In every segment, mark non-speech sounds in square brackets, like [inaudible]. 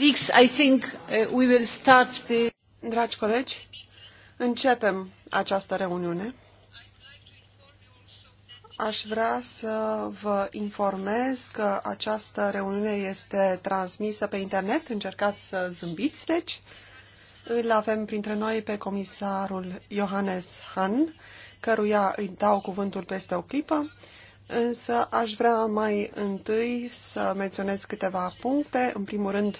Uh, Dragi colegi, începem această reuniune. Aș vrea să vă informez că această reuniune este transmisă pe internet. Încercați să zâmbiți, deci. Îl avem printre noi pe comisarul Johannes Han, căruia îi dau cuvântul peste o clipă, însă aș vrea mai întâi să menționez câteva puncte. În primul rând,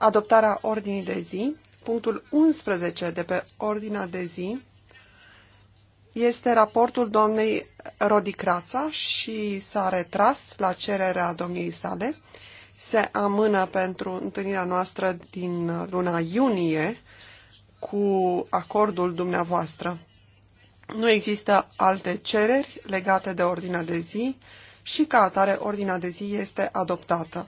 adoptarea ordinii de zi. Punctul 11 de pe ordinea de zi este raportul doamnei Rodicrața și s-a retras la cererea domniei sale. Se amână pentru întâlnirea noastră din luna iunie cu acordul dumneavoastră. Nu există alte cereri legate de ordinea de zi și ca atare ordinea de zi este adoptată.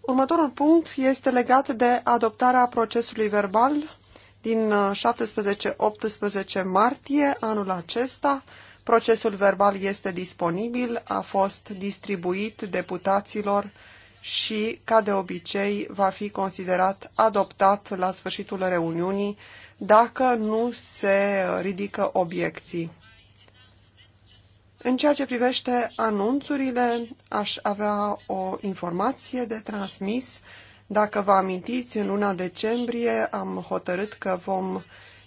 Următorul punct este legat de adoptarea procesului verbal din 17-18 uh, martie anul acesta. Procesul verbal este disponibil, a fost distribuit deputaților și, ca de obicei, va fi considerat adoptat la sfârșitul reuniunii dacă nu se ridică obiecții. În ceea ce privește anunțurile, aș avea o informație de transmis. Dacă vă amintiți, în luna decembrie am hotărât că vom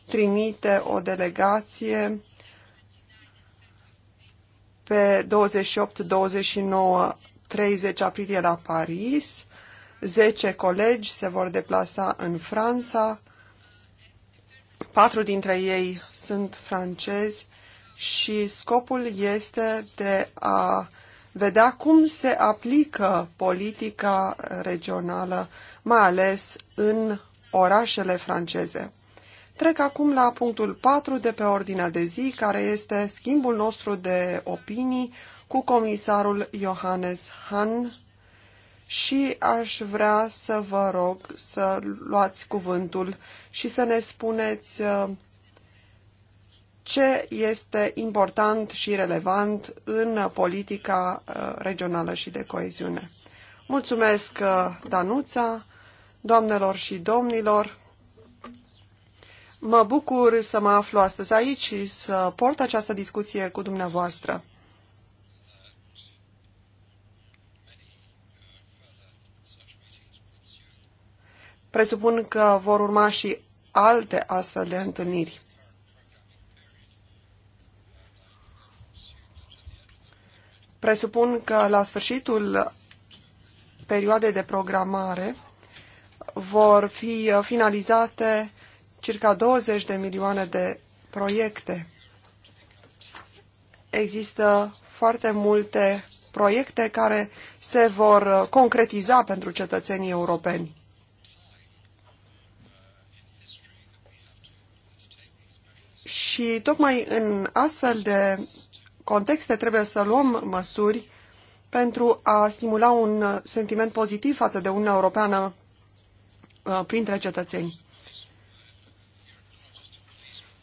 trimite o delegație pe 28, 29, 30 aprilie la Paris. 10 colegi se vor deplasa în Franța. Patru dintre ei sunt francezi și scopul este de a vedea cum se aplică politica regională, mai ales în orașele franceze. Trec acum la punctul 4 de pe ordinea de zi, care este schimbul nostru de opinii cu comisarul Johannes Hahn și aș vrea să vă rog să luați cuvântul și să ne spuneți uh, ce este important și relevant în politica uh, regională și de coeziune. Mulțumesc, uh, Danuța, doamnelor și domnilor. Mă bucur să mă aflu astăzi aici și să port această discuție cu dumneavoastră. Presupun că vor urma și alte astfel de întâlniri. Presupun că la sfârșitul perioadei de programare vor fi uh, finalizate circa 20 de milioane de proiecte. Există foarte multe proiecte care se vor uh, concretiza pentru cetățenii europeni. Și tocmai în astfel de contexte trebuie să luăm măsuri pentru a stimula un sentiment pozitiv față de Uniunea Europeană uh, printre cetățeni.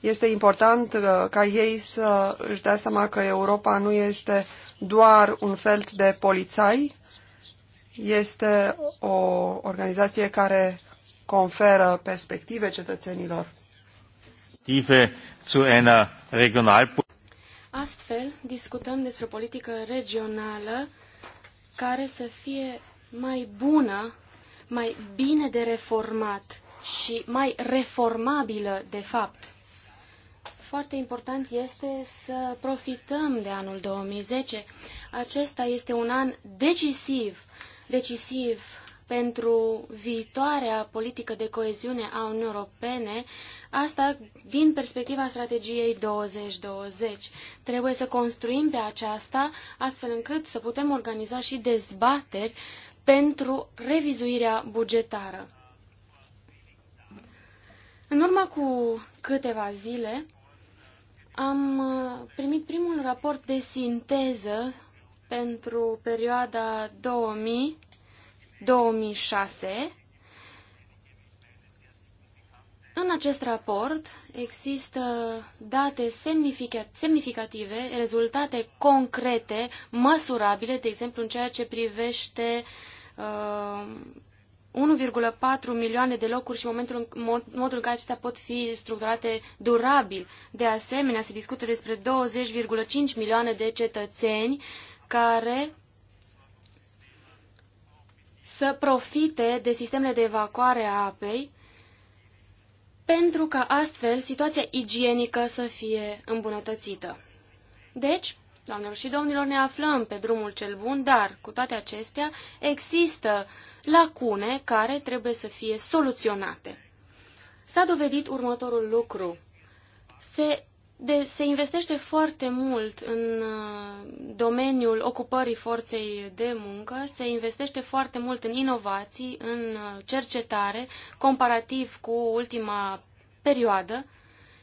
Este important uh, ca ei să își dea seama că Europa nu este doar un fel de polițai, este o organizație care conferă perspective cetățenilor. Zu einer Regionalpolitik Astfel, discutăm despre o politică regională care să fie mai bună, mai bine de reformat și mai reformabilă, de fapt. Foarte important este să profităm de anul 2010. Acesta este un an decisiv, decisiv pentru viitoarea politică de coeziune a Uniunii Europene, asta din perspectiva strategiei 2020. Trebuie să construim pe aceasta astfel încât să putem organiza și dezbateri pentru revizuirea bugetară. În urmă cu câteva zile am uh, primit primul raport de sinteză pentru perioada 2000 2006. În acest raport există date semnificative, rezultate concrete, măsurabile, de exemplu în ceea ce privește uh, 1,4 milioane de locuri și momentul în, mod, modul în care acestea pot fi structurate durabil. De asemenea, se discută despre 20,5 milioane de cetățeni care să profite de sistemele de evacuare a apei pentru ca astfel situația igienică să fie îmbunătățită. Deci, doamnelor și domnilor, ne aflăm pe drumul cel bun, dar, cu toate acestea, există lacune care trebuie să fie soluționate. S-a dovedit următorul lucru. Se de, se investește foarte mult în uh, domeniul ocupării forței de muncă, se investește foarte mult în inovații, în uh, cercetare, comparativ cu ultima perioadă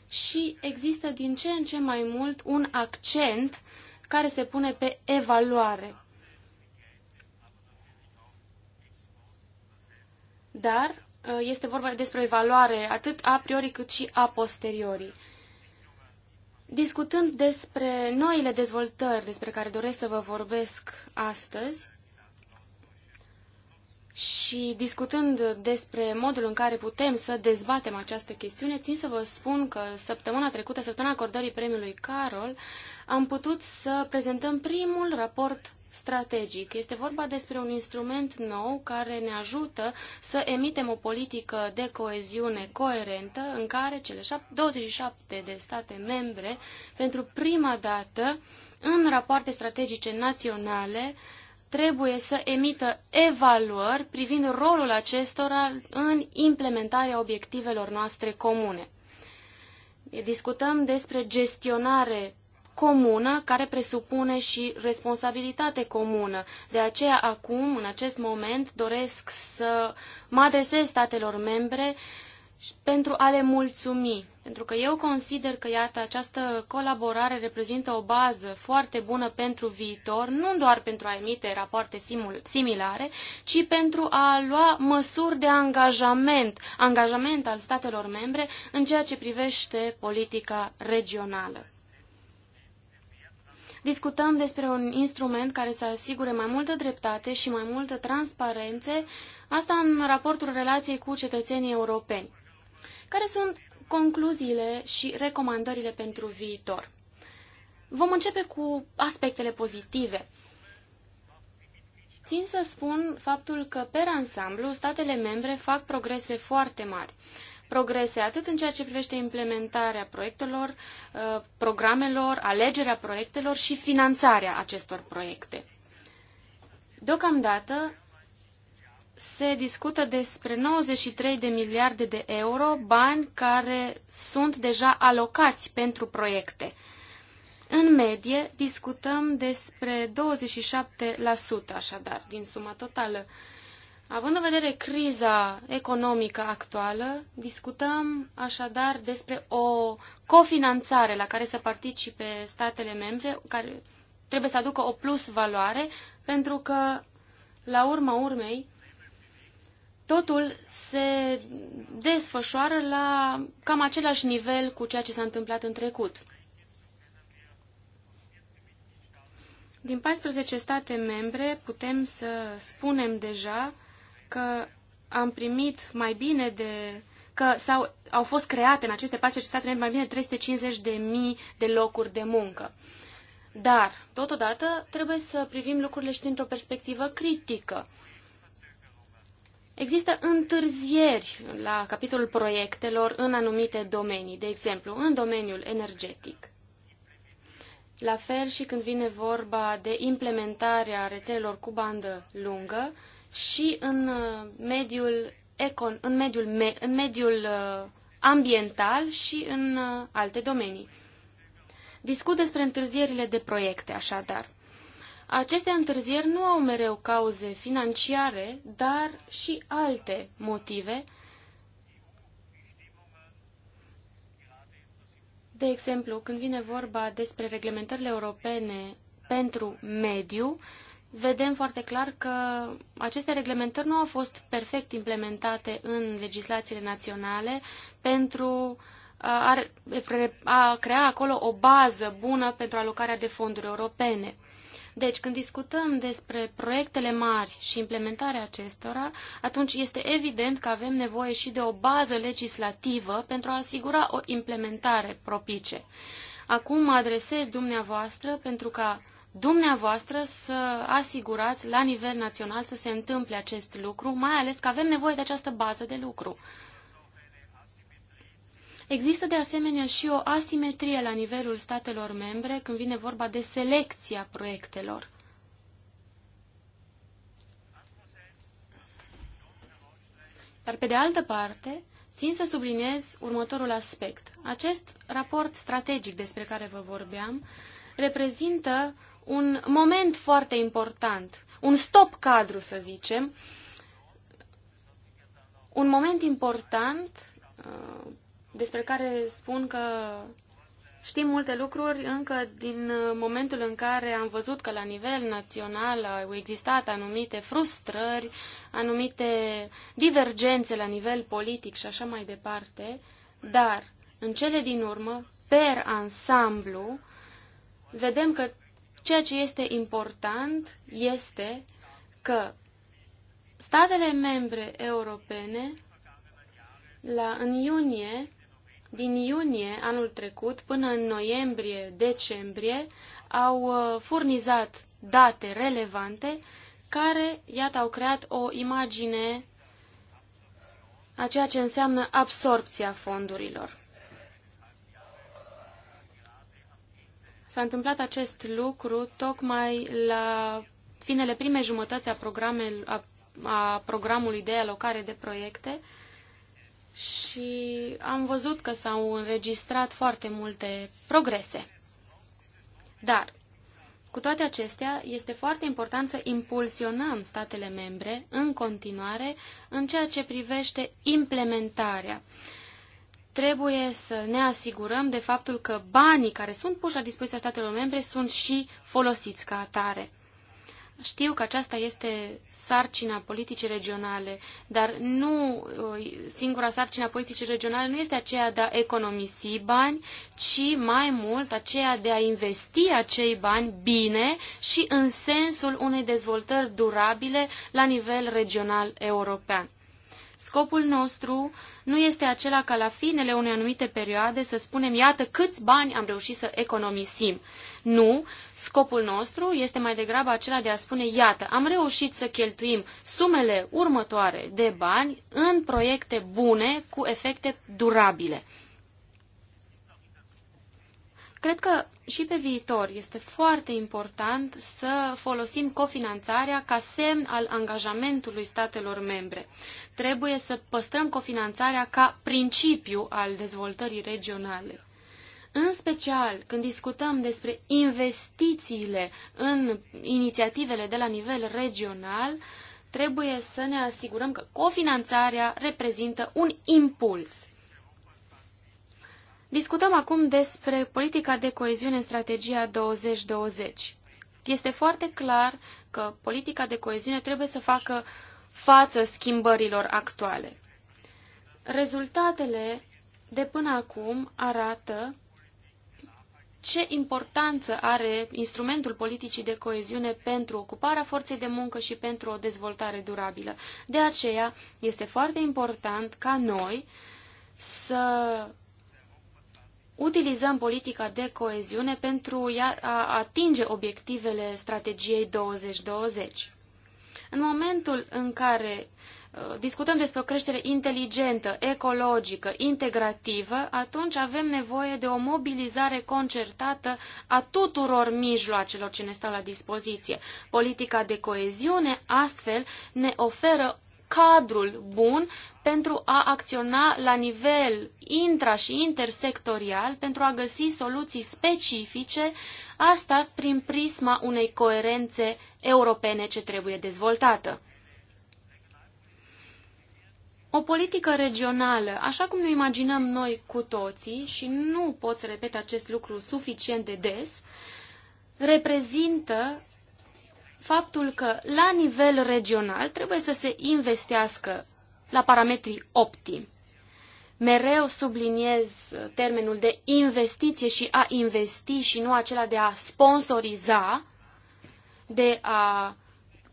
și există din ce în ce mai mult un accent care se pune pe evaluare. Dar uh, este vorba despre evaluare atât a priori cât și a posteriori. Discutând despre noile dezvoltări despre care doresc să vă vorbesc astăzi și discutând despre modul în care putem să dezbatem această chestiune, țin să vă spun că săptămâna trecută, săptămâna acordării premiului Carol, am putut să prezentăm primul raport strategic. Este vorba despre un instrument nou care ne ajută să emitem o politică de coeziune coerentă în care cele 27 de state membre, pentru prima dată, în rapoarte strategice naționale, trebuie să emită evaluări privind rolul acestora în implementarea obiectivelor noastre comune. Discutăm despre gestionare comună care presupune și responsabilitate comună. De aceea acum, în acest moment, doresc să mă adresez statelor membre pentru a le mulțumi. Pentru că eu consider că, iată, această colaborare reprezintă o bază foarte bună pentru viitor, nu doar pentru a emite rapoarte similare, ci pentru a lua măsuri de angajament, angajament al statelor membre în ceea ce privește politica regională. Discutăm despre un instrument care să asigure mai multă dreptate și mai multă transparențe, asta în raportul relației cu cetățenii europeni. Care sunt concluziile și recomandările pentru viitor? Vom începe cu aspectele pozitive. Țin să spun faptul că, per ansamblu, statele membre fac progrese foarte mari progrese atât în ceea ce privește implementarea proiectelor, uh, programelor, alegerea proiectelor și finanțarea acestor proiecte. Deocamdată se discută despre 93 de miliarde de euro, bani care sunt deja alocați pentru proiecte. În medie discutăm despre 27% așadar din suma totală. Având în vedere criza economică actuală, discutăm așadar despre o cofinanțare la care să participe statele membre, care trebuie să aducă o plus valoare, pentru că, la urma urmei, totul se desfășoară la cam același nivel cu ceea ce s-a întâmplat în trecut. Din 14 state membre putem să spunem deja că am primit mai bine de că sau au fost create în aceste 14 state mai bine 350 de mii de locuri de muncă. Dar, totodată, trebuie să privim lucrurile și dintr-o perspectivă critică. Există întârzieri la capitolul proiectelor în anumite domenii, de exemplu, în domeniul energetic. La fel și când vine vorba de implementarea rețelelor cu bandă lungă, și în uh, mediul, econ, în mediul, în mediul uh, ambiental și în uh, alte domenii. Discut despre întârzierile de proiecte, așadar. Aceste întârzieri nu au mereu cauze financiare, dar și alte motive, De exemplu, când vine vorba despre reglementările europene pentru mediu, vedem foarte clar că aceste reglementări nu au fost perfect implementate în legislațiile naționale pentru a, a crea acolo o bază bună pentru alocarea de fonduri europene. Deci, când discutăm despre proiectele mari și implementarea acestora, atunci este evident că avem nevoie și de o bază legislativă pentru a asigura o implementare propice. Acum mă adresez dumneavoastră pentru ca dumneavoastră să asigurați la nivel național să se întâmple acest lucru, mai ales că avem nevoie de această bază de lucru. Există de asemenea și o asimetrie la nivelul statelor membre când vine vorba de selecția proiectelor. Dar pe de altă parte, țin să subliniez următorul aspect. Acest raport strategic despre care vă vorbeam reprezintă un moment foarte important, un stop cadru, să zicem, un moment important uh, despre care spun că știm multe lucruri încă din uh, momentul în care am văzut că la nivel național au existat anumite frustrări, anumite divergențe la nivel politic și așa mai departe, dar în cele din urmă, per ansamblu, vedem că Ceea ce este important este că statele membre europene la, în iunie, din iunie anul trecut până în noiembrie-decembrie au uh, furnizat date relevante care, iată, au creat o imagine a ceea ce înseamnă absorpția fondurilor. S-a întâmplat acest lucru tocmai la finele primei jumătăți a, a, a programului de alocare de proiecte și am văzut că s-au înregistrat foarte multe progrese. Dar, cu toate acestea, este foarte important să impulsionăm statele membre în continuare în ceea ce privește implementarea. Uh, trebuie să ne asigurăm de faptul că banii care sunt puși la dispoziția statelor membre sunt și folosiți ca atare. Știu că aceasta este sarcina politicii regionale, dar nu ă, singura sarcina politicii regionale nu este aceea de a economisi bani, ci mai mult aceea de a investi acei bani bine și în sensul unei dezvoltări durabile la nivel regional european. Scopul nostru uh, nu este acela ca la finele unei anumite perioade să spunem, iată câți bani am reușit să economisim. Nu, scopul nostru este mai degrabă acela de a spune, iată, am reușit să cheltuim sumele următoare de bani în proiecte bune cu efecte durabile. Cred că și pe viitor este foarte important să folosim cofinanțarea ca semn al angajamentului statelor membre. Trebuie să păstrăm cofinanțarea ca principiu al dezvoltării regionale. În special când discutăm despre investițiile în inițiativele de la nivel regional, trebuie să ne asigurăm că cofinanțarea reprezintă un impuls. Discutăm acum despre politica de coeziune în strategia 2020. Este foarte clar că politica de coeziune trebuie să facă față schimbărilor actuale. Rezultatele de până acum arată ce importanță are instrumentul politicii de coeziune pentru ocuparea forței de muncă și pentru o dezvoltare durabilă. De aceea este foarte important ca noi să utilizăm politica de coeziune pentru a atinge obiectivele strategiei 2020. În momentul în care uh, discutăm despre o creștere inteligentă, ecologică, integrativă, atunci avem nevoie de o mobilizare concertată a tuturor mijloacelor ce ne stau la dispoziție. Politica de coeziune, astfel, ne oferă cadrul bun pentru a acționa la nivel intra- și intersectorial, pentru a găsi soluții specifice, asta prin prisma unei coerențe europene ce trebuie dezvoltată. O politică regională, așa cum ne imaginăm noi cu toții, și nu pot să repet acest lucru suficient de des, reprezintă faptul că la nivel regional trebuie să se investească la parametrii optimi. Mereu subliniez termenul de investiție și a investi și nu acela de a sponsoriza, de a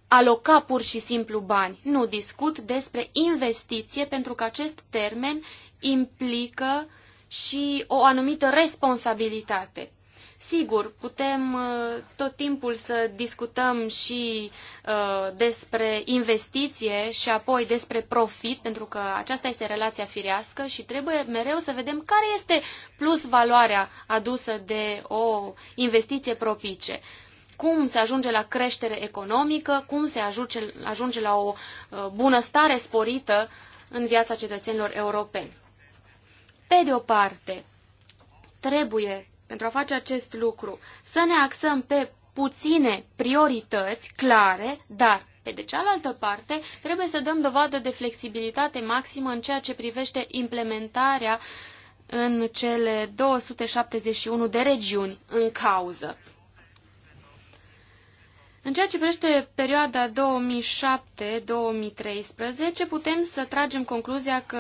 aloca pur și simplu bani. Nu discut despre investiție pentru că acest termen implică și o anumită responsabilitate. Sigur, putem uh, tot timpul să discutăm și uh, despre investiție și apoi despre profit, pentru că aceasta este relația firească și trebuie mereu să vedem care este plus valoarea adusă de o investiție propice. Cum se ajunge la creștere economică, cum se ajunge, ajunge la o uh, bunăstare sporită în viața cetățenilor europeni. Pe de o parte, trebuie pentru a face acest lucru, să ne axăm pe puține priorități clare, dar pe de cealaltă parte, trebuie să dăm dovadă de flexibilitate maximă în ceea ce privește implementarea în cele 271 de regiuni în cauză. În ceea ce privește perioada 2007-2013, putem să tragem concluzia că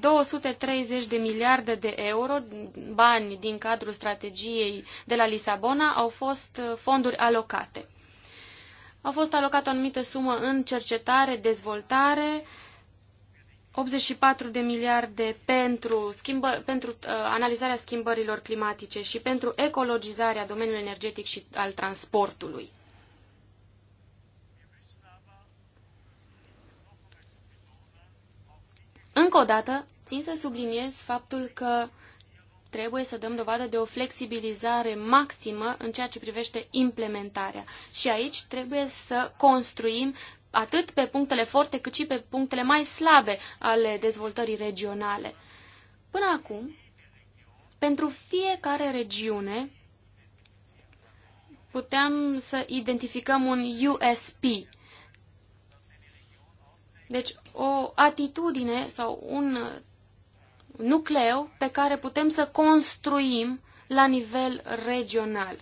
230 de miliarde de euro, bani din cadrul strategiei de la Lisabona, au fost uh, fonduri alocate. Au fost alocate o anumită sumă în cercetare, dezvoltare, 84 de miliarde pentru, schimbă, pentru uh, analizarea schimbărilor climatice și pentru ecologizarea domeniului energetic și al transportului. Încă o dată, țin să subliniez faptul că trebuie să dăm dovadă de o flexibilizare maximă în ceea ce privește implementarea. Și aici trebuie să construim atât pe punctele forte cât și pe punctele mai slabe ale dezvoltării regionale. Până acum, pentru fiecare regiune puteam să identificăm un USP, deci o atitudine sau un nucleu pe care putem să construim la nivel regional.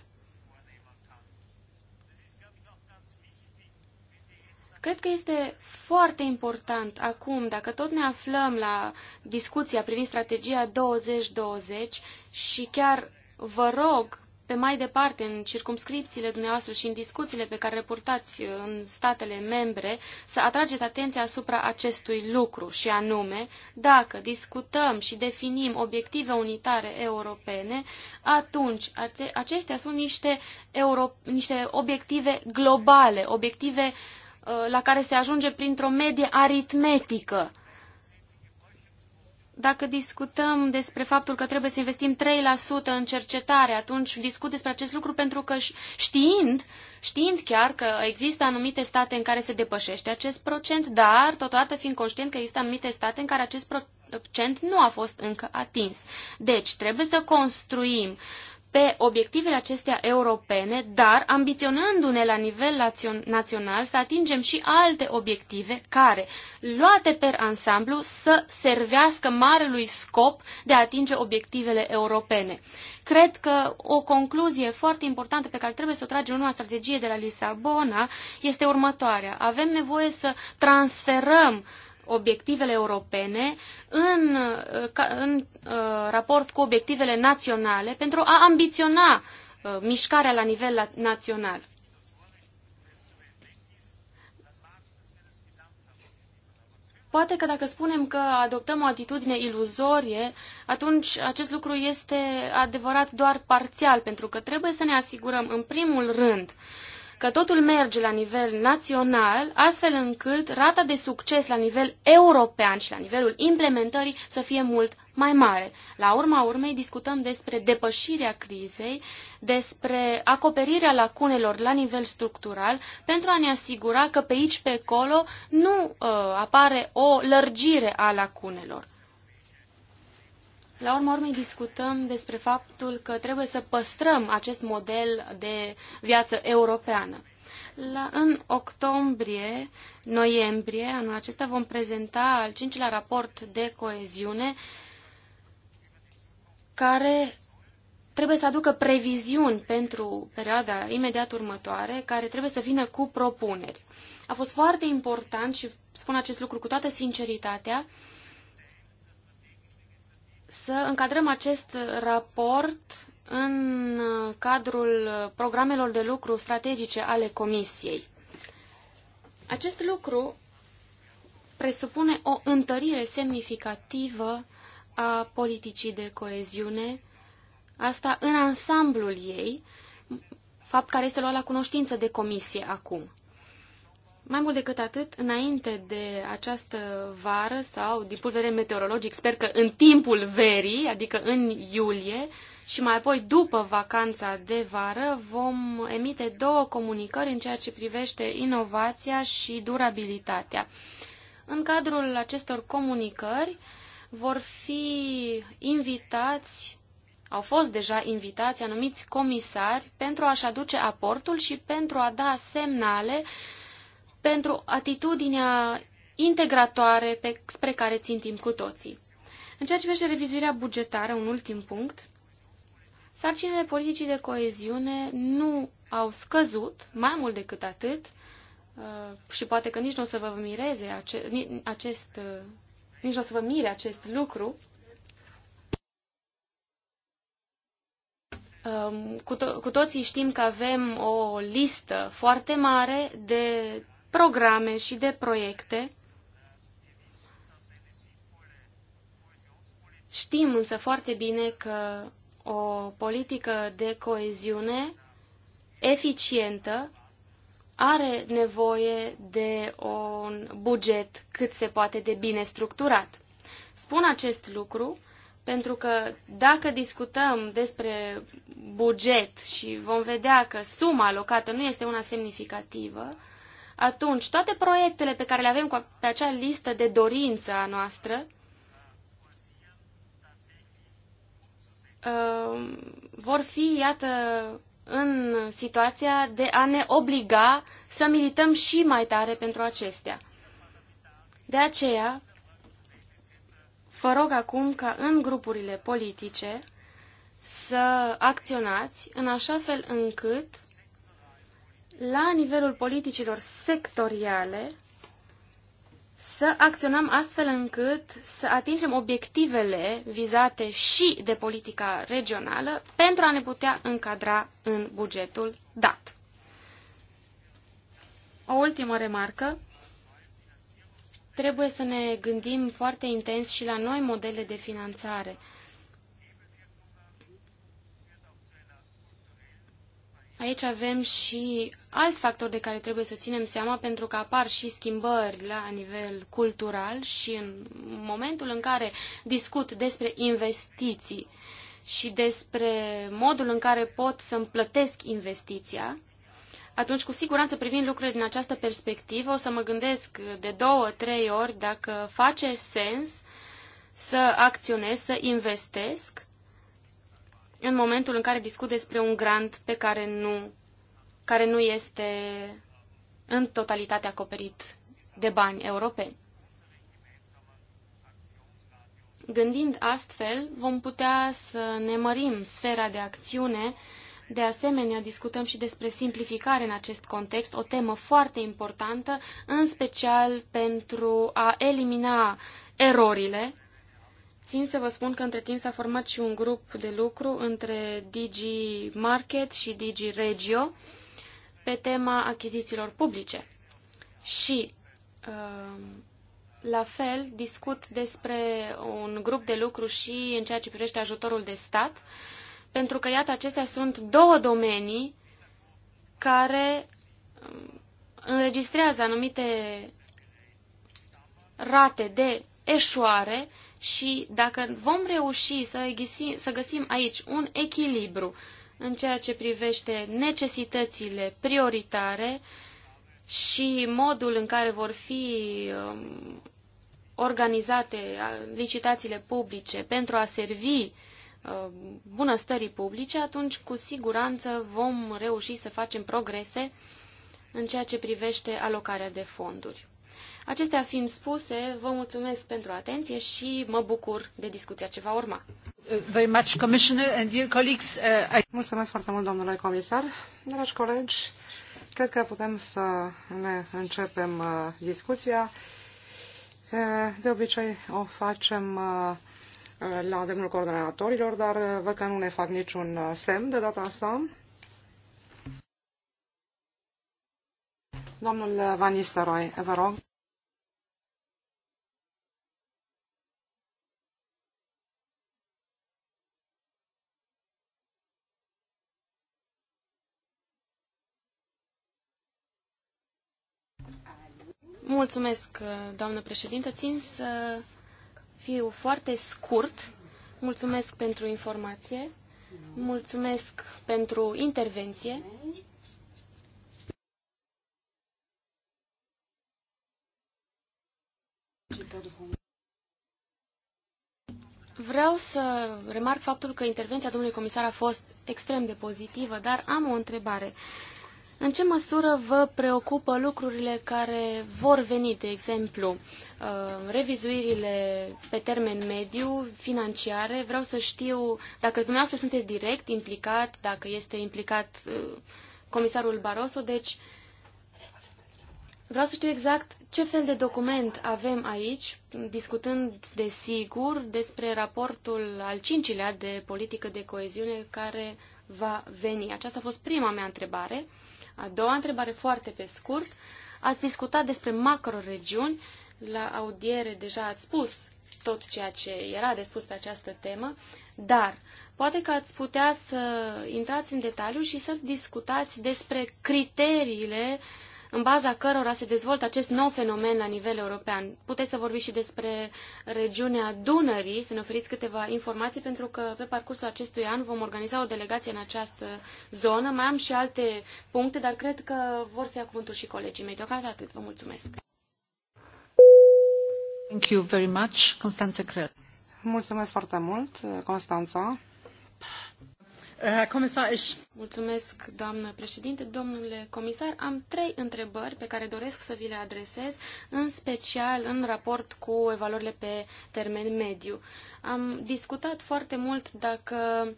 Cred că este foarte important acum, dacă tot ne aflăm la discuția privind strategia 2020 și chiar vă rog pe mai departe în circumscripțiile dumneavoastră și în discuțiile pe care le purtați uh, în statele membre, să atrageți atenția asupra acestui lucru și anume, dacă discutăm și definim obiective unitare europene, atunci acestea sunt niște, euro, niște obiective globale, obiective uh, la care se ajunge printr-o medie aritmetică. Dacă discutăm despre faptul că trebuie să investim 3% în cercetare, atunci discut despre acest lucru pentru că știind, știind chiar că există anumite state în care se depășește acest procent, dar totodată fiind conștient că există anumite state în care acest procent nu a fost încă atins. Deci trebuie să construim uh, pe obiectivele acestea europene, dar ambiționându-ne la nivel național să atingem și alte obiective care, luate per ansamblu, să servească marelui scop de a atinge obiectivele europene. Cred că o concluzie foarte importantă pe care trebuie să o tragem în noua strategie de la Lisabona este următoarea. Avem nevoie să transferăm uh, obiectivele europene în, uh, în uh, raport cu obiectivele naționale pentru a ambiționa uh, mișcarea la nivel național. Poate că dacă spunem că adoptăm o atitudine iluzorie, atunci acest lucru este adevărat doar parțial, pentru că trebuie să ne asigurăm, în primul rând, uh, că totul merge la nivel național, astfel încât rata de succes la nivel european și la nivelul implementării să fie mult mai mare. La urma urmei discutăm despre depășirea crizei, despre acoperirea lacunelor la nivel structural, pentru a ne asigura că pe aici, pe acolo, nu uh, apare o lărgire a lacunelor. La urma urmei discutăm despre faptul că trebuie să păstrăm acest model de viață europeană. La, în octombrie, noiembrie, anul acesta vom prezenta al cincilea raport de coeziune care trebuie să aducă previziuni pentru perioada imediat următoare, care trebuie să vină cu propuneri. A fost foarte important și spun acest lucru cu toată sinceritatea, uh, să încadrăm acest raport în cadrul programelor de lucru strategice ale Comisiei. Acest lucru presupune o întărire semnificativă a politicii de coeziune, asta în ansamblul ei, fapt care este luat la cunoștință de comisie acum. Mai mult decât atât, înainte de această vară sau, din punct de vedere meteorologic, sper că în timpul verii, adică în iulie, și mai apoi după vacanța de vară, vom emite două comunicări în ceea ce privește inovația și durabilitatea. În cadrul acestor comunicări vor fi invitați au fost deja invitați anumiți comisari pentru a-și aduce aportul și pentru a da semnale uh, pentru atitudinea integratoare pe, spre care țintim cu toții. În ceea ce privește revizuirea bugetară, un ultim punct, sarcinile politicii de coeziune nu au scăzut, mai mult decât atât, uh, și poate că nici nu o să vă mireze acest, uh, nici nu o să vă mire acest lucru, um, Cu, to- cu toții știm că avem o listă foarte mare de programe și de proiecte. Știm însă foarte bine că o politică de coeziune eficientă are nevoie de un buget cât se poate de bine structurat. Spun acest lucru pentru că dacă discutăm despre buget și vom vedea că suma alocată nu este una semnificativă, atunci toate proiectele pe care le avem pe acea listă de dorință a noastră um, vor fi, iată, în situația de a ne obliga să milităm și mai tare pentru acestea. De aceea, vă rog acum ca în grupurile politice să acționați în așa fel încât la nivelul politicilor sectoriale să acționăm astfel încât să atingem obiectivele vizate și de politica regională pentru a ne putea încadra în bugetul dat. O ultimă remarcă. Trebuie să ne gândim foarte intens și la noi modele de finanțare – Aici avem și alți factori de care trebuie să ținem seama pentru că apar și schimbări la nivel cultural și în momentul în care discut despre investiții și despre modul în care pot să-mi plătesc investiția, atunci cu siguranță privind lucrurile din această perspectivă o să mă gândesc de două, trei ori dacă face sens să acționez, să investesc în momentul în care discut despre un grant pe care nu, care nu este în totalitate acoperit de bani europeni. Gândind astfel, vom putea să ne mărim sfera de acțiune. De asemenea, discutăm și despre simplificare în acest context, o temă foarte importantă, în special pentru a elimina erorile Țin să vă spun că între timp s-a format și un grup de lucru între DG Market și DG Regio pe tema achizițiilor publice. Și uh, la fel discut despre un grup de lucru și în ceea ce privește ajutorul de stat, pentru că iată acestea sunt două domenii care um, înregistrează anumite rate de eșoare și dacă vom reuși să, găsim, să găsim aici un echilibru în ceea ce privește necesitățile prioritare și modul în care vor fi um, organizate licitațiile publice pentru a servi um, bunăstării publice, atunci cu siguranță vom reuși să facem progrese în ceea ce privește alocarea de fonduri. Acestea fiind spuse, vă mulțumesc pentru atenție și mă bucur de discuția ce va urma. Very much, Commissioner and dear colleagues, uh, I... Mulțumesc foarte mult, domnule comisar. Dragi colegi, cred că putem să ne începem uh, discuția. Uh, de obicei o facem la demnul coordonatorilor, dar văd că nu ne fac niciun semn de data asta. Domnul Van Nistelrooy, vă rog. Mulțumesc, doamnă președintă. Țin să fiu foarte scurt. Mulțumesc pentru informație. Mulțumesc pentru intervenție. Vreau să remarc faptul că intervenția domnului comisar a fost extrem de pozitivă, dar am o întrebare. Uh, în ce măsură vă preocupă lucrurile care vor veni, de exemplu, uh, revizuirile pe termen mediu, financiare? Vreau să știu dacă dumneavoastră sunteți direct implicat, dacă este implicat uh, comisarul Barroso, deci vreau să știu exact ce fel de document avem aici, discutând, desigur, despre raportul al cincilea de politică de coeziune care va veni. Aceasta a fost prima mea întrebare. A doua întrebare, foarte pe scurt, ați discutat despre macroregiuni, la audiere deja ați spus tot ceea ce era de spus pe această temă, dar poate că ați putea să intrați în detaliu și să discutați despre criteriile uh, în baza cărora se dezvoltă acest nou fenomen la nivel european. Puteți să vorbiți și despre regiunea Dunării, să ne oferiți câteva informații, pentru că pe parcursul acestui an vom organiza o delegație în această zonă. Mai am și alte puncte, dar cred că vor să ia cuvântul și colegii mei. Deocamdată atât. Vă mulțumesc. Thank you very much, Constanța Crel. Mulțumesc foarte mult, Constanța. Herr Kommissar, ich... Mulțumesc, doamnă președinte. Domnule comisar, am trei întrebări pe care doresc să vi le adresez, în special în raport cu evaluările pe termen mediu. Am discutat foarte mult dacă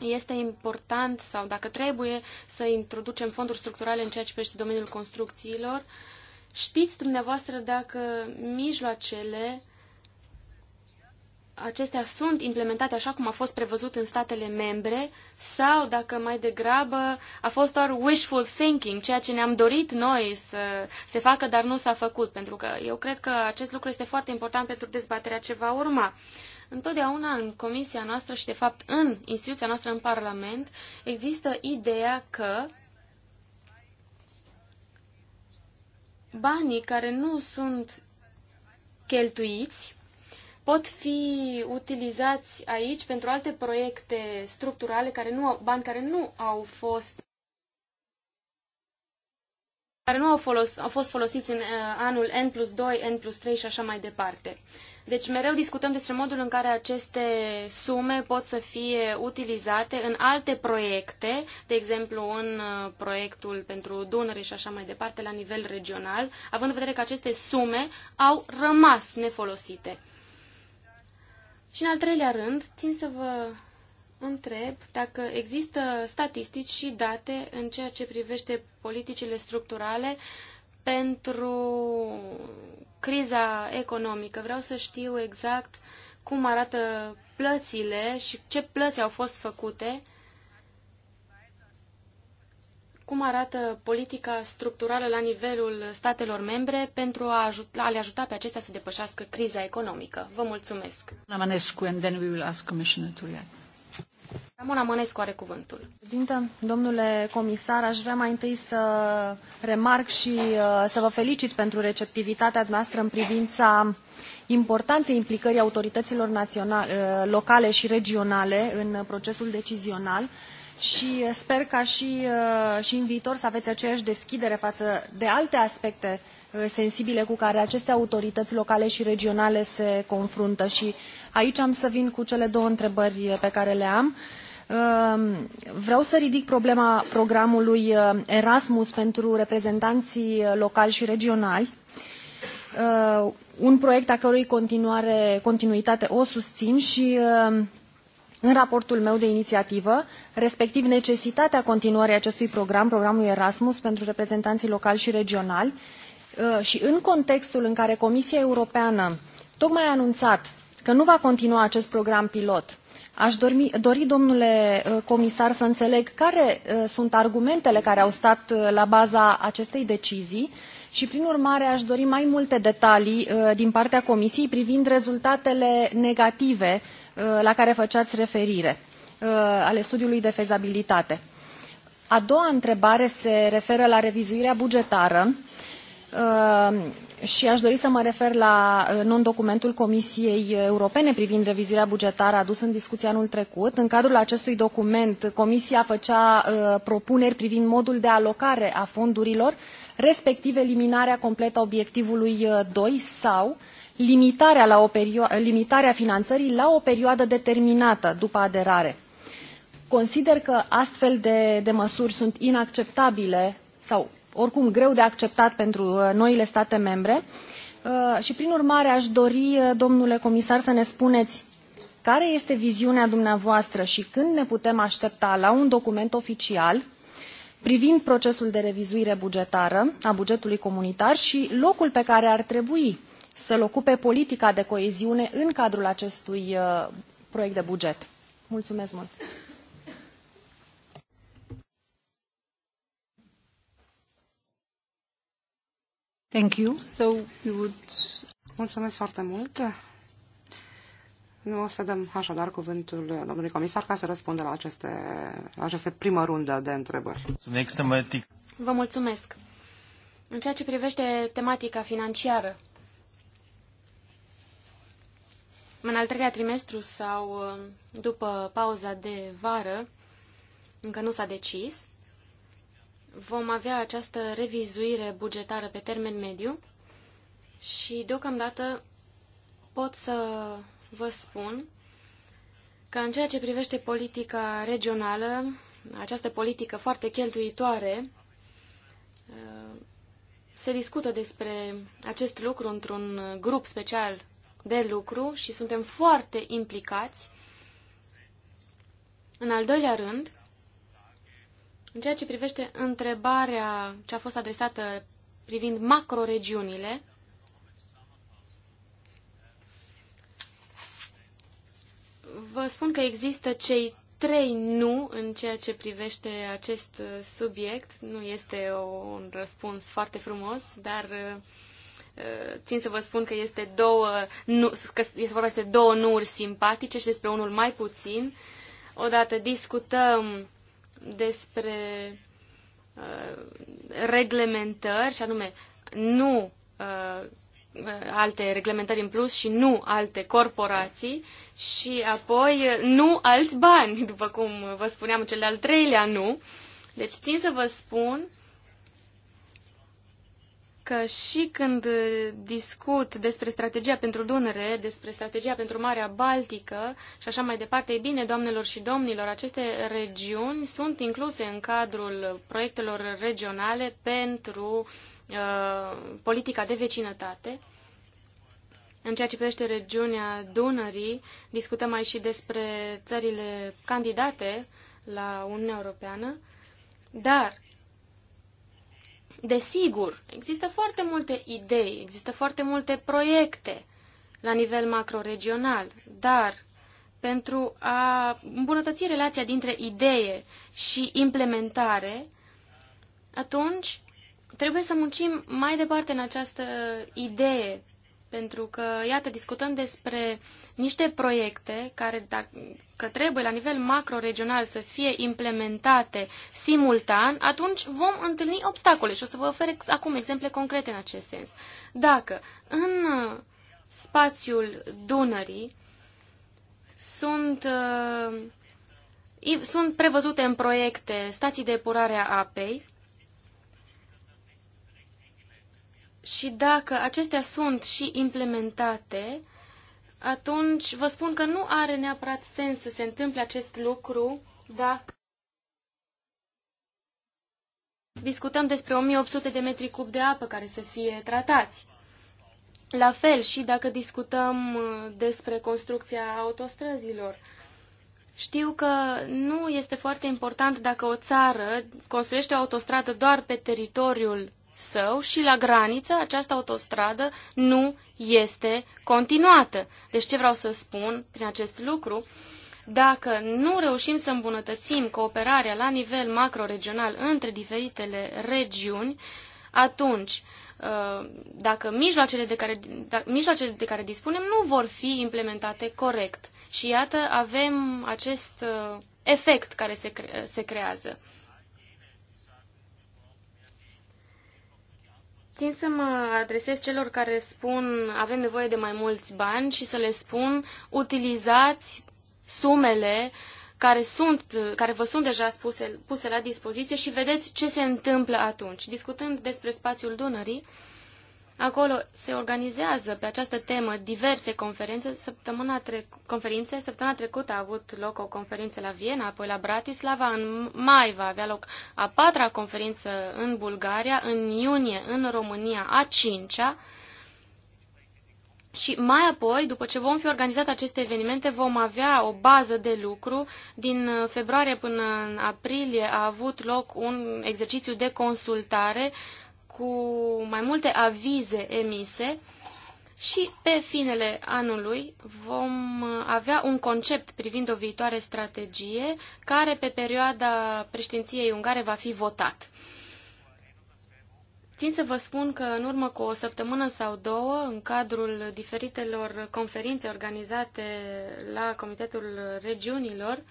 este important sau dacă trebuie să introducem fonduri structurale în ceea ce privește domeniul construcțiilor. Știți dumneavoastră dacă mijloacele uh, acestea sunt implementate așa cum a fost prevăzut în statele membre sau dacă mai degrabă a fost doar wishful thinking, ceea ce ne-am dorit noi să se facă, dar nu s-a făcut, pentru că eu cred că acest lucru este foarte important pentru dezbaterea ce va urma. Întotdeauna în comisia noastră și, de fapt, în instituția noastră, în Parlament, există ideea că banii care nu sunt cheltuiți pot fi utilizați aici pentru alte proiecte structurale, care nu au, bani care nu au fost care nu au, folos, au fost folosiți în uh, anul N plus 2, N plus 3 și așa mai departe. Deci mereu discutăm despre modul în care aceste sume pot să fie utilizate în alte proiecte, de exemplu în uh, proiectul pentru Dunăre și așa mai departe, la nivel regional, având în vedere că aceste sume au rămas nefolosite. Și în al treilea rând, țin să vă întreb dacă există statistici și date în ceea ce privește politicile structurale pentru criza economică. Vreau să știu exact cum arată plățile și ce plăți au fost făcute cum arată politica structurală la nivelul statelor membre pentru a, ajuta, a le ajuta pe acestea să depășească criza economică. Vă mulțumesc. Ramona Mănescu are cuvântul. Dintă, domnule comisar, aș vrea mai întâi să remarc și uh, să vă felicit pentru receptivitatea noastră în privința importanței implicării autorităților naționale, uh, locale și regionale în procesul decizional și uh, sper ca și, uh, și în viitor să aveți aceeași deschidere față de alte aspecte uh, sensibile cu care aceste autorități locale și regionale se confruntă. Și aici am să vin cu cele două întrebări pe care le am. Um, vreau să ridic problema programului Erasmus pentru reprezentanții locali și regionali, un proiect a cărui continuare, continuitate o susțin și um, în raportul meu de inițiativă, respectiv necesitatea continuării acestui program, programul Erasmus pentru reprezentanții locali și regionali, uh, și în contextul în care Comisia Europeană tocmai a anunțat că nu va continua acest program pilot, aș dori, domnule uh, comisar, să înțeleg care uh, sunt argumentele care au stat la baza acestei decizii și, prin urmare, aș dori mai multe detalii din partea Comisiei privind rezultatele negative Uh, la care făceați referire, uh, ale studiului de fezabilitate. A doua întrebare se referă la revizuirea bugetară uh, și aș dori să mă refer la non-documentul Comisiei Europene privind revizuirea bugetară adus în discuție anul trecut. În cadrul acestui document, Comisia făcea propuneri privind modul de alocare a fondurilor, respectiv eliminarea completă a obiectivului 2 sau limitarea, la o limitarea finanțării la o perioadă determinată după aderare. Consider că astfel de, de măsuri sunt inacceptabile sau oricum greu de acceptat pentru uh, noile state membre uh, și prin urmare aș dori, uh, domnule comisar, să ne spuneți care este viziunea dumneavoastră și când ne putem aștepta la un document oficial privind procesul de revizuire bugetară a bugetului comunitar și locul pe care ar trebui să-l ocupe politica de coeziune în cadrul acestui uh, proiect de buget. Mulțumesc mult! Thank you. So you would... Mulțumesc foarte mult. Nu o să dăm așadar cuvântul domnului comisar ca să răspundă la aceste, la aceste primă rundă de întrebări. Vă mulțumesc. În ceea ce privește tematica financiară în al treilea trimestru sau uh, după pauza de vară, încă nu s-a decis, vom avea această revizuire bugetară pe termen mediu și deocamdată pot să vă spun că în ceea ce privește politica regională, această politică foarte cheltuitoare, uh, se discută despre acest lucru într-un grup special de lucru și suntem foarte implicați. În al doilea rând, în ceea ce privește întrebarea ce a fost adresată privind macroregiunile, vă spun că există cei trei nu în ceea ce privește acest subiect. Nu este un răspuns foarte frumos, dar Eh, țin să vă spun că este, două, nu, că este vorba despre două nuuri simpatice și despre unul mai puțin. Odată discutăm despre uh, reglementări, și anume nu uh, alte reglementări în plus și nu alte corporații și apoi nu alți bani, [laughs] după cum vă spuneam, cel de-al treilea nu. Deci țin să vă spun uh, că și când discut despre strategia pentru Dunăre, despre strategia pentru Marea Baltică și așa mai departe, e bine, doamnelor și domnilor, aceste regiuni sunt incluse în cadrul proiectelor regionale pentru uh, politica de vecinătate. În ceea ce privește regiunea Dunării, discutăm aici și despre țările candidate la Uniunea Europeană, dar Desigur, există foarte multe idei, există foarte multe proiecte la nivel macroregional, dar pentru a îmbunătăți relația dintre idee și implementare, atunci trebuie să muncim mai departe în această idee pentru că, iată, discutăm despre niște proiecte care dacă trebuie la nivel macro-regional să fie implementate simultan, atunci vom întâlni obstacole și o să vă ofer acum exemple concrete în acest sens. Dacă în uh, spațiul Dunării sunt, uh, sunt prevăzute în proiecte stații de epurare a apei, și dacă acestea sunt și implementate, atunci vă spun că nu are neapărat sens să se întâmple acest lucru dacă discutăm despre 1800 de metri cub de apă care să fie tratați. La fel și dacă discutăm uh, despre construcția autostrăzilor. Știu că nu este foarte important dacă o țară construiește o autostradă doar pe teritoriul său și la graniță această autostradă nu este continuată. Deci ce vreau să spun prin acest lucru? Dacă nu reușim să îmbunătățim cooperarea la nivel macroregional între diferitele regiuni, atunci uh, dacă mijloacele de, care, dacă, mijloacele de care dispunem nu vor fi implementate corect. Și iată, avem acest uh, efect care se, se creează. Țin să mă adresez celor care spun avem nevoie de mai mulți bani și să le spun utilizați sumele care, sunt, care vă sunt deja spuse, puse la dispoziție și vedeți ce se întâmplă atunci. Discutând despre spațiul Dunării, uh, Acolo se organizează pe această temă diverse conferințe. Săptămâna, trec conferințe. Săptămâna trecută a avut loc o conferință la Viena, apoi la Bratislava. În mai va avea loc a patra conferință în Bulgaria, în iunie în România a cincea. Și mai apoi, după ce vom fi organizat aceste evenimente, vom avea o bază de lucru. Din uh, februarie până în aprilie a avut loc un exercițiu de consultare uh, cu mai multe avize emise și pe finele anului vom avea un concept privind o viitoare strategie care pe perioada președinției ungare va fi votat. Țin să vă spun că în urmă cu o săptămână sau două, în cadrul diferitelor conferințe organizate la Comitetul Regiunilor,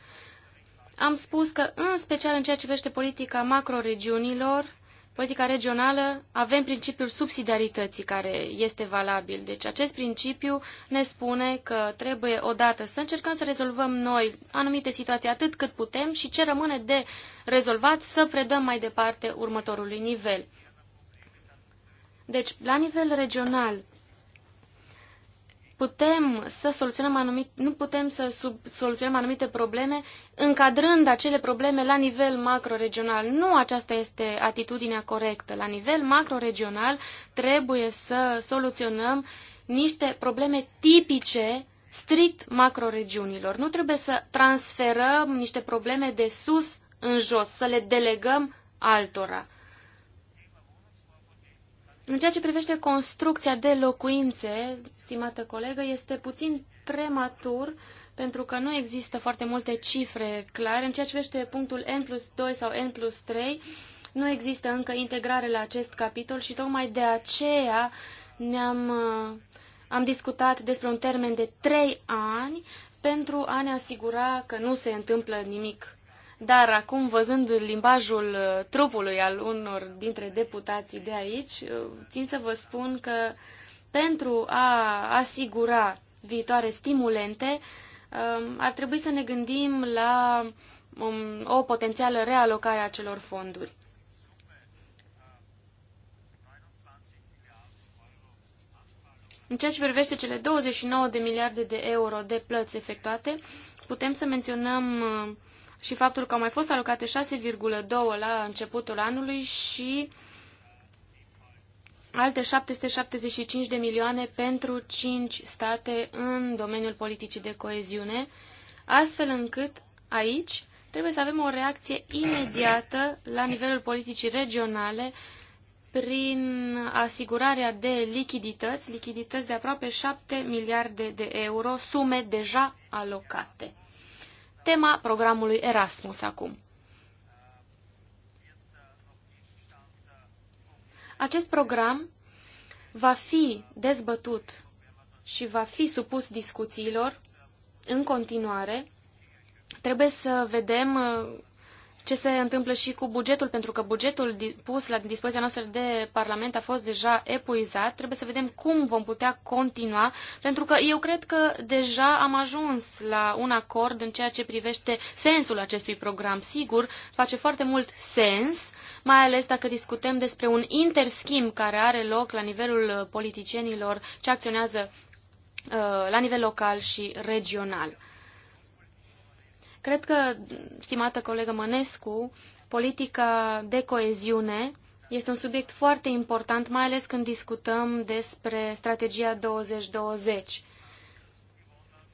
am spus că, în special în ceea ce privește politica macroregiunilor, politica regională avem principiul subsidiarității care este valabil. Deci acest principiu ne spune că trebuie odată să încercăm să rezolvăm noi anumite situații atât cât putem și ce rămâne de rezolvat să predăm mai departe următorului nivel. Deci, la nivel regional, putem să soluționăm anumite, nu putem să sub, soluționăm anumite probleme încadrând acele probleme la nivel macroregional. Nu aceasta este atitudinea corectă. La nivel macroregional trebuie să soluționăm niște probleme tipice strict macroregiunilor. Nu trebuie să transferăm niște probleme de sus în jos, să le delegăm altora. În ceea ce privește construcția de locuințe, stimată colegă, este puțin prematur pentru că nu există foarte multe cifre clare. În ceea ce privește punctul N plus 2 sau N plus 3, nu există încă integrare la acest capitol și tocmai de aceea ne-am uh, am discutat despre un termen de 3 ani pentru a ne asigura că nu se întâmplă nimic dar acum, văzând limbajul uh, trupului al unor dintre deputații de aici, uh, țin să vă spun că pentru a asigura viitoare stimulente, um, ar trebui să ne gândim la um, o potențială realocare a celor fonduri. În ceea ce privește cele 29 de miliarde de euro de plăți efectuate, putem să menționăm uh, și faptul că au mai fost alocate 6,2 la începutul anului și alte 775 de milioane pentru 5 state în domeniul politicii de coeziune, astfel încât aici trebuie să avem o reacție imediată la nivelul politicii regionale prin asigurarea de lichidități, lichidități de aproape 7 miliarde de euro, sume deja alocate tema programului Erasmus acum. Acest program va fi dezbătut și va fi supus discuțiilor în continuare. Trebuie să vedem uh, ce se întâmplă și cu bugetul, pentru că bugetul pus la dispoziția noastră de Parlament a fost deja epuizat. Trebuie să vedem cum vom putea continua, pentru că eu cred că deja am ajuns la un acord în ceea ce privește sensul acestui program. Sigur, face foarte mult sens, mai ales dacă discutăm despre un interschimb care are loc la nivelul politicienilor ce acționează uh, la nivel local și regional. Cred că, stimată colegă Mănescu, politica de coeziune este un subiect foarte important, mai ales când discutăm despre strategia 2020.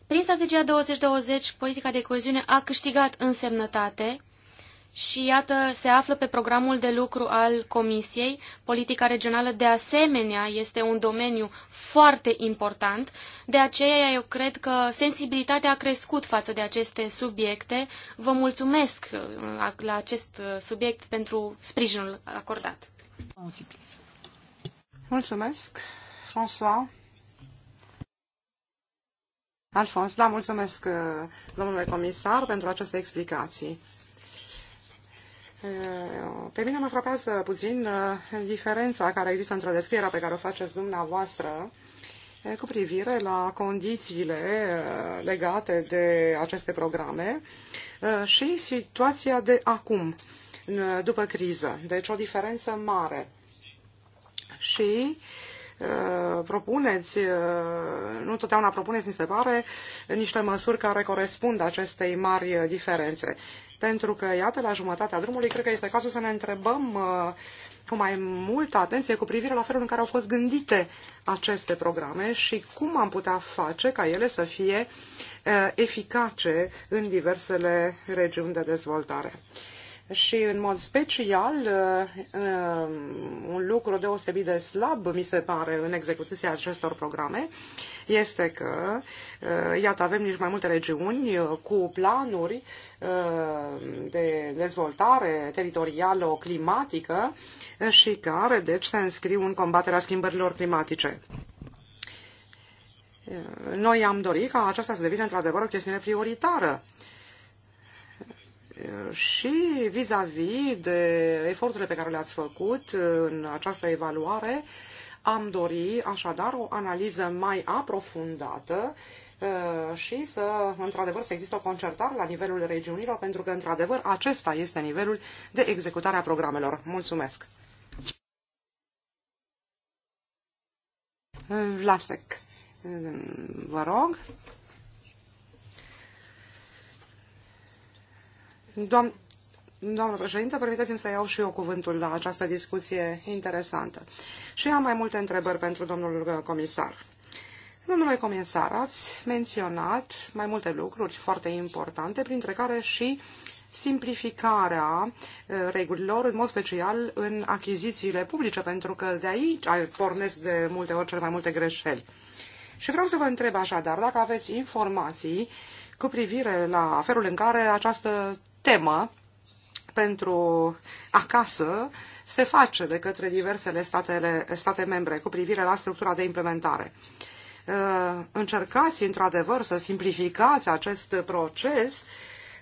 Prin strategia 2020, politica de coeziune a câștigat însemnătate și iată se află pe programul de lucru al Comisiei. Politica regională de asemenea este un domeniu foarte important, de aceea eu cred că sensibilitatea a crescut față de aceste subiecte. Vă mulțumesc uh, la acest uh, subiect pentru sprijinul acordat. Mulțumesc, François. Alfons, da, mulțumesc, uh, domnule comisar, pentru aceste explicații. Eh, pe mine mă frapează puțin eh, diferența care există într-o descriere pe care o faceți dumneavoastră eh, cu privire la condițiile legate de aceste programe și situația de acum, după criză. Deci o diferență mare. Și propuneți, nu totdeauna propuneți, mi se pare, niște măsuri care corespund acestei mari diferențe. Pentru că, iată, la jumătatea drumului, cred că este cazul să ne întrebăm uh, cu mai multă atenție cu privire la felul în care au fost gândite aceste programe și cum am putea face ca ele să fie uh, eficace în diversele regiuni de dezvoltare. Și în mod special, uh, un lucru deosebit de slab, mi se pare, în execuția acestor programe, este că, uh, iată, avem nici mai multe regiuni uh, cu planuri de dezvoltare teritorială, climatică și care, deci, se înscriu în combaterea schimbărilor climatice. Noi am dorit ca aceasta să devină într-adevăr o chestiune prioritară și vis-a-vis -vis de eforturile pe care le-ați făcut în această evaluare, am dori așadar o analiză mai aprofundată uh, și să, într-adevăr, să există o concertare la nivelul regiunilor, pentru că, într-adevăr, acesta este nivelul de executare a programelor. Mulțumesc! Vlasek, vă rog. Doamnă Doamnă președintă, permiteți-mi să iau și eu cuvântul la această discuție interesantă. Și am mai multe întrebări pentru domnul uh, comisar. Domnule comisar, ați menționat mai multe lucruri foarte importante, printre care și simplificarea uh, regulilor, în mod special în achizițiile publice, pentru că de aici pornesc de multe ori cele mai multe greșeli. Și vreau să vă întreb așadar dacă aveți informații cu privire la felul în care această temă pentru acasă se face de către diversele statele, state membre cu privire la structura de implementare. Uh, încercați, într-adevăr, să simplificați acest proces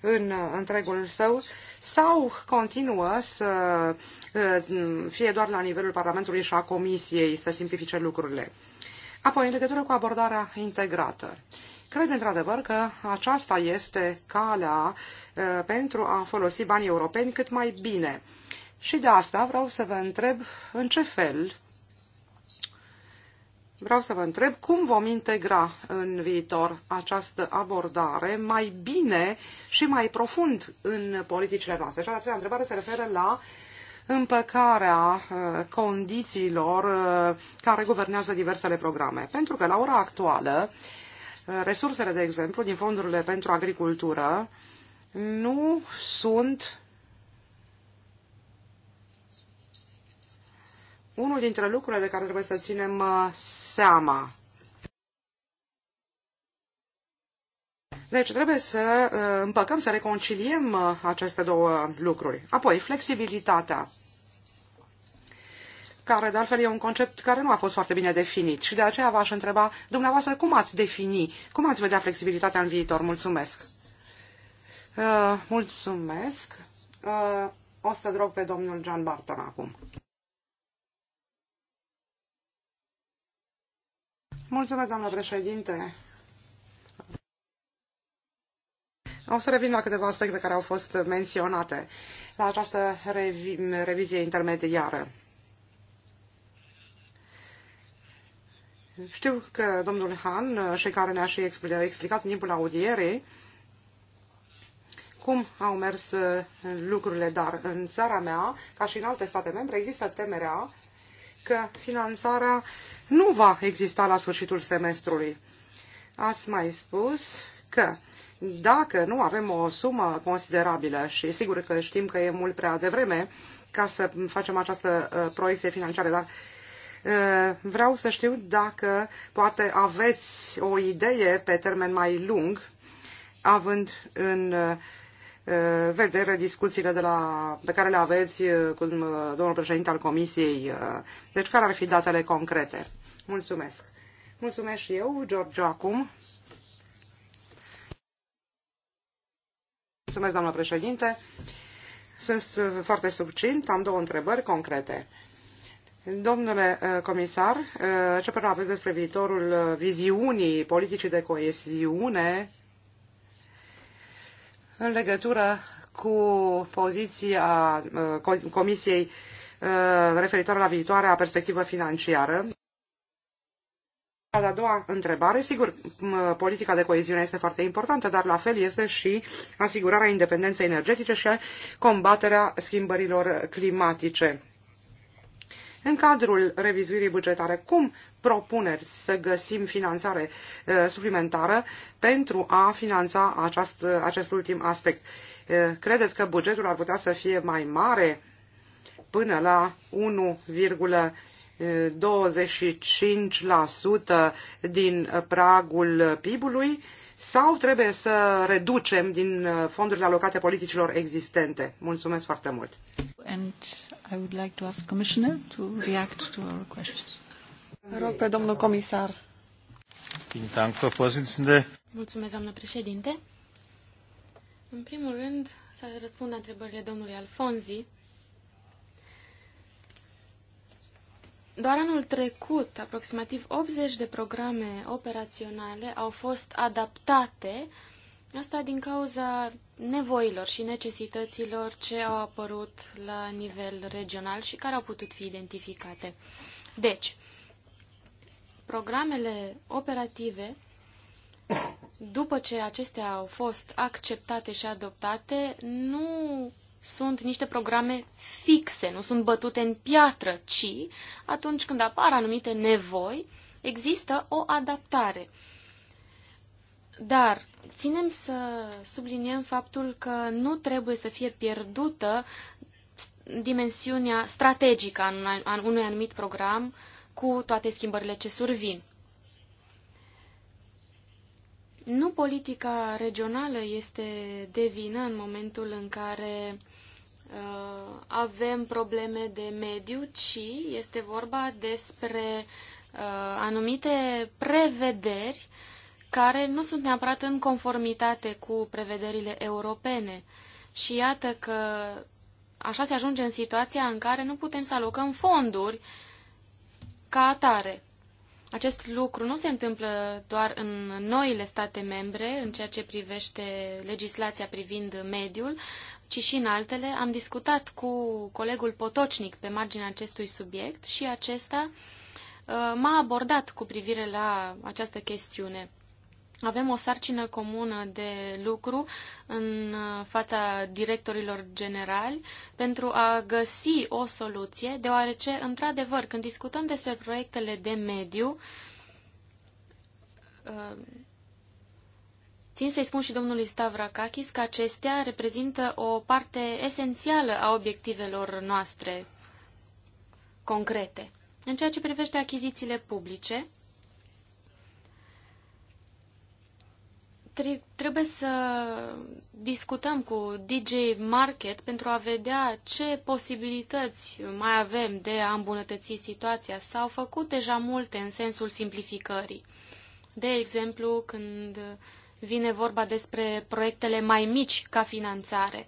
în întregul său sau continuă să uh, fie doar la nivelul Parlamentului și a Comisiei să simplifice lucrurile. Apoi, în legătură cu abordarea integrată. Uh, Cred într-adevăr că aceasta este calea uh, pentru a folosi banii europeni cât mai bine. Și de asta vreau să vă întreb în ce fel Vreau să vă întreb cum vom integra în viitor această abordare mai bine și mai profund în politicile noastre. Și a treia întrebare se referă la împăcarea uh, condițiilor uh, care guvernează diversele programe. Pentru că la ora actuală resursele, de exemplu, din fondurile pentru agricultură nu sunt unul dintre lucrurile de care trebuie să ținem uh, seama. Deci trebuie să uh, împăcăm, să reconciliem uh, aceste două lucruri. Apoi, flexibilitatea care de altfel e un concept care nu a fost foarte bine definit și de aceea v-aș întreba dumneavoastră cum ați defini, cum ați vedea flexibilitatea în viitor. Mulțumesc! Uh, mulțumesc! Uh, o să rog pe domnul John Barton acum. Mulțumesc, doamnă președinte! O să revin la câteva aspecte care au fost menționate la această revi- revizie intermediară. Știu că domnul Han, uh, și care ne-a și explicat în timpul audierei, cum au mers uh, lucrurile, dar în țara mea, ca și în alte state membre, există temerea că finanțarea nu va exista la sfârșitul semestrului. Ați mai spus că dacă nu avem o sumă considerabilă și sigur că știm că e mult prea devreme ca să facem această uh, proiecție financiară, dar uh, Eh, vreau să știu dacă poate aveți o idee pe termen mai lung, având în eh, vedere discuțiile de la, pe care le aveți eh, cu domnul președinte al Comisiei. Deci care ar fi datele concrete? Mulțumesc. Mulțumesc și eu, George, acum. Mulțumesc, doamnă președinte. Sunt foarte succint, am două întrebări concrete. Domnule uh, comisar, ce părere aveți despre viitorul uh, viziunii politicii de coeziune în legătură cu poziția uh, Comisiei referitoare la viitoarea perspectivă financiară. A doua întrebare, sigur, politica de coeziune este foarte importantă, dar la fel este și asigurarea independenței energetice și combaterea schimbărilor climatice în cadrul revizuirii bugetare. Cum propuneri să găsim finanțare uh, suplimentară pentru a finanța aceast, uh, acest ultim aspect? Uh, credeți că bugetul ar putea să fie mai mare până la 1,25% din pragul PIB-ului? sau trebuie să reducem din uh, fondurile alocate politicilor existente? Mulțumesc foarte mult! And I would like to ask Commissioner to react to our questions. Rog pe domnul comisar. Mulțumesc, doamnă președinte. În primul rând, să răspund la întrebările domnului Alfonzi. Doar anul trecut, aproximativ 80 de programe operaționale au fost adaptate, asta din cauza nevoilor și necesităților ce au apărut la nivel regional și care au putut fi identificate. Deci, programele operative, după ce acestea au fost acceptate și adoptate, nu sunt niște programe fixe, nu sunt bătute în piatră, ci atunci când apar anumite nevoi, există o adaptare. Dar ținem să subliniem faptul că nu trebuie să fie pierdută dimensiunea strategică a unui anumit program cu toate schimbările ce survin. Nu politica regională este de vină în momentul în care uh, avem probleme de mediu, ci este vorba despre uh, anumite prevederi care nu sunt neapărat în conformitate cu prevederile europene. Și iată că așa se ajunge în situația în care nu putem să alocăm fonduri ca atare. Acest lucru nu se întâmplă doar în noile state membre, în ceea ce privește legislația privind mediul, ci și în altele. Am discutat cu colegul Potocnic pe marginea acestui subiect și acesta uh, m-a abordat cu privire la această chestiune. Avem o sarcină comună de lucru în fața directorilor generali pentru a găsi o soluție, deoarece, într-adevăr, când discutăm despre proiectele de mediu, uh, Țin să-i spun și domnului Stavrakakis că acestea reprezintă o parte esențială a obiectivelor noastre concrete. În ceea ce privește achizițiile publice, trebuie să discutăm cu DJ Market pentru a vedea ce posibilități mai avem de a îmbunătăți situația. S-au făcut deja multe în sensul simplificării. De exemplu, când vine vorba despre proiectele mai mici ca finanțare.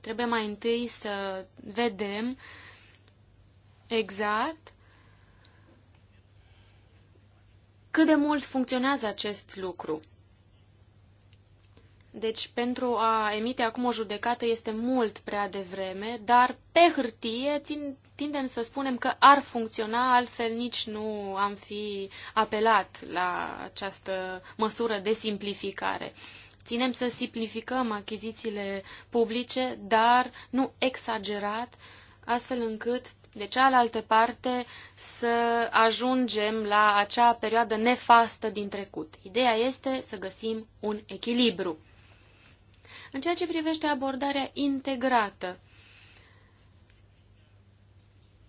Trebuie mai întâi să vedem exact cât de mult funcționează acest lucru. Deci, pentru a emite acum o judecată este mult prea devreme, dar pe hârtie țin, tindem să spunem că ar funcționa, altfel nici nu am fi apelat la această măsură de simplificare. Ținem să simplificăm achizițiile publice, dar nu exagerat, astfel încât de cealaltă parte să ajungem la acea perioadă nefastă din trecut. Ideea este să găsim un echilibru. În ceea ce privește abordarea integrată,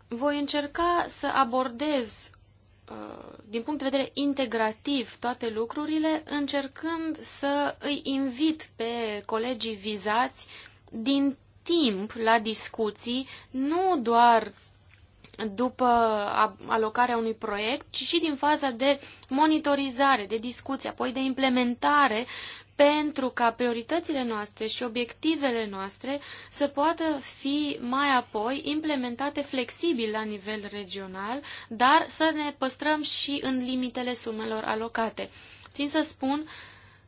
voi încerca să abordez uh, din punct de vedere integrativ toate lucrurile, încercând să îi invit pe colegii vizați din timp la discuții, nu doar după alocarea unui proiect, ci și din faza de monitorizare, de discuție, apoi de implementare, pentru ca prioritățile noastre și obiectivele noastre să poată fi mai apoi implementate flexibil la nivel regional, dar să ne păstrăm și în limitele sumelor alocate. Țin să spun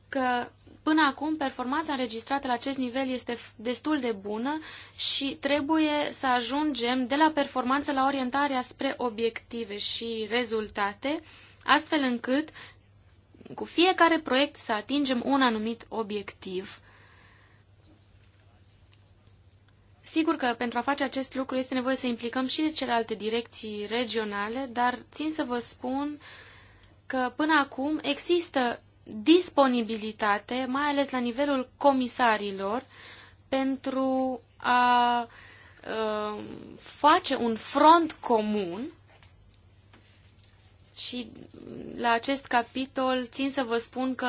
că Până acum, performanța înregistrată la acest nivel este destul de bună și trebuie să ajungem de la performanță la orientarea spre obiective și rezultate, astfel încât cu fiecare proiect să atingem un anumit obiectiv. Sigur că pentru a face acest lucru este nevoie să implicăm și celelalte direcții regionale, dar țin să vă spun că până acum există disponibilitate, mai ales la nivelul comisarilor, pentru a uh, face un front comun și la acest capitol țin să vă spun că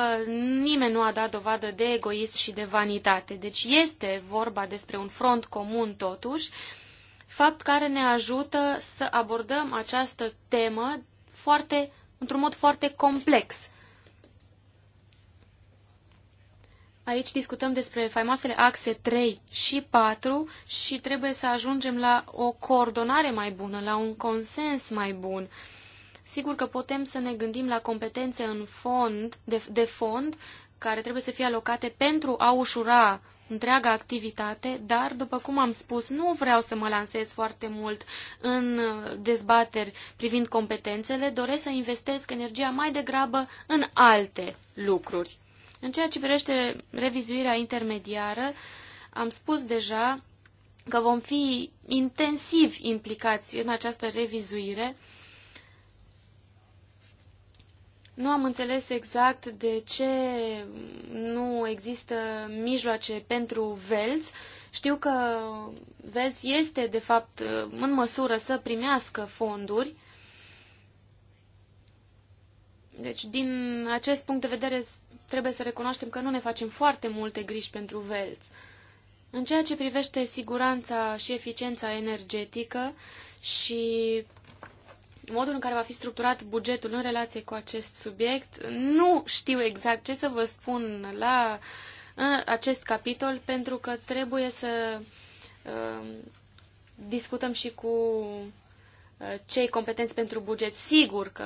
nimeni nu a dat dovadă de egoism și de vanitate. Deci este vorba despre un front comun totuși, fapt care ne ajută să abordăm această temă foarte, într-un mod foarte complex. Aici discutăm despre faimoasele axe 3 și 4 și trebuie să ajungem la o coordonare mai bună, la un consens mai bun. Sigur că putem să ne gândim la competențe în fond, de, de fond care trebuie să fie alocate pentru a ușura întreaga activitate, dar, după cum am spus, nu vreau să mă lansez foarte mult în dezbateri privind competențele, doresc să investesc energia mai degrabă în alte lucruri. În ceea ce privește revizuirea intermediară, am spus deja că vom fi intensiv implicați în această revizuire, nu am înțeles exact de ce nu există mijloace pentru Velți. Știu că Velți este, de fapt, în măsură să primească fonduri. Deci, din acest punct de vedere, trebuie să recunoaștem că nu ne facem foarte multe griji pentru Velți. în ceea ce privește siguranța și eficiența energetică și modul în care va fi structurat bugetul în relație cu acest subiect. Nu știu exact ce să vă spun la acest capitol, pentru că trebuie să uh, discutăm și cu uh, cei competenți pentru buget. Sigur că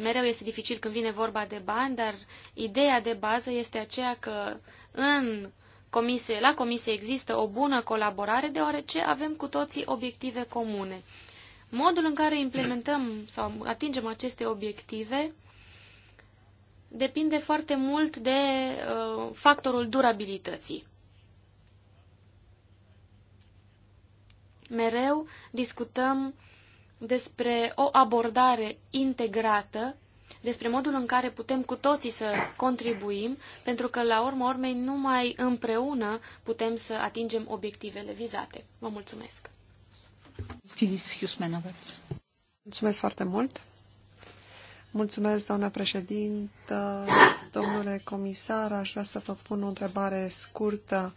mereu este dificil când vine vorba de bani, dar ideea de bază este aceea că în comisie, la comisie există o bună colaborare, deoarece avem cu toții obiective comune. Modul în care implementăm sau atingem aceste obiective depinde foarte mult de uh, factorul durabilității. Mereu discutăm despre o abordare integrată, despre modul în care putem cu toții să contribuim, pentru că, la urma urmei, numai împreună putem să atingem obiectivele vizate. Vă mulțumesc! Mulțumesc foarte mult. Mulțumesc, doamna președintă. Domnule comisar, aș vrea să vă pun o întrebare scurtă.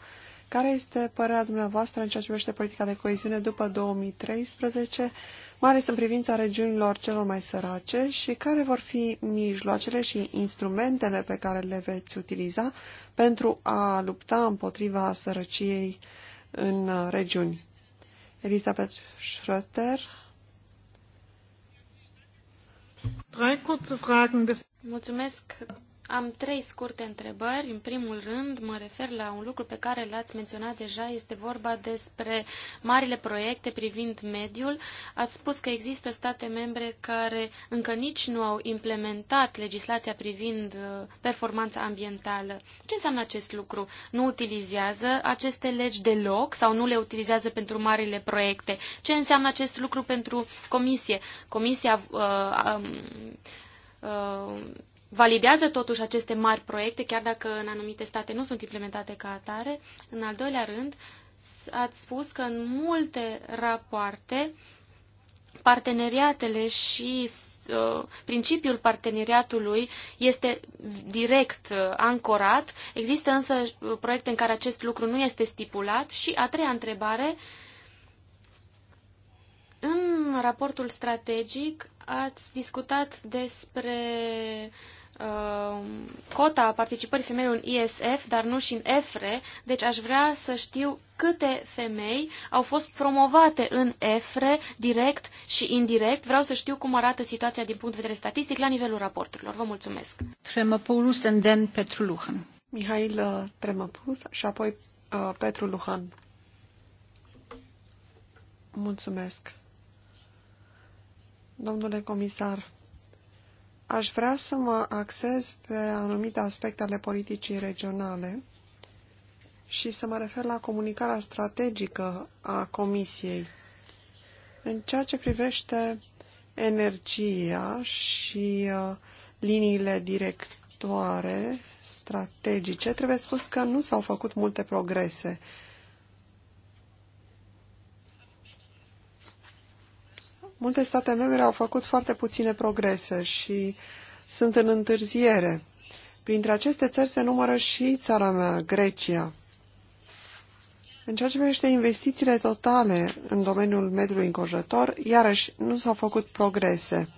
Care este părerea dumneavoastră în ceea ce privește politica de coeziune după 2013, mai ales în privința regiunilor celor mai sărace și care vor fi mijloacele și instrumentele pe care le veți utiliza pentru a lupta împotriva sărăciei în regiuni? Elisabeth Schröter. Mulțumesc. Am trei scurte întrebări. În primul rând, mă refer la un lucru pe care l-ați menționat deja. Este vorba despre marile proiecte privind mediul. Ați spus că există state membre care încă nici nu au implementat legislația privind uh, performanța ambientală. Ce înseamnă acest lucru? Nu utilizează aceste legi deloc sau nu le utilizează pentru marile proiecte? Ce înseamnă acest lucru pentru comisie? Comisia uh, um, uh validează totuși aceste mari proiecte, chiar dacă în anumite state nu sunt implementate ca atare. În al doilea rând, ați spus că în multe rapoarte parteneriatele și uh, principiul parteneriatului este direct uh, ancorat. Există însă uh, proiecte în care acest lucru nu este stipulat. Și a treia întrebare, în raportul strategic ați discutat despre Uh, cota participării femeilor în ISF, dar nu și în EFRE, deci aș vrea să știu câte femei au fost promovate în EFRE, direct și indirect. Vreau să știu cum arată situația din punct de vedere statistic la nivelul raporturilor. Vă mulțumesc. Tremăpulus and then Petru Luhan. Mihail uh, Tremăpulus și apoi uh, Petru Luhan. Mulțumesc. Domnule comisar, aș vrea să mă axez pe anumite aspecte ale politicii regionale și să mă refer la comunicarea strategică a Comisiei. În ceea ce privește energia și uh, liniile directoare strategice, trebuie spus că nu s-au făcut multe progrese Multe state membre au făcut foarte puține progrese și sunt în întârziere. Printre aceste țări se numără și țara mea, Grecia. În ceea ce privește investițiile totale în domeniul mediului înconjurător, iarăși nu s-au făcut progrese.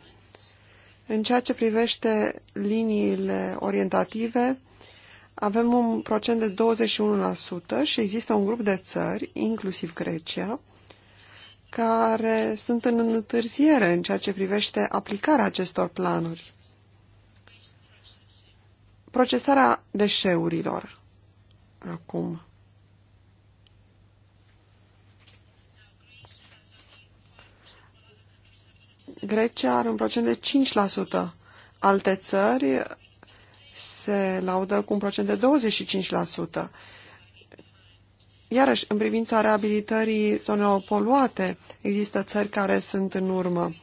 În ceea ce privește liniile orientative, avem un procent de 21% și există un grup de țări, inclusiv Grecia, care sunt în întârziere în ceea ce privește aplicarea acestor planuri. Procesarea deșeurilor. Acum. Grecia are un procent de 5%. Alte țări se laudă cu un procent de 25%. Iarăși, în privința reabilitării zonelor poluate, există țări care sunt în urmă.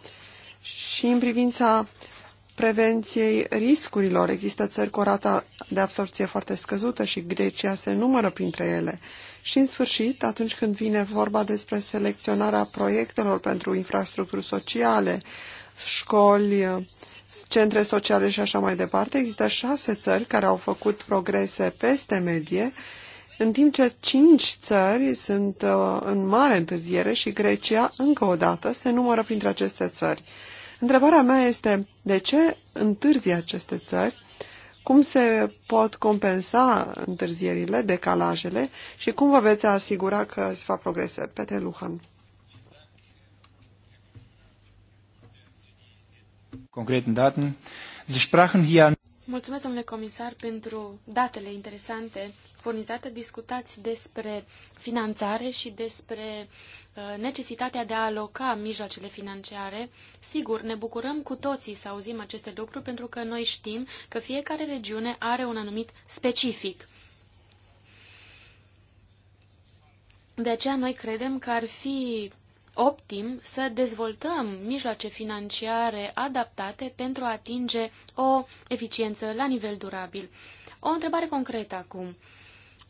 Și în privința prevenției riscurilor, există țări cu o rată de absorpție foarte scăzută și Grecia se numără printre ele. Și, în sfârșit, atunci când vine vorba despre selecționarea proiectelor pentru infrastructuri sociale, școli, centre sociale și așa mai departe, există șase țări care au făcut progrese peste medie în timp ce cinci țări sunt uh, în mare întârziere și Grecia, încă o dată, se numără printre aceste țări. Întrebarea mea este de ce întârzi aceste țări, cum se pot compensa întârzierile, decalajele și cum vă veți asigura că se fac progrese? Petre Luhan. Concret, Daten. Mulțumesc, domnule comisar, pentru datele interesante furnizată, discutați despre finanțare și despre uh, necesitatea de a aloca mijloacele financiare. Sigur, ne bucurăm cu toții să auzim aceste lucruri pentru că noi știm că fiecare regiune are un anumit specific. De aceea noi credem că ar fi optim să dezvoltăm mijloace financiare adaptate pentru a atinge o eficiență la nivel durabil. O întrebare concretă acum.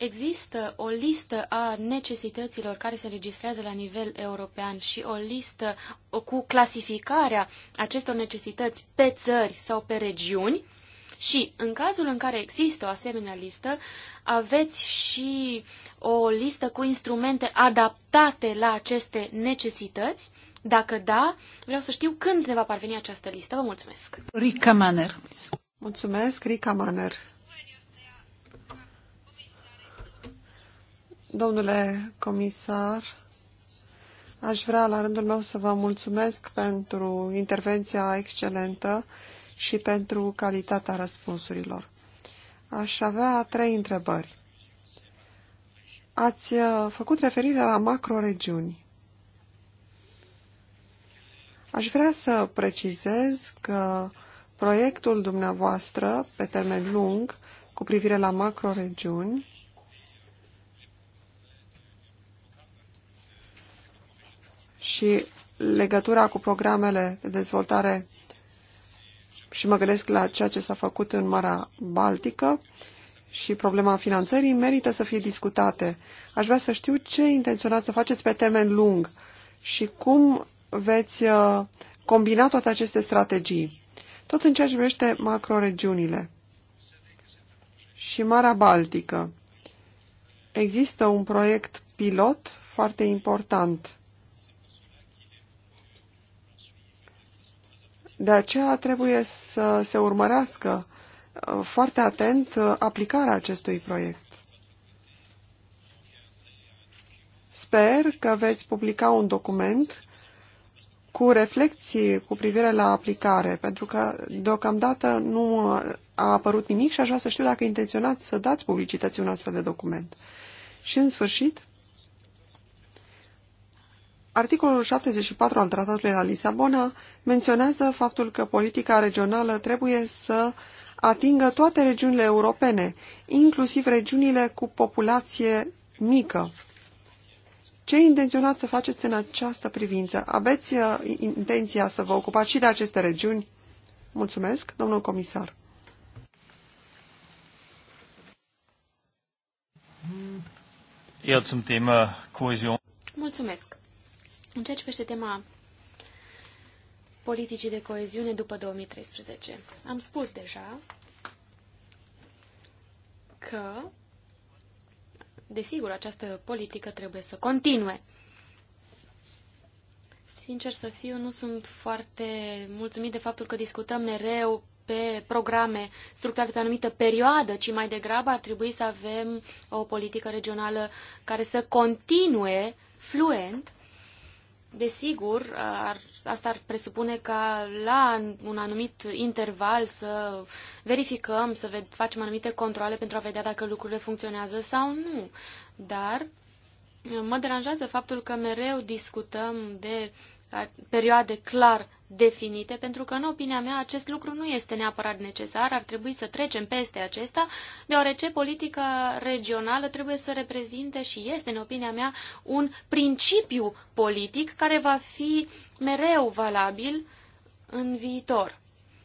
Există o listă a necesităților care se registrează la nivel european și o listă cu clasificarea acestor necesități pe țări sau pe regiuni și în cazul în care există o asemenea listă, aveți și o listă cu instrumente adaptate la aceste necesități? Dacă da, vreau să știu când ne va parveni această listă. Vă mulțumesc! Rica Manner Mulțumesc, Rica Manner Domnule comisar, aș vrea la rândul meu să vă mulțumesc pentru intervenția excelentă și pentru calitatea răspunsurilor. Aș avea trei întrebări. Ați uh, făcut referire la macroregiuni. Aș vrea să precizez că proiectul dumneavoastră pe termen lung cu privire la macroregiuni și legătura cu programele de dezvoltare și mă gândesc la ceea ce s-a făcut în Marea Baltică și problema finanțării merită să fie discutate. Aș vrea să știu ce intenționați să faceți pe termen lung și cum veți uh, combina toate aceste strategii. Tot în ceea ce privește macroregiunile și Marea Baltică. Există un proiect pilot foarte important De aceea trebuie să se urmărească uh, foarte atent uh, aplicarea acestui proiect. Sper că veți publica un document cu reflexii cu privire la aplicare, pentru că deocamdată nu uh, a apărut nimic și aș vrea să știu dacă intenționați să dați publicității un astfel de document. Și în sfârșit, Articolul 74 al Tratatului la Lisabona menționează faptul că politica regională trebuie să atingă toate regiunile europene, inclusiv regiunile cu populație mică. Ce intenționați să faceți în această privință? Aveți uh, intenția să vă ocupați și de aceste regiuni? Mulțumesc, domnul comisar. Mulțumesc. În ceea ce privește tema politicii de coeziune după 2013, am spus deja că, desigur, această politică trebuie să continue. Sincer să fiu, nu sunt foarte mulțumit de faptul că discutăm mereu pe programe structurate pe anumită perioadă, ci mai degrabă ar trebui să avem o politică regională care să continue fluent Desigur, ar, asta ar presupune ca la un anumit interval să verificăm, să ved, facem anumite controle pentru a vedea dacă lucrurile funcționează sau nu. Dar mă deranjează faptul că mereu discutăm de perioade clar definite, pentru că, în opinia mea, acest lucru nu este neapărat necesar, ar trebui să trecem peste acesta, deoarece politica regională trebuie să reprezinte și este, în opinia mea, un principiu politic care va fi mereu valabil în viitor.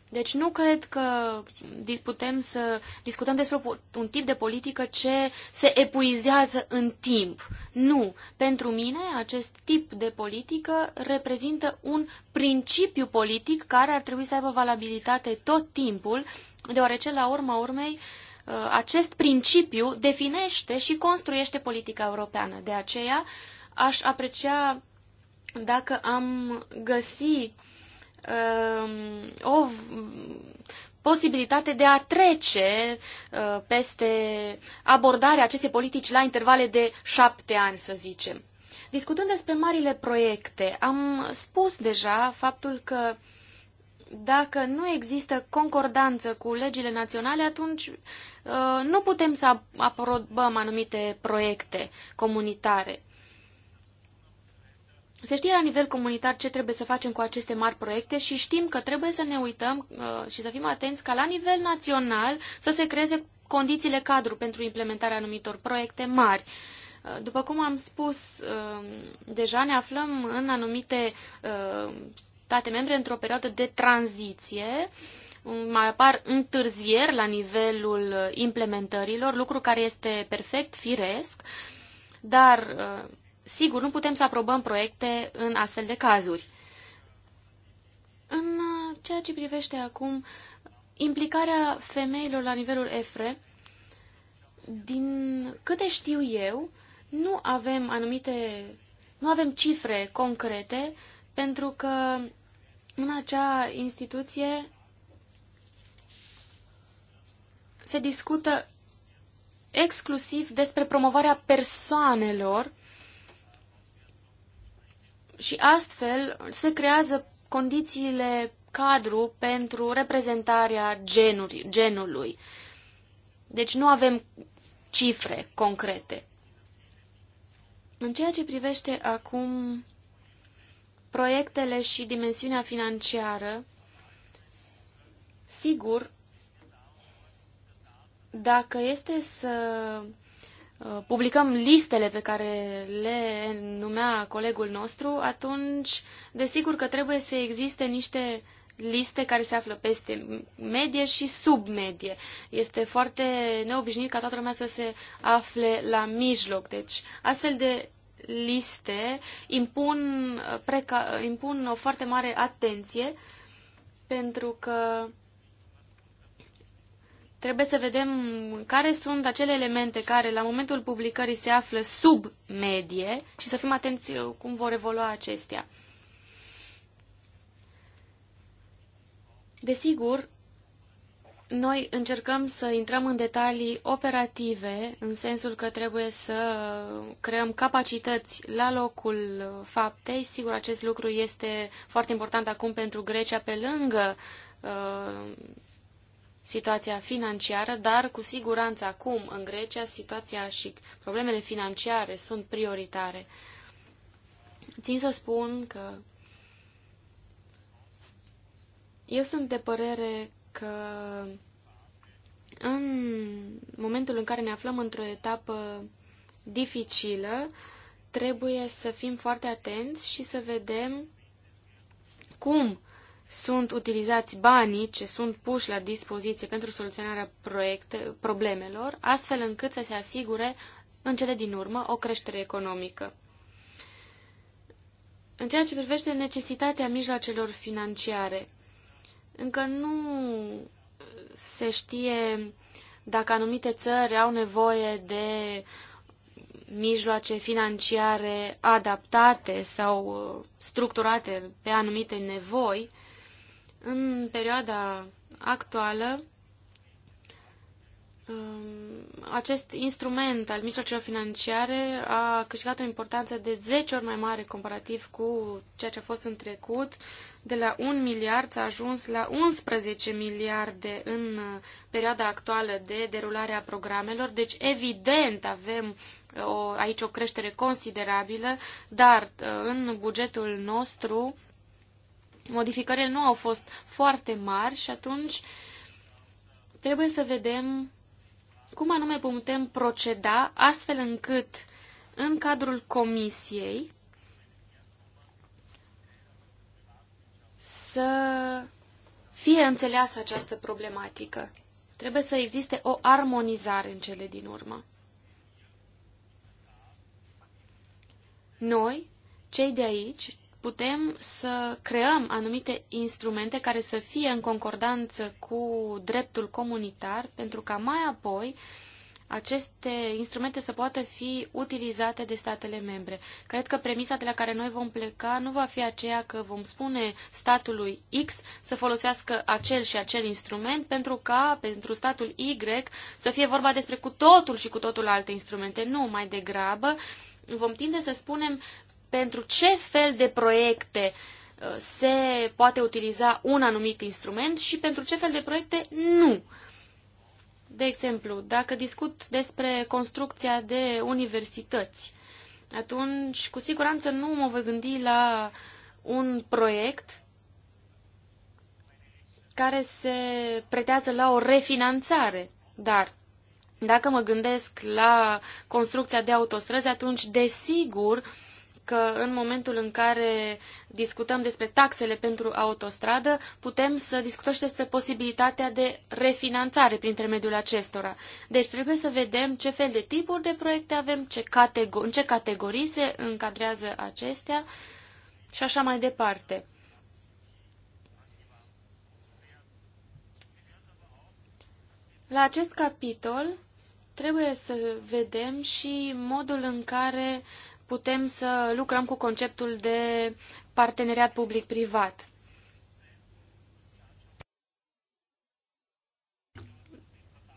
Deci nu cred că putem să discutăm despre un tip de politică ce se epuizează în timp. Nu. Pentru mine, acest tip de politică reprezintă un principiu politic care ar trebui să aibă valabilitate tot timpul, deoarece, la urma urmei, uh, acest principiu definește și construiește politica europeană. De aceea, aș aprecia dacă am găsi Um, o posibilitate de a trece uh, peste abordarea acestei politici la intervale de șapte ani, să zicem. Discutând despre marile proiecte, am spus deja faptul că dacă nu există concordanță cu legile naționale, atunci uh, nu putem să aprobăm anumite proiecte comunitare se știe la nivel comunitar ce trebuie să facem cu aceste mari proiecte și știm că trebuie să ne uităm uh, și să fim atenți ca la nivel național să se creeze condițiile cadru pentru implementarea anumitor proiecte mari. Uh, după cum am spus, um, deja ne aflăm în anumite uh, state membre într-o perioadă de tranziție um, mai apar întârzieri la nivelul uh, implementărilor, lucru care este perfect firesc, dar sigur, nu putem să aprobăm proiecte în astfel de cazuri. În uh, ceea ce privește acum implicarea femeilor la nivelul EFRE, din câte știu eu, nu avem anumite, nu avem cifre concrete, pentru că în acea instituție se discută exclusiv despre promovarea persoanelor și astfel se creează condițiile cadru pentru reprezentarea genuri, genului. Deci nu avem cifre concrete. În ceea ce privește acum proiectele și dimensiunea financiară, sigur, dacă este să Uh, publicăm listele pe care le numea colegul nostru, atunci desigur că trebuie să existe niște liste care se află peste medie și sub medie. Este foarte neobișnuit ca toată lumea să se afle la mijloc. Deci, astfel de liste impun, uh, preca, impun o foarte mare atenție pentru că Trebuie să vedem care sunt acele elemente care la momentul publicării se află sub medie și să fim atenți uh, cum vor evolua acestea. Desigur, noi încercăm să intrăm în detalii operative, în sensul că trebuie să creăm capacități la locul faptei. Sigur, acest lucru este foarte important acum pentru Grecia, pe lângă uh, situația financiară, dar cu siguranță acum în Grecia situația și problemele financiare sunt prioritare. Țin să spun că eu sunt de părere că în momentul în care ne aflăm într-o etapă dificilă, trebuie să fim foarte atenți și să vedem cum sunt utilizați banii ce sunt puși la dispoziție pentru soluționarea proiecte, problemelor, astfel încât să se asigure în cele din urmă o creștere economică. În ceea ce privește necesitatea mijloacelor financiare, încă nu se știe dacă anumite țări au nevoie de mijloace financiare adaptate sau uh, structurate pe anumite nevoi, în perioada actuală, um, acest instrument al mijlocilor financiare a câștigat o importanță de 10 ori mai mare comparativ cu ceea ce a fost în trecut. De la 1 miliard s-a ajuns la 11 miliarde în uh, perioada actuală de derulare a programelor. Deci, evident, avem uh, o, aici o creștere considerabilă, dar uh, în bugetul nostru modificările nu au fost foarte mari și atunci trebuie să vedem cum anume putem proceda astfel încât în cadrul comisiei să fie înțeleasă această problematică. Trebuie să existe o armonizare în cele din urmă. Noi, cei de aici, putem să creăm anumite instrumente care să fie în concordanță cu dreptul comunitar, pentru ca mai apoi aceste instrumente să poată fi utilizate de statele membre. Cred că premisa de la care noi vom pleca nu va fi aceea că vom spune statului X să folosească acel și acel instrument pentru ca pentru statul Y să fie vorba despre cu totul și cu totul alte instrumente. Nu, mai degrabă vom tinde să spunem pentru ce fel de proiecte uh, se poate utiliza un anumit instrument și pentru ce fel de proiecte nu. De exemplu, dacă discut despre construcția de universități, atunci cu siguranță nu mă voi gândi la un proiect care se pretează la o refinanțare. Dar dacă mă gândesc la construcția de autostrăzi, atunci desigur că în momentul în care discutăm despre taxele pentru autostradă, putem să discutăm și despre posibilitatea de refinanțare prin intermediul acestora. Deci trebuie să vedem ce fel de tipuri de proiecte avem, ce categor- în ce categorii se încadrează acestea și așa mai departe. La acest capitol trebuie să vedem și modul în care uh, putem să lucrăm cu conceptul de parteneriat public-privat.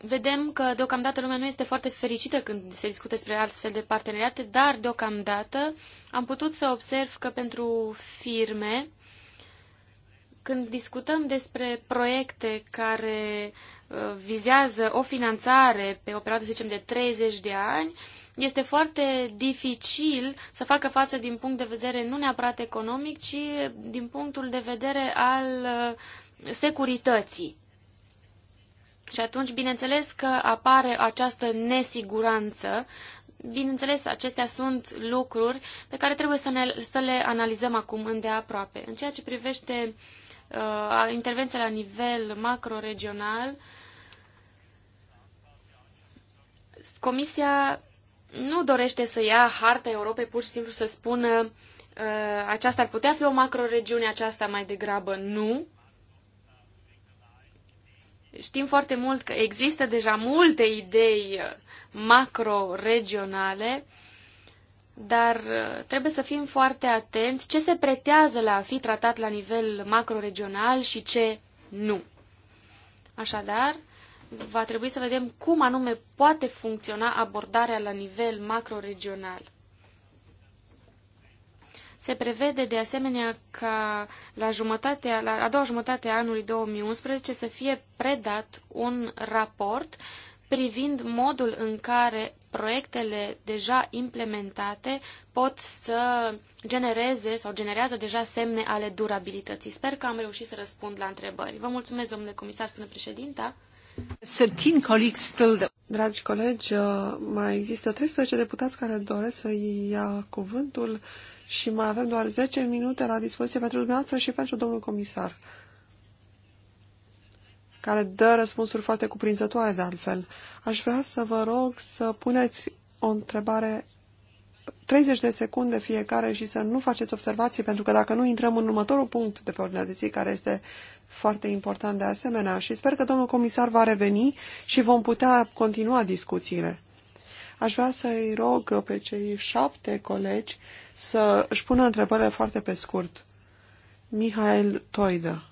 Vedem că deocamdată lumea nu este foarte fericită când se discută despre astfel de parteneriate, dar deocamdată am putut să observ că pentru firme, când discutăm despre proiecte care uh, vizează o finanțare pe o perioadă, să zicem, de 30 de ani, este foarte dificil să facă față din punct de vedere nu neapărat economic, ci din punctul de vedere al uh, securității. Și atunci, bineînțeles că apare această nesiguranță. Bineînțeles, acestea sunt lucruri pe care trebuie să, ne, să le analizăm acum îndeaproape. În ceea ce privește uh, intervenția la nivel macroregional, Comisia nu dorește să ia harta Europei pur și simplu să spună uh, aceasta ar putea fi o macroregiune, aceasta mai degrabă nu. Știm foarte mult că există deja multe idei uh, macro-regionale, dar uh, trebuie să fim foarte atenți ce se pretează la a fi tratat la nivel macroregional și ce nu. Așadar, va trebui să vedem cum anume poate funcționa abordarea la nivel macroregional. Se prevede de asemenea ca la, jumătatea, la a doua jumătate a anului 2011 să fie predat un raport privind modul în care proiectele deja implementate pot să genereze sau generează deja semne ale durabilității. Sper că am reușit să răspund la întrebări. Vă mulțumesc, domnule comisar, spune președinta. Dragi colegi, uh, mai există 13 deputați care doresc să ia cuvântul și mai avem doar 10 minute la dispoziție pentru dumneavoastră și pentru domnul comisar, care dă răspunsuri foarte cuprinzătoare de altfel. Aș vrea să vă rog să puneți o întrebare 30 de secunde fiecare și să nu faceți observații, pentru că dacă nu intrăm în următorul punct de pe ordinea de zi, care este foarte important de asemenea și sper că domnul comisar va reveni și vom putea continua discuțiile. Aș vrea să-i rog pe cei șapte colegi să își pună întrebările foarte pe scurt. Mihail Toidă.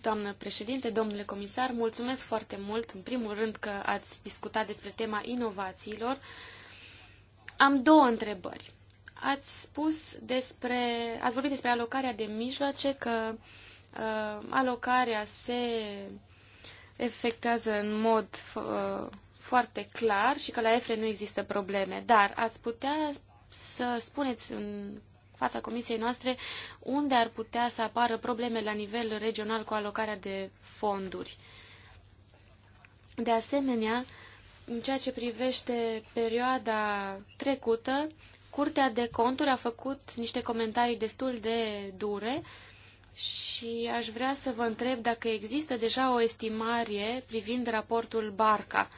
Doamnă președinte, domnule comisar, mulțumesc foarte mult, în primul rând, că ați discutat despre tema inovațiilor. Am două întrebări. Ați spus despre, ați vorbit despre alocarea de mijloace, că uh, alocarea se efectuează în mod uh, foarte clar și că la EFRE nu există probleme, dar ați putea să spuneți în fața comisiei noastre unde ar putea să apară probleme la nivel regional cu alocarea de fonduri. De asemenea, în ceea ce privește perioada trecută, Curtea de conturi a făcut niște comentarii destul de dure și aș vrea să vă întreb dacă există deja o estimare privind raportul Barca.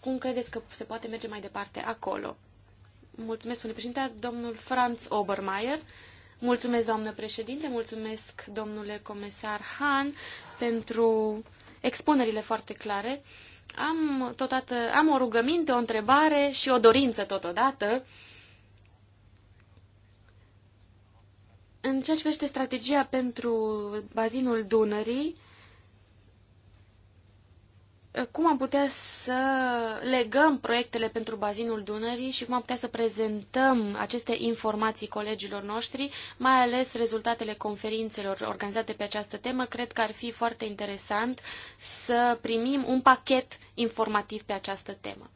Cum credeți că se poate merge mai departe acolo? Mulțumesc, domnule președinte, domnul Franz Obermeier. Mulțumesc, doamnă președinte, mulțumesc, domnule comisar Han, pentru expunerile foarte clare. Am, totodată, am o rugăminte, o întrebare și o dorință totodată. Uh, În ceea ce privește strategia pentru bazinul Dunării, cum am putea să legăm proiectele pentru bazinul Dunării și cum am putea să prezentăm aceste informații colegilor noștri, mai ales rezultatele conferințelor organizate pe această temă. Cred că ar fi foarte interesant să primim un pachet informativ pe această temă.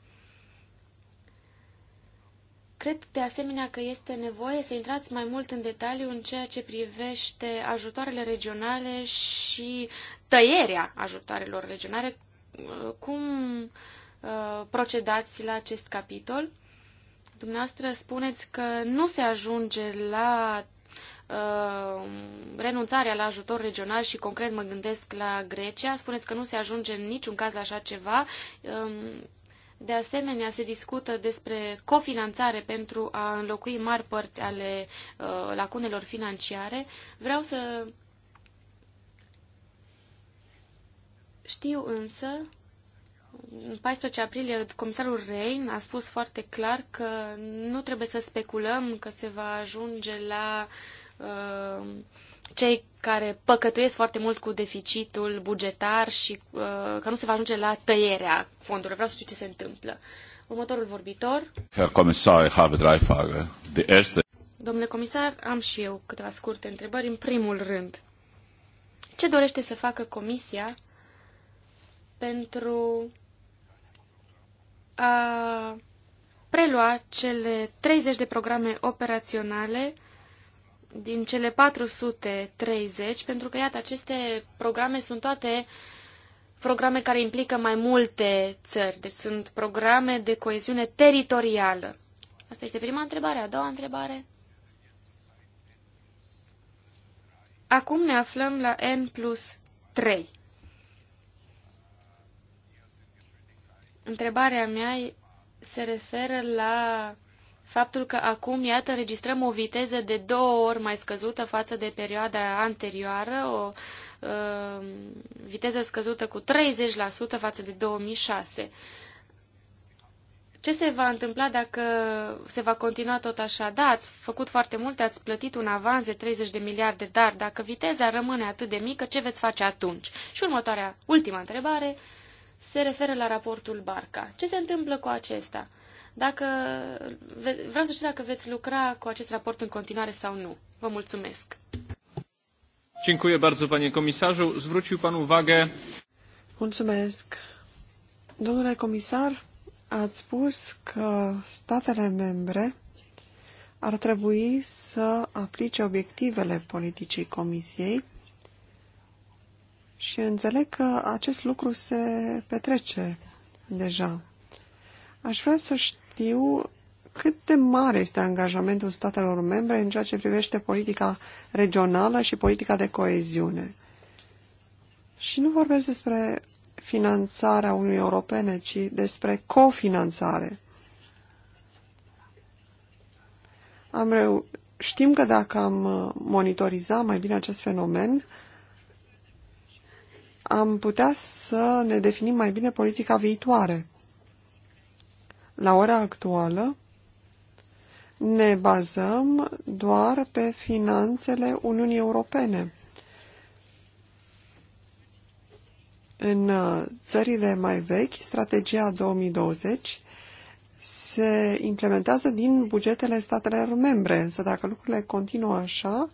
Cred de asemenea că este nevoie să intrați mai mult în detaliu în ceea ce privește ajutoarele regionale și tăierea ajutoarelor regionale. Cum uh, procedați la acest capitol? Dumneavoastră spuneți că nu se ajunge la uh, renunțarea la ajutor regional și concret mă gândesc la Grecia. Spuneți că nu se ajunge în niciun caz la așa ceva. Uh, de asemenea, se discută despre cofinanțare pentru a înlocui mari părți ale uh, lacunelor financiare. Vreau să știu însă, în 14 aprilie, comisarul Rein a spus foarte clar că nu trebuie să speculăm că se va ajunge la uh, cei care păcătuiesc foarte mult cu deficitul bugetar și uh, că nu se va ajunge la tăierea fondurilor. Vreau să știu ce se întâmplă. Următorul vorbitor. Herr Comisar, ich habe drei Die erste... Domnule comisar, am și eu câteva scurte întrebări. În primul rând, ce dorește să facă Comisia pentru a prelua cele 30 de programe operaționale din cele 430, pentru că, iată, aceste programe sunt toate programe care implică mai multe țări, deci sunt programe de coeziune teritorială. Asta este prima întrebare. A doua întrebare? Acum ne aflăm la N plus 3. Întrebarea mea se referă la faptul că acum, iată, registrăm o viteză de două ori mai scăzută față de perioada anterioară, o uh, viteză scăzută cu 30% față de 2006. Ce se va întâmpla dacă se va continua tot așa? Da, ați făcut foarte multe, ați plătit un avans de 30 de miliarde, dar dacă viteza rămâne atât de mică, ce veți face atunci? Și următoarea, ultima întrebare, se referă la raportul Barca. Ce se întâmplă cu acesta? Uh, dacă, vreau să știu dacă veți lucra cu acest raport în continuare sau nu. Vă mulțumesc. Dziękuję bardzo, panie komisarzu. Zwrócił pan uwagę... Mulțumesc. Domnule comisar, ați spus că statele membre ar trebui să aplice obiectivele politicii Comisiei și înțeleg că acest lucru se petrece deja. Aș vrea să știu știu cât de mare este angajamentul statelor membre în ceea ce privește politica regională și politica de coeziune. Și nu vorbesc despre finanțarea Uniunii Europene, ci despre cofinanțare. Am reu... Știm că dacă am monitoriza mai bine acest fenomen, am putea să ne definim mai bine politica viitoare. La ora actuală ne bazăm doar pe finanțele Uniunii Europene. În uh, țările mai vechi, strategia 2020 se implementează din bugetele statelor membre, însă dacă lucrurile continuă așa,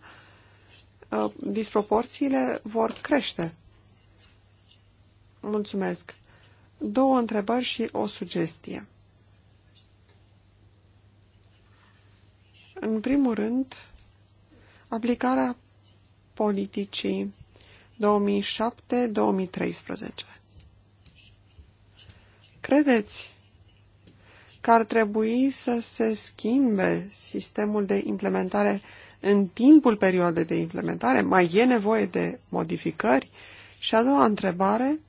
uh, disproporțiile vor crește. Mulțumesc. Două întrebări și o sugestie. În primul rând, aplicarea politicii 2007-2013. Credeți că ar trebui să se schimbe sistemul de implementare în timpul perioadei de implementare? Mai e nevoie de modificări? Și a doua întrebare,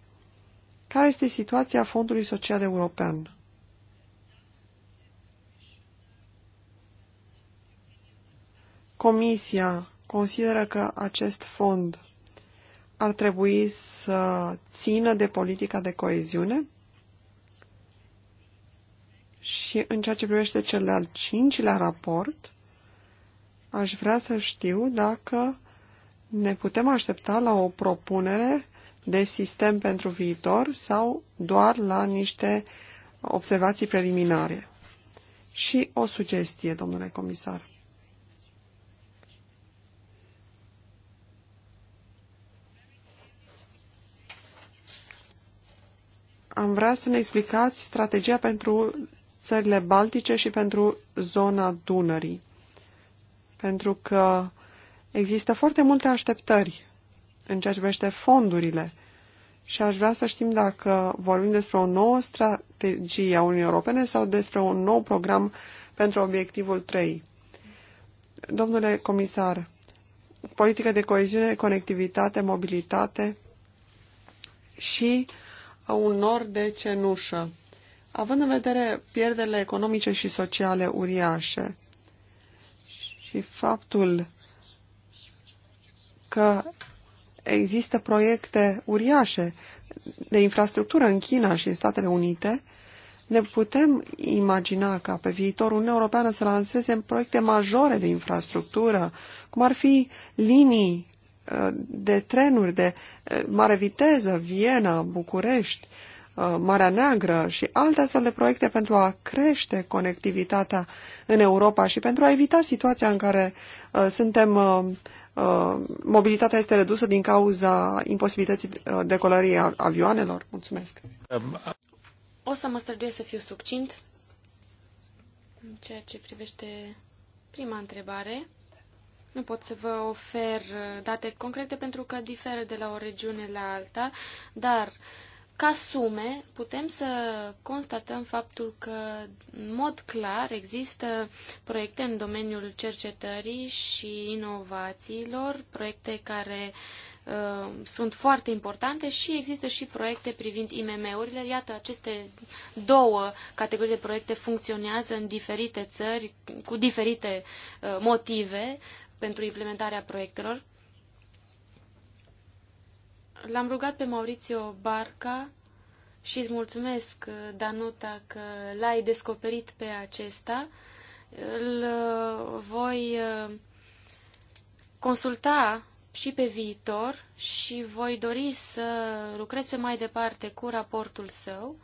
care este situația Fondului Social European? Comisia consideră că acest fond ar trebui să țină de politica de coeziune? Și în ceea ce privește cel de-al cincilea raport, aș vrea să știu dacă ne putem aștepta la o propunere de sistem pentru viitor sau doar la niște observații preliminare. Și o sugestie, domnule comisar. am vrea să ne explicați strategia pentru țările Baltice și pentru zona Dunării. Pentru că există foarte multe așteptări în ceea ce privește fondurile și aș vrea să știm dacă vorbim despre o nouă strategie a Uniunii Europene sau despre un nou program pentru obiectivul 3. Domnule comisar, politică de coeziune, conectivitate, mobilitate și uh, un nor de cenușă, având în vedere pierderile economice și sociale uriașe și faptul că există proiecte uriașe de infrastructură în China și în Statele Unite, ne putem imagina ca pe viitor Uniunea Europeană să lanseze proiecte majore de infrastructură, cum ar fi linii de trenuri de eh, mare viteză, Viena, București, eh, Marea Neagră și alte astfel de proiecte pentru a crește conectivitatea în Europa și pentru a evita situația în care eh, suntem mobilitatea este redusă din cauza imposibilității decolării avioanelor. Mulțumesc. O să mă străduiesc să fiu succint în ceea ce privește prima întrebare. Nu pot să vă ofer uh, date concrete pentru că diferă de la o regiune la alta, dar ca sume putem să constatăm faptul că în mod clar există proiecte în domeniul cercetării și inovațiilor, proiecte care uh, sunt foarte importante și există și proiecte privind IMM-urile. Iată, aceste două categorii de proiecte funcționează în diferite țări cu diferite uh, motive pentru implementarea proiectelor. L-am rugat pe Maurizio Barca și îți mulțumesc, Danuta, că l-ai descoperit pe acesta. Îl uh, voi uh, consulta și pe viitor și voi dori să lucrez pe mai departe cu raportul său.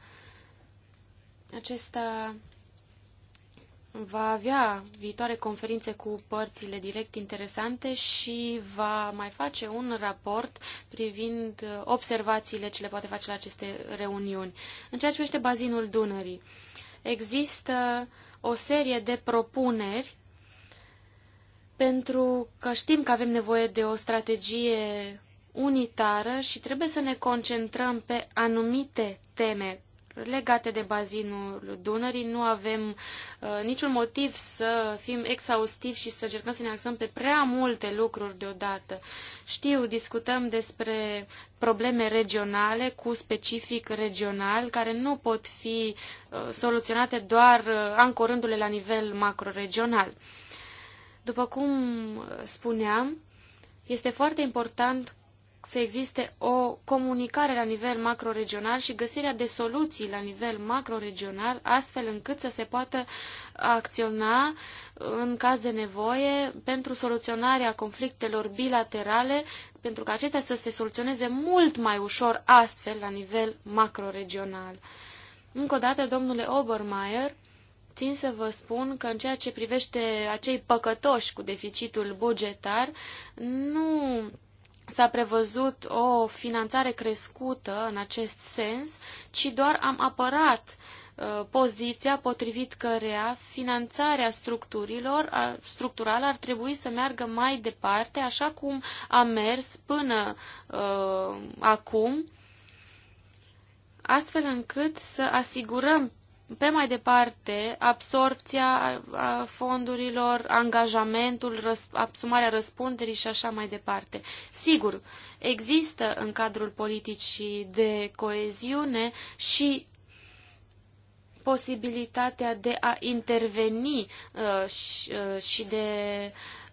Acesta va avea viitoare conferințe cu părțile direct interesante și va mai face un raport privind observațiile ce le poate face la aceste reuniuni. În ceea ce privește bazinul Dunării, există o serie de propuneri pentru că știm că avem nevoie de o strategie unitară și trebuie să ne concentrăm pe anumite teme legate de bazinul Dunării. Nu avem uh, niciun motiv să fim exhaustivi și să încercăm să ne axăm pe prea multe lucruri deodată. Știu, discutăm despre probleme regionale cu specific regional care nu pot fi uh, soluționate doar uh, ancorându-le la nivel macroregional. După cum spuneam, este foarte important să existe o comunicare la nivel macroregional și găsirea de soluții la nivel macroregional, astfel încât să se poată acționa în caz de nevoie pentru soluționarea conflictelor bilaterale, pentru că acestea să se soluționeze mult mai ușor astfel la nivel macroregional. Încă o dată, domnule Obermeier, țin să vă spun că în ceea ce privește acei păcătoși cu deficitul bugetar, nu s-a prevăzut o finanțare crescută în acest sens, ci doar am apărat uh, poziția potrivit cărea finanțarea structurilor, structurală ar trebui să meargă mai departe, așa cum a mers până uh, acum, astfel încât să asigurăm pe mai departe, absorpția fondurilor, angajamentul, răs absumarea răspunderii și așa mai departe. Sigur, există în cadrul politicii de coeziune și posibilitatea de a interveni uh, uh, și de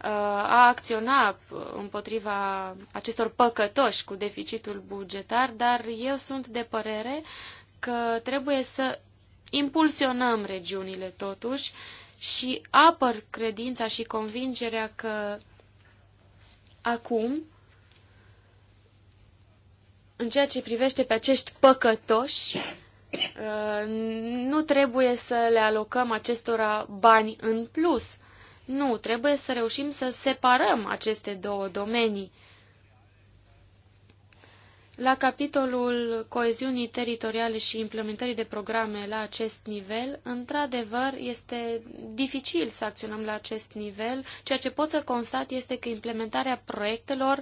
uh, a acționa împotriva acestor păcătoși cu deficitul bugetar, dar eu sunt de părere că trebuie să impulsionăm regiunile totuși și apăr credința și convingerea că acum, în ceea ce privește pe acești păcătoși, uh, nu trebuie să le alocăm acestora bani în plus. Nu, trebuie să reușim să separăm aceste două domenii. La capitolul coeziunii teritoriale și implementării de programe la acest nivel, într-adevăr, este dificil să acționăm la acest nivel. Ceea ce pot să constat este că implementarea proiectelor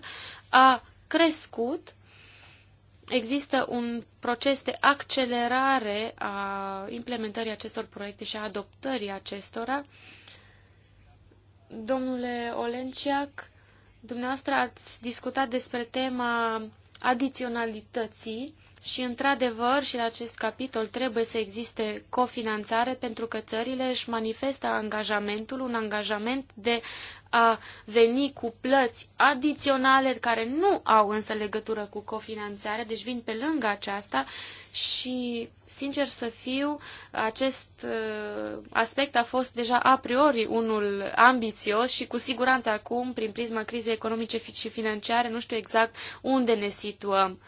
a crescut. Există un proces de accelerare a implementării acestor proiecte și a adoptării acestora. Domnule Olenciac, dumneavoastră ați discutat despre tema adiționalității și, într-adevăr, și la acest capitol trebuie să existe cofinanțare pentru că țările își manifestă angajamentul, un angajament de a veni cu plăți adiționale care nu au însă legătură cu cofinanțare. deci vin pe lângă aceasta și, sincer să fiu, acest uh, aspect a fost deja a priori unul ambițios și cu siguranță acum, prin prisma crizei economice și financiare, nu știu exact unde ne situăm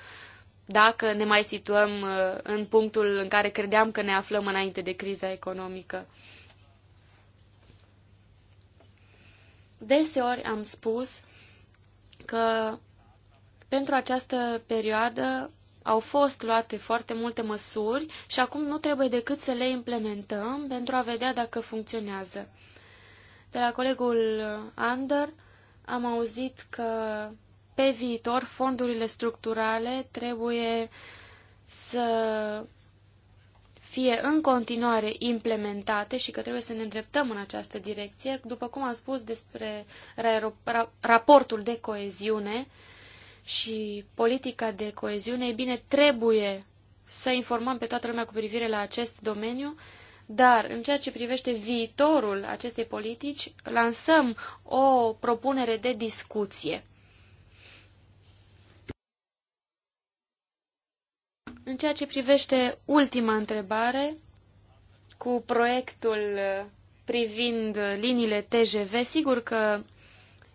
dacă ne mai situăm uh, în punctul în care credeam că ne aflăm înainte de criza economică. Deseori am spus că pentru această perioadă au fost luate foarte multe măsuri și acum nu trebuie decât să le implementăm pentru a vedea dacă funcționează. De la colegul Ander am auzit că pe viitor fondurile structurale trebuie să fie în continuare implementate și că trebuie să ne îndreptăm în această direcție, după cum am spus despre raportul de coeziune și politica de coeziune, e bine, trebuie să informăm pe toată lumea cu privire la acest domeniu, dar în ceea ce privește viitorul acestei politici, lansăm o propunere de discuție. În ceea ce privește ultima întrebare, cu proiectul privind liniile TGV, sigur că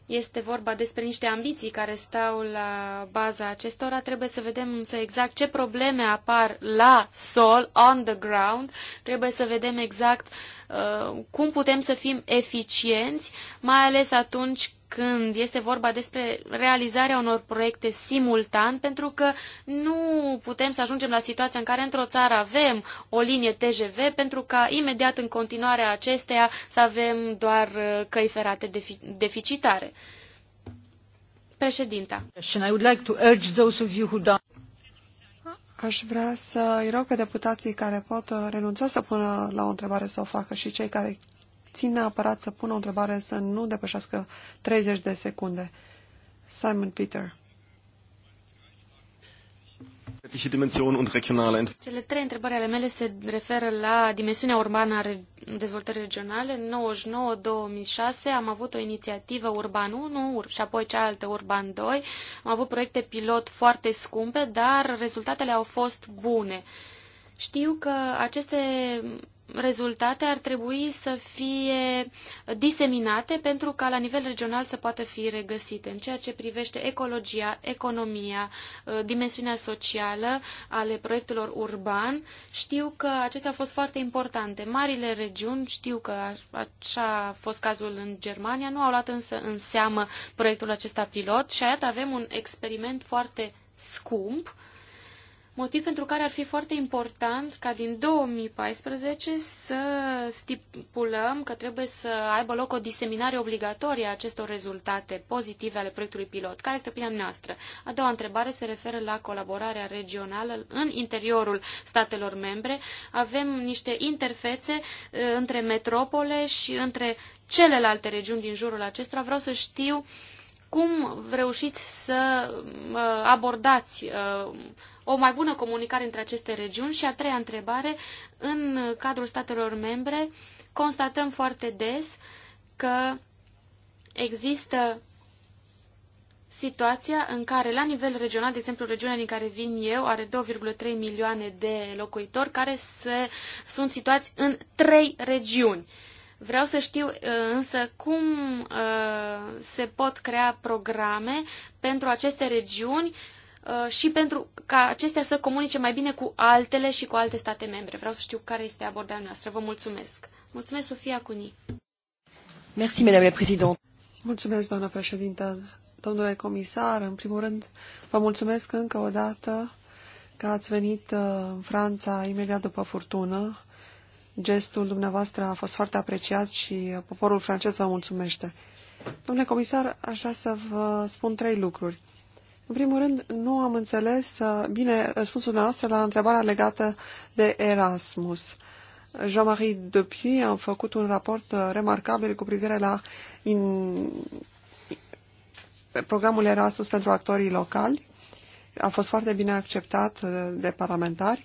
este vorba despre niște ambiții care stau la baza acestora. Trebuie să vedem însă exact ce probleme apar la sol, on the ground. Trebuie să vedem exact uh, cum putem să fim eficienți, mai ales atunci când este vorba despre realizarea unor proiecte simultan, pentru că nu putem să ajungem la situația în care într-o țară avem o linie TGV, pentru ca imediat în continuarea acesteia să avem doar uh, căi ferate deficitare. Președinta. Aș vrea să îi rog pe deputații care pot uh, renunța să pună la o întrebare să o facă și cei care țin neapărat să pună o întrebare să nu depășească 30 de secunde. Simon Peter. Cele trei întrebări ale mele se referă la dimensiunea urbană a dezvoltării regionale. În 1999 2006 am avut o inițiativă Urban 1 și apoi cealaltă Urban 2. Am avut proiecte pilot foarte scumpe, dar rezultatele au fost bune. Știu că aceste rezultate ar trebui să fie diseminate pentru ca la nivel regional să poată fi regăsite în ceea ce privește ecologia, economia, uh, dimensiunea socială ale proiectelor urban. Știu că acestea au fost foarte importante. Marile regiuni, știu că așa a fost cazul în Germania, nu au luat însă în seamă proiectul acesta pilot și iată avem un experiment foarte scump motiv pentru care ar fi foarte important ca din 2014 să stipulăm că trebuie să aibă loc o diseminare obligatorie a acestor rezultate pozitive ale proiectului pilot. Care este opinia noastră? A doua întrebare se referă la colaborarea regională în interiorul statelor membre. Avem niște interfețe uh, între metropole și între celelalte regiuni din jurul acestora. Vreau să știu cum reușiți să uh, abordați uh, o mai bună comunicare între aceste regiuni? Și a treia întrebare, în cadrul statelor membre constatăm foarte des că există situația în care, la nivel regional, de exemplu, regiunea din care vin eu are 2,3 milioane de locuitori care se, sunt situați în trei regiuni. Vreau să știu uh, însă cum uh, se pot crea programe pentru aceste regiuni Uh, și pentru ca acestea să comunice mai bine cu altele și cu alte state membre. Vreau să știu care este abordarea noastră. Vă mulțumesc. Mulțumesc, Sofia Cuni. Merci, Madame President. Mulțumesc, doamna președintă. Domnule comisar, în primul rând, vă mulțumesc încă o dată că ați venit uh, în Franța imediat după furtună. Gestul dumneavoastră a fost foarte apreciat și uh, poporul francez vă mulțumește. Domnule comisar, aș vrea să vă spun trei lucruri. În primul rând, nu am înțeles uh, bine răspunsul noastră la întrebarea legată de Erasmus. Jean-Marie Dupuy a făcut un raport uh, remarcabil cu privire la in... programul Erasmus pentru actorii locali. A fost foarte bine acceptat uh, de parlamentari.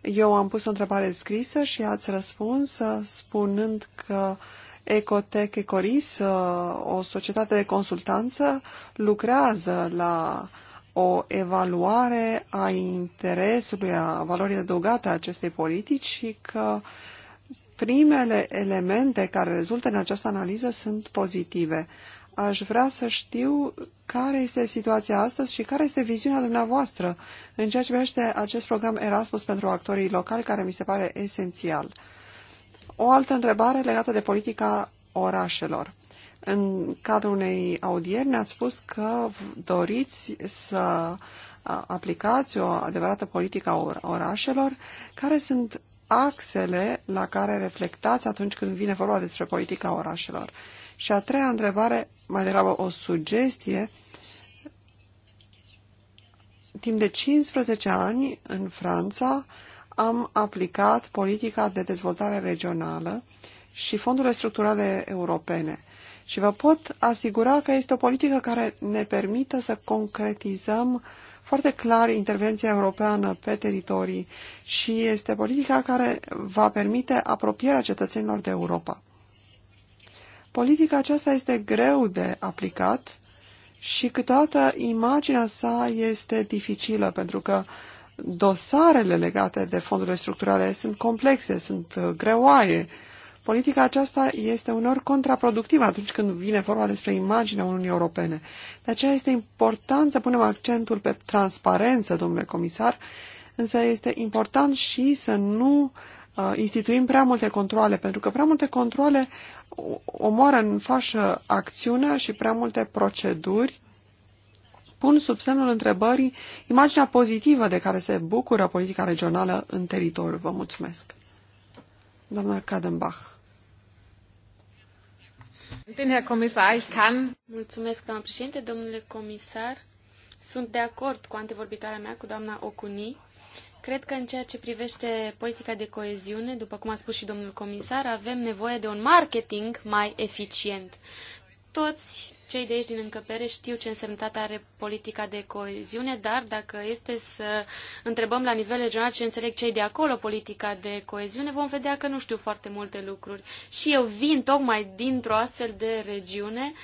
Eu am pus o întrebare scrisă și ați răspuns spunând că Ecotec Ecoris, o societate de consultanță, lucrează la o evaluare a interesului, a valorii adăugate a acestei politici și că primele elemente care rezultă în această analiză sunt pozitive. Aș vrea să știu care este situația astăzi și care este viziunea dumneavoastră în ceea ce privește acest program Erasmus pentru actorii locali, care mi se pare esențial. O altă întrebare legată de politica orașelor. În cadrul unei audieri ne-ați spus că doriți să aplicați o adevărată politică a orașelor. Care sunt axele la care reflectați atunci când vine vorba despre politica orașelor? Și a treia întrebare, mai degrabă o sugestie, timp de 15 ani în Franța am aplicat politica de dezvoltare regională și fondurile structurale europene și vă pot asigura că este o politică care ne permită să concretizăm foarte clar intervenția europeană pe teritorii și este politica care va permite apropierea cetățenilor de Europa. Politica aceasta este greu de aplicat și câteodată imaginea sa este dificilă pentru că dosarele legate de fondurile structurale sunt complexe, sunt greoaie, politica aceasta este unor contraproductivă atunci când vine vorba despre imaginea Uniunii Europene. De aceea este important să punem accentul pe transparență, domnule comisar, însă este important și să nu uh, instituim prea multe controle, pentru că prea multe controle omoară în fașă acțiunea și prea multe proceduri pun sub semnul întrebării imaginea pozitivă de care se bucură politica regională în teritoriu. Vă mulțumesc. Doamna Kadenbach. Mulțumesc, doamna președinte, domnule comisar. Sunt de acord cu antevorbitoarea mea, cu doamna Ocuni. Cred că în ceea ce privește politica de coeziune, după cum a spus și domnul comisar, avem nevoie de un marketing mai eficient. Toți cei de aici din încăpere știu ce însemnătate are politica de coeziune, dar dacă este să întrebăm la nivel regional ce înțeleg cei de acolo politica de coeziune, vom vedea că nu știu foarte multe lucruri. Și eu vin tocmai dintr-o astfel de regiune uh,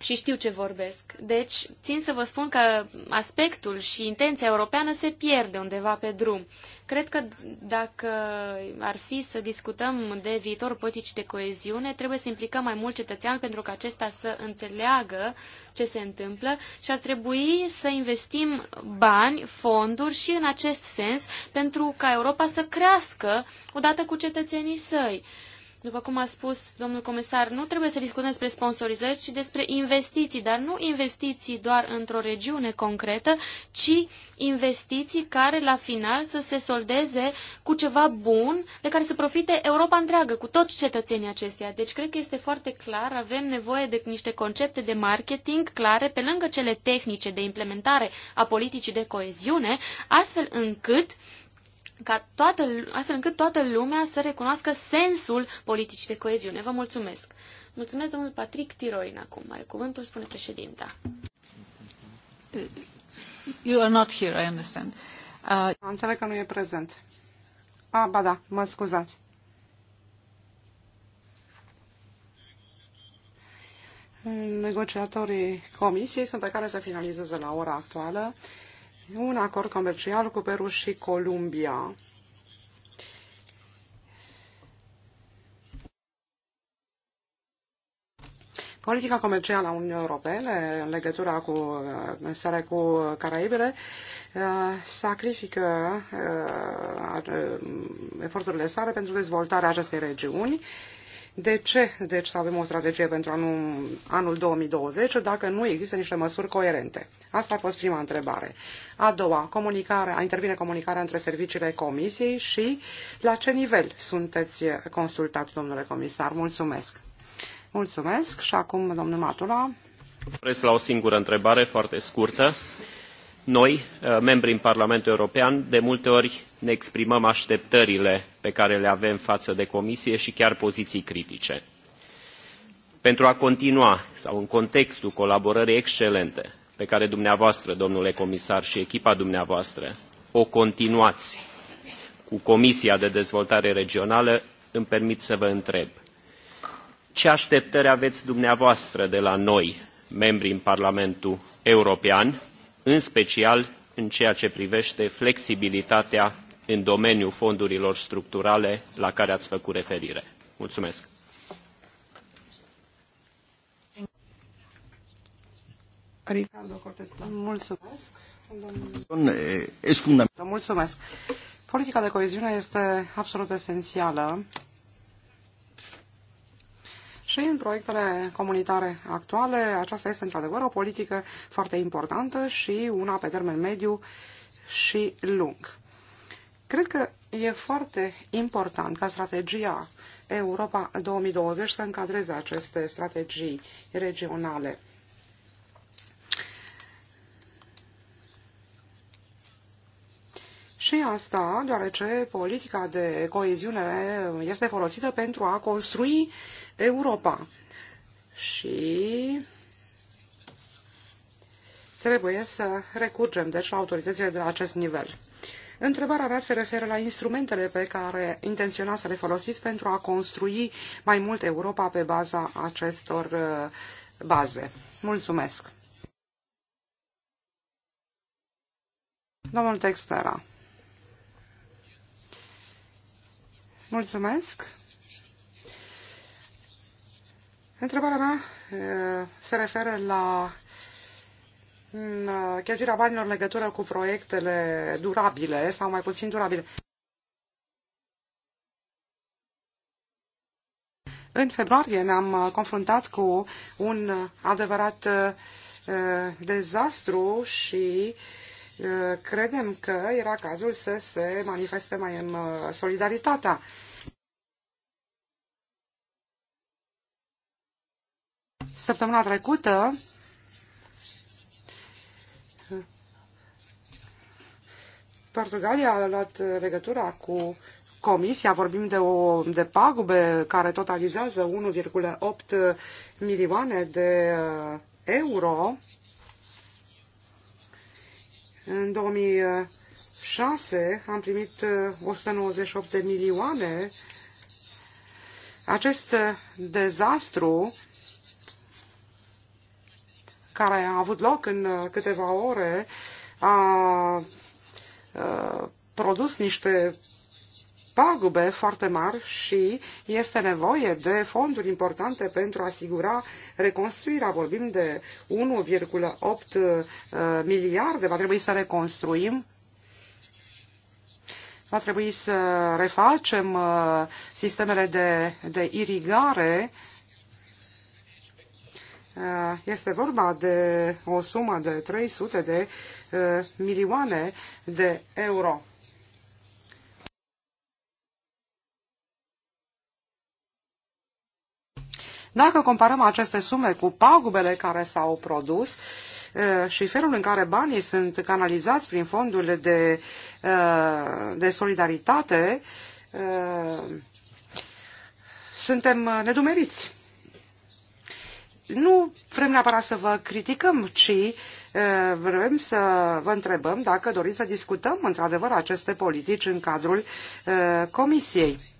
și știu ce vorbesc. Deci, țin să vă spun că aspectul și intenția europeană se pierde undeva pe drum. Cred că dacă ar fi să discutăm de viitor politici de coeziune, trebuie să implicăm mai mult cetățean pentru că acesta să înțeleagă ce se întâmplă și ar trebui să investim bani, fonduri și în acest sens pentru ca Europa să crească odată cu cetățenii săi. După cum a spus domnul comisar, nu trebuie să discutăm despre sponsorizări, ci despre investiții, dar nu investiții doar într-o regiune concretă, ci investiții care la final să se soldeze cu ceva bun de care să profite Europa întreagă, cu toți cetățenii acesteia. Deci cred că este foarte clar, avem nevoie de niște concepte de marketing clare, pe lângă cele tehnice de implementare a politicii de coeziune, astfel încât ca toată, astfel încât toată lumea să recunoască sensul politicii de coeziune. Vă mulțumesc! Mulțumesc, domnul Patrick Tiroin, acum. Are cuvântul, spune președinta. You are not here, I understand. Uh... Înțeleg că nu e prezent. ah, ba da, mă scuzați. Negociatorii comisiei sunt pe care să finalizeze la ora actuală uh, un acord comercial cu Peru și Columbia. Politica comercială a Uniunii Europene în legătura cu starea cu Caraibele uh, sacrifică uh, uh, eforturile sale pentru dezvoltarea acestei regiuni de ce deci să avem o strategie pentru anul, anul 2020 dacă nu există niște măsuri coerente? Asta a fost prima întrebare. A doua, comunicarea, intervine comunicarea între serviciile comisiei și la ce nivel sunteți consultat, domnule comisar? Mulțumesc! Mulțumesc și acum, domnul Matula. Vreți la o singură întrebare foarte scurtă noi, uh, membrii în Parlamentul European, de multe ori ne exprimăm așteptările pe care le avem față de Comisie și chiar poziții critice. Pentru a continua, sau în contextul colaborării excelente pe care dumneavoastră, domnule comisar, și echipa dumneavoastră o continuați cu Comisia de Dezvoltare Regională, îmi permit să vă întreb. Ce așteptări aveți dumneavoastră de la noi, membrii în Parlamentul European, în special în ceea ce privește flexibilitatea în domeniul fondurilor structurale la care ați făcut referire. Mulțumesc! Ricardo Cortez Mulțumesc. Mulțumesc. Politica de coeziune este absolut esențială și în proiectele comunitare actuale, aceasta este într-adevăr o politică foarte importantă și una pe termen mediu și lung. Cred că e foarte important ca strategia Europa 2020 să încadreze aceste strategii regionale. Și asta deoarece politica de coeziune este folosită pentru a construi Europa. Și trebuie să recurgem, deci, la autoritățile de la acest nivel. Întrebarea mea se referă la instrumentele pe care intenționa să le folosiți pentru a construi mai mult Europa pe baza acestor uh, baze. Mulțumesc! Domnul Textera. Mulțumesc! Întrebarea mea se referă la mm, cheltuirea banilor în legătură cu proiectele durabile sau mai puțin durabile. În februarie ne-am uh, confruntat cu un adevărat uh, dezastru și uh, credem că era cazul să se manifeste mai în solidaritatea Săptămâna trecută Portugalia a luat legătura cu Comisia, vorbim de, o, de pagube care totalizează 1,8 milioane de uh, euro în 2006 am primit 198 uh, de milioane. Acest uh, dezastru care a avut loc în uh, câteva ore a, a uh, produs niște pagube foarte mari și este nevoie de fonduri importante pentru a asigura reconstruirea. Vorbim de 1,8 uh, miliarde. Va trebui să reconstruim va trebui să refacem sistemele de, de irigare Eh, este vorba de o sumă de 300 de eh, milioane de euro. Dacă comparăm aceste sume cu pagubele care s-au produs eh, și felul în care banii sunt canalizați prin fondurile de, de solidaritate, suntem nedumeriți nu vrem neapărat să vă criticăm, ci vrem să vă întrebăm dacă doriți să discutăm într-adevăr aceste politici în cadrul Comisiei.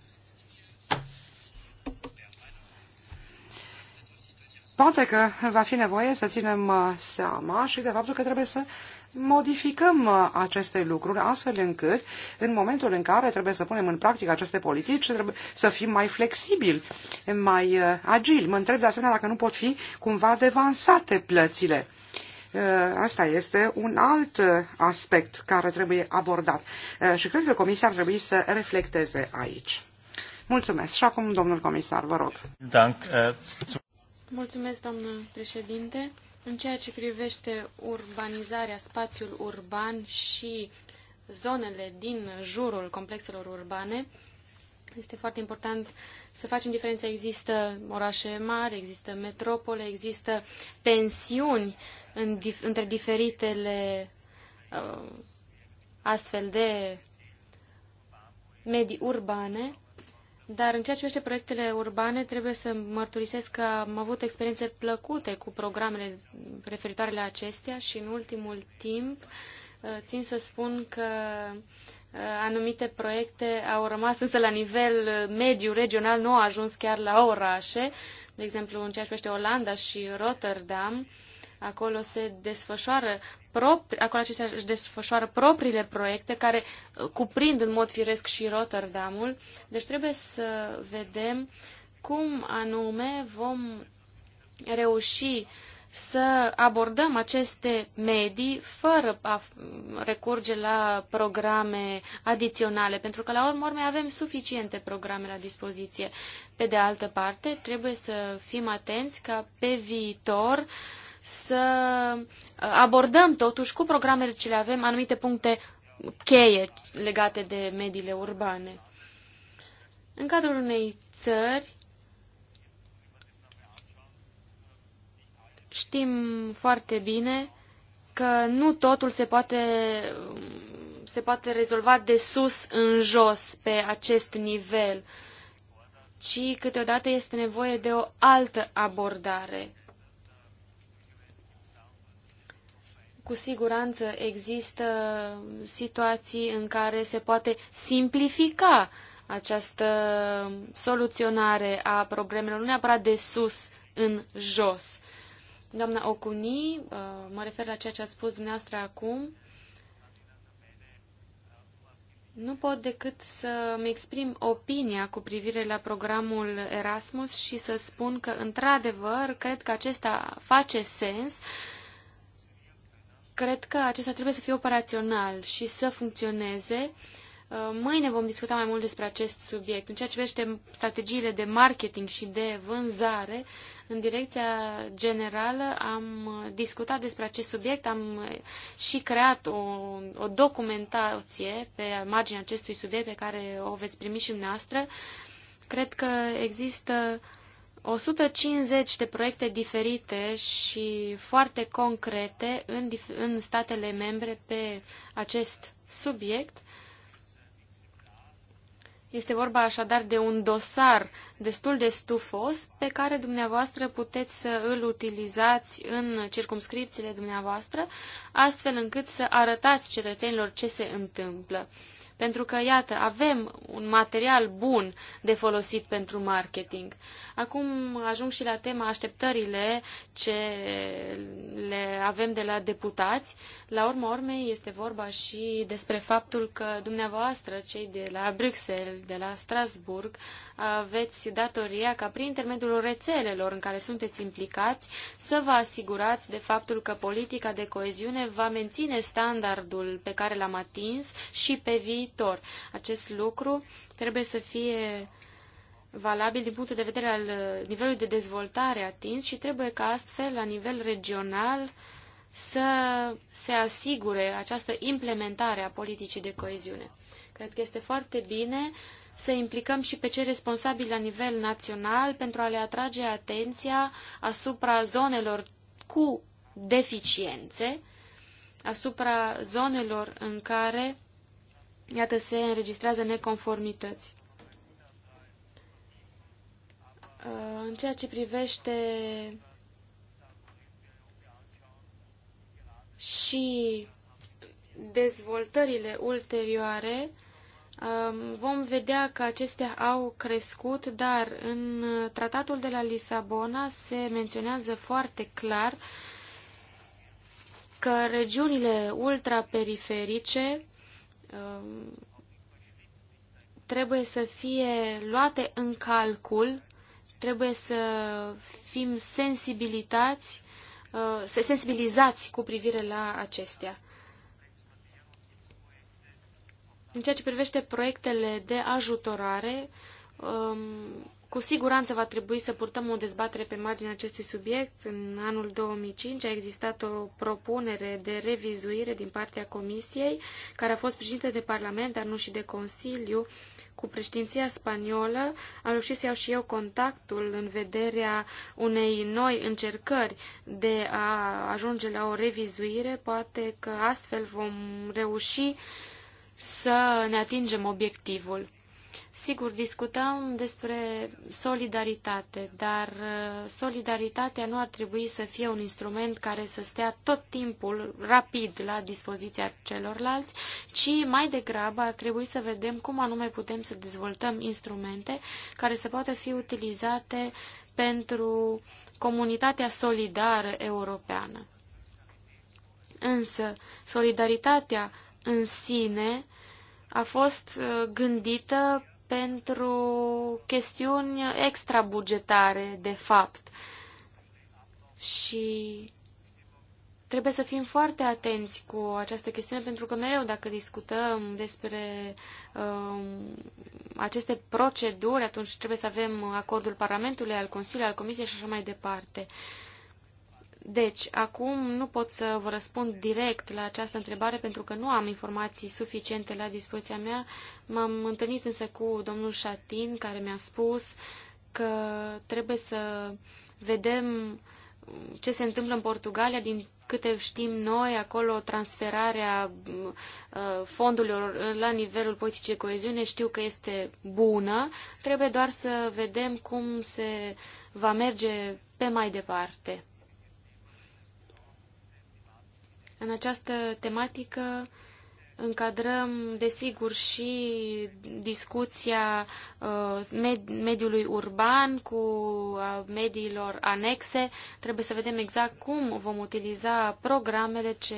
Poate că va fi nevoie să ținem seama și de faptul că trebuie să modificăm uh, aceste lucruri astfel încât, în momentul în care trebuie să punem în practică aceste politici, trebuie să fim mai flexibili, mai uh, agili. Mă întreb de asemenea dacă nu pot fi cumva devansate plățile. Uh, asta este un alt aspect care trebuie abordat și cred că Comisia ar trebui să reflecteze aici. Mulțumesc. Și acum, domnul comisar, vă rog. Mulțumesc, doamnă președinte. În ceea ce privește urbanizarea, spațiul urban și zonele din jurul complexelor urbane, este foarte important să facem diferența. Există orașe mari, există metropole, există tensiuni în dif- între diferitele uh, astfel de medii urbane dar în ceea ce privește proiectele urbane, trebuie să mărturisesc că am avut experiențe plăcute cu programele referitoare la acestea și în ultimul timp uh, țin să spun că uh, anumite proiecte au rămas însă la nivel uh, mediu regional, nu au ajuns chiar la orașe, de exemplu în ceea ce privește Olanda și Rotterdam, Acolo se desfășoară propri, acolo acestea își desfășoară propriile proiecte care uh, cuprind în mod firesc și Rotterdamul. Deci trebuie să vedem cum anume vom reuși să abordăm aceste medii fără a recurge la programe adiționale, pentru că la urmă mai avem suficiente programe la dispoziție. Pe de altă parte, trebuie să fim atenți ca pe viitor uh, să uh, abordăm totuși cu programele ce le avem anumite puncte cheie legate de mediile urbane. În cadrul unei țări știm foarte bine că nu totul se poate, se poate rezolva de sus în jos pe acest nivel, ci câteodată este nevoie de o altă abordare. cu siguranță există situații în care se poate simplifica această soluționare a problemelor, nu neapărat de sus în jos. Doamna Ocuni, uh, mă refer la ceea ce ați spus dumneavoastră acum, nu pot decât să-mi exprim opinia cu privire la programul Erasmus și să spun că, într-adevăr, cred că acesta face sens cred că acesta trebuie să fie operațional și să funcționeze. Uh, mâine vom discuta mai mult despre acest subiect. În ceea ce privește strategiile de marketing și de vânzare, în direcția generală am discutat despre acest subiect, am și creat o, o documentație pe marginea acestui subiect pe care o veți primi și dumneavoastră. Cred că există uh, 150 de proiecte diferite și foarte concrete în, în statele membre pe acest subiect. Este vorba așadar de un dosar destul de stufos pe care dumneavoastră puteți să îl utilizați în circumscripțiile dumneavoastră, astfel încât să arătați cetățenilor ce se întâmplă. Pentru că, iată, avem un material bun de folosit pentru marketing. Acum ajung și la tema așteptările ce le avem de la deputați. La urma urmei este vorba și despre faptul că dumneavoastră, cei de la Bruxelles, de la Strasburg, aveți datoria ca prin intermediul rețelelor în care sunteți implicați să vă asigurați de faptul că politica de coeziune va menține standardul pe care l-am atins și pe viitor viitor. Acest lucru trebuie să fie valabil din punctul de vedere al uh, nivelului de dezvoltare atins și trebuie ca astfel, la nivel regional, să se asigure această implementare a politicii de coeziune. Cred că este foarte bine să implicăm și pe cei responsabili la nivel național pentru a le atrage atenția asupra zonelor cu deficiențe, asupra zonelor în care Iată, se înregistrează neconformități. Uh, în ceea ce privește și dezvoltările ulterioare, um, vom vedea că acestea au crescut, dar în tratatul de la Lisabona se menționează foarte clar că regiunile ultraperiferice Um, trebuie să fie luate în calcul, trebuie să fim sensibilitați, uh, să sensibilizați cu privire la acestea. În ceea ce privește proiectele de ajutorare, um, cu siguranță va trebui să purtăm o dezbatere pe marginea acestui subiect. În anul 2005 a existat o propunere de revizuire din partea Comisiei, care a fost sprijinită de Parlament, dar nu și de Consiliu. Cu președinția spaniolă am reușit să iau și eu contactul în vederea unei noi încercări de a ajunge la o revizuire. Poate că astfel vom reuși să ne atingem obiectivul. Sigur, discutam despre solidaritate, dar uh, solidaritatea nu ar trebui să fie un instrument care să stea tot timpul rapid la dispoziția celorlalți, ci mai degrabă ar trebui să vedem cum anume putem să dezvoltăm instrumente care să poată fi utilizate pentru comunitatea solidară europeană. Însă, solidaritatea în sine a fost uh, gândită pentru chestiuni extrabugetare, de fapt. Și trebuie să fim foarte atenți cu această chestiune, pentru că mereu dacă discutăm despre uh, aceste proceduri, atunci trebuie să avem acordul Parlamentului, al Consiliului, al Comisiei și așa mai departe. Uh, deci, acum nu pot să vă răspund direct la această întrebare pentru că nu am informații suficiente la dispoziția mea. M-am întâlnit însă cu domnul Șatin care mi-a spus că trebuie să vedem ce se întâmplă în Portugalia, din câte știm noi, acolo transferarea uh, fondurilor la nivelul politicii de coeziune știu că este bună, trebuie doar să vedem cum se va merge pe mai departe. În această tematică încadrăm, desigur, și discuția uh, mediului urban cu uh, mediilor anexe. Trebuie să vedem exact cum vom utiliza programele ce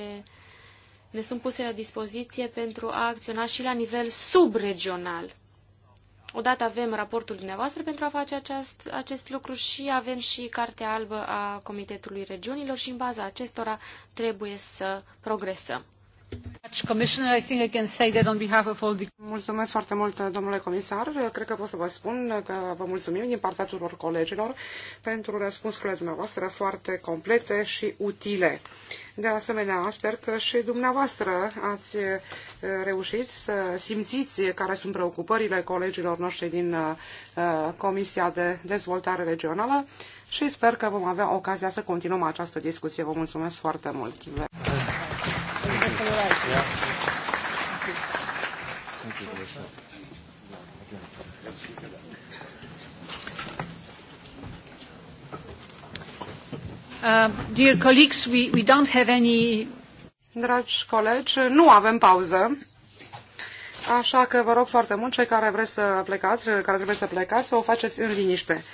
ne sunt puse la dispoziție pentru a acționa și la nivel subregional. Odată avem raportul dumneavoastră pentru a face aceast, acest lucru și avem și Cartea Albă a Comitetului Regiunilor și în baza acestora trebuie să progresăm. Mulțumesc foarte mult, domnule comisar. Cred că pot să vă spun că vă mulțumim din partea tuturor colegilor pentru răspunsurile dumneavoastră foarte complete și utile. De asemenea, sper că și dumneavoastră ați eh, reușit să simțiți care sunt preocupările colegilor noștri din eh, Comisia de Dezvoltare Regională și sper că vom avea ocazia să continuăm această discuție. Vă mulțumesc foarte mult! Uh, dear colleagues, we, we don't have any... Dragi colegi, nu avem pauză. Așa că vă rog foarte mult, cei care vreți să plecați, care trebuie să plecați, să o faceți în liniște.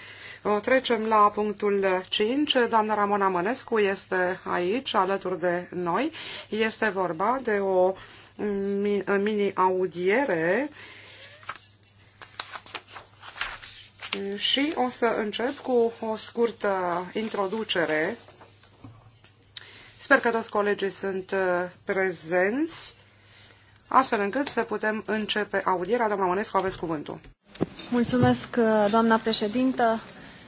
Trecem la punctul 5. Doamna Ramona Mănescu este aici, alături de noi. Este vorba de o mini-audiere și o să încep cu o scurtă introducere. Sper că toți colegii sunt uh, prezenți, astfel încât să putem începe audierea. Doamna Mănescu, aveți cuvântul. Mulțumesc, uh, doamna președintă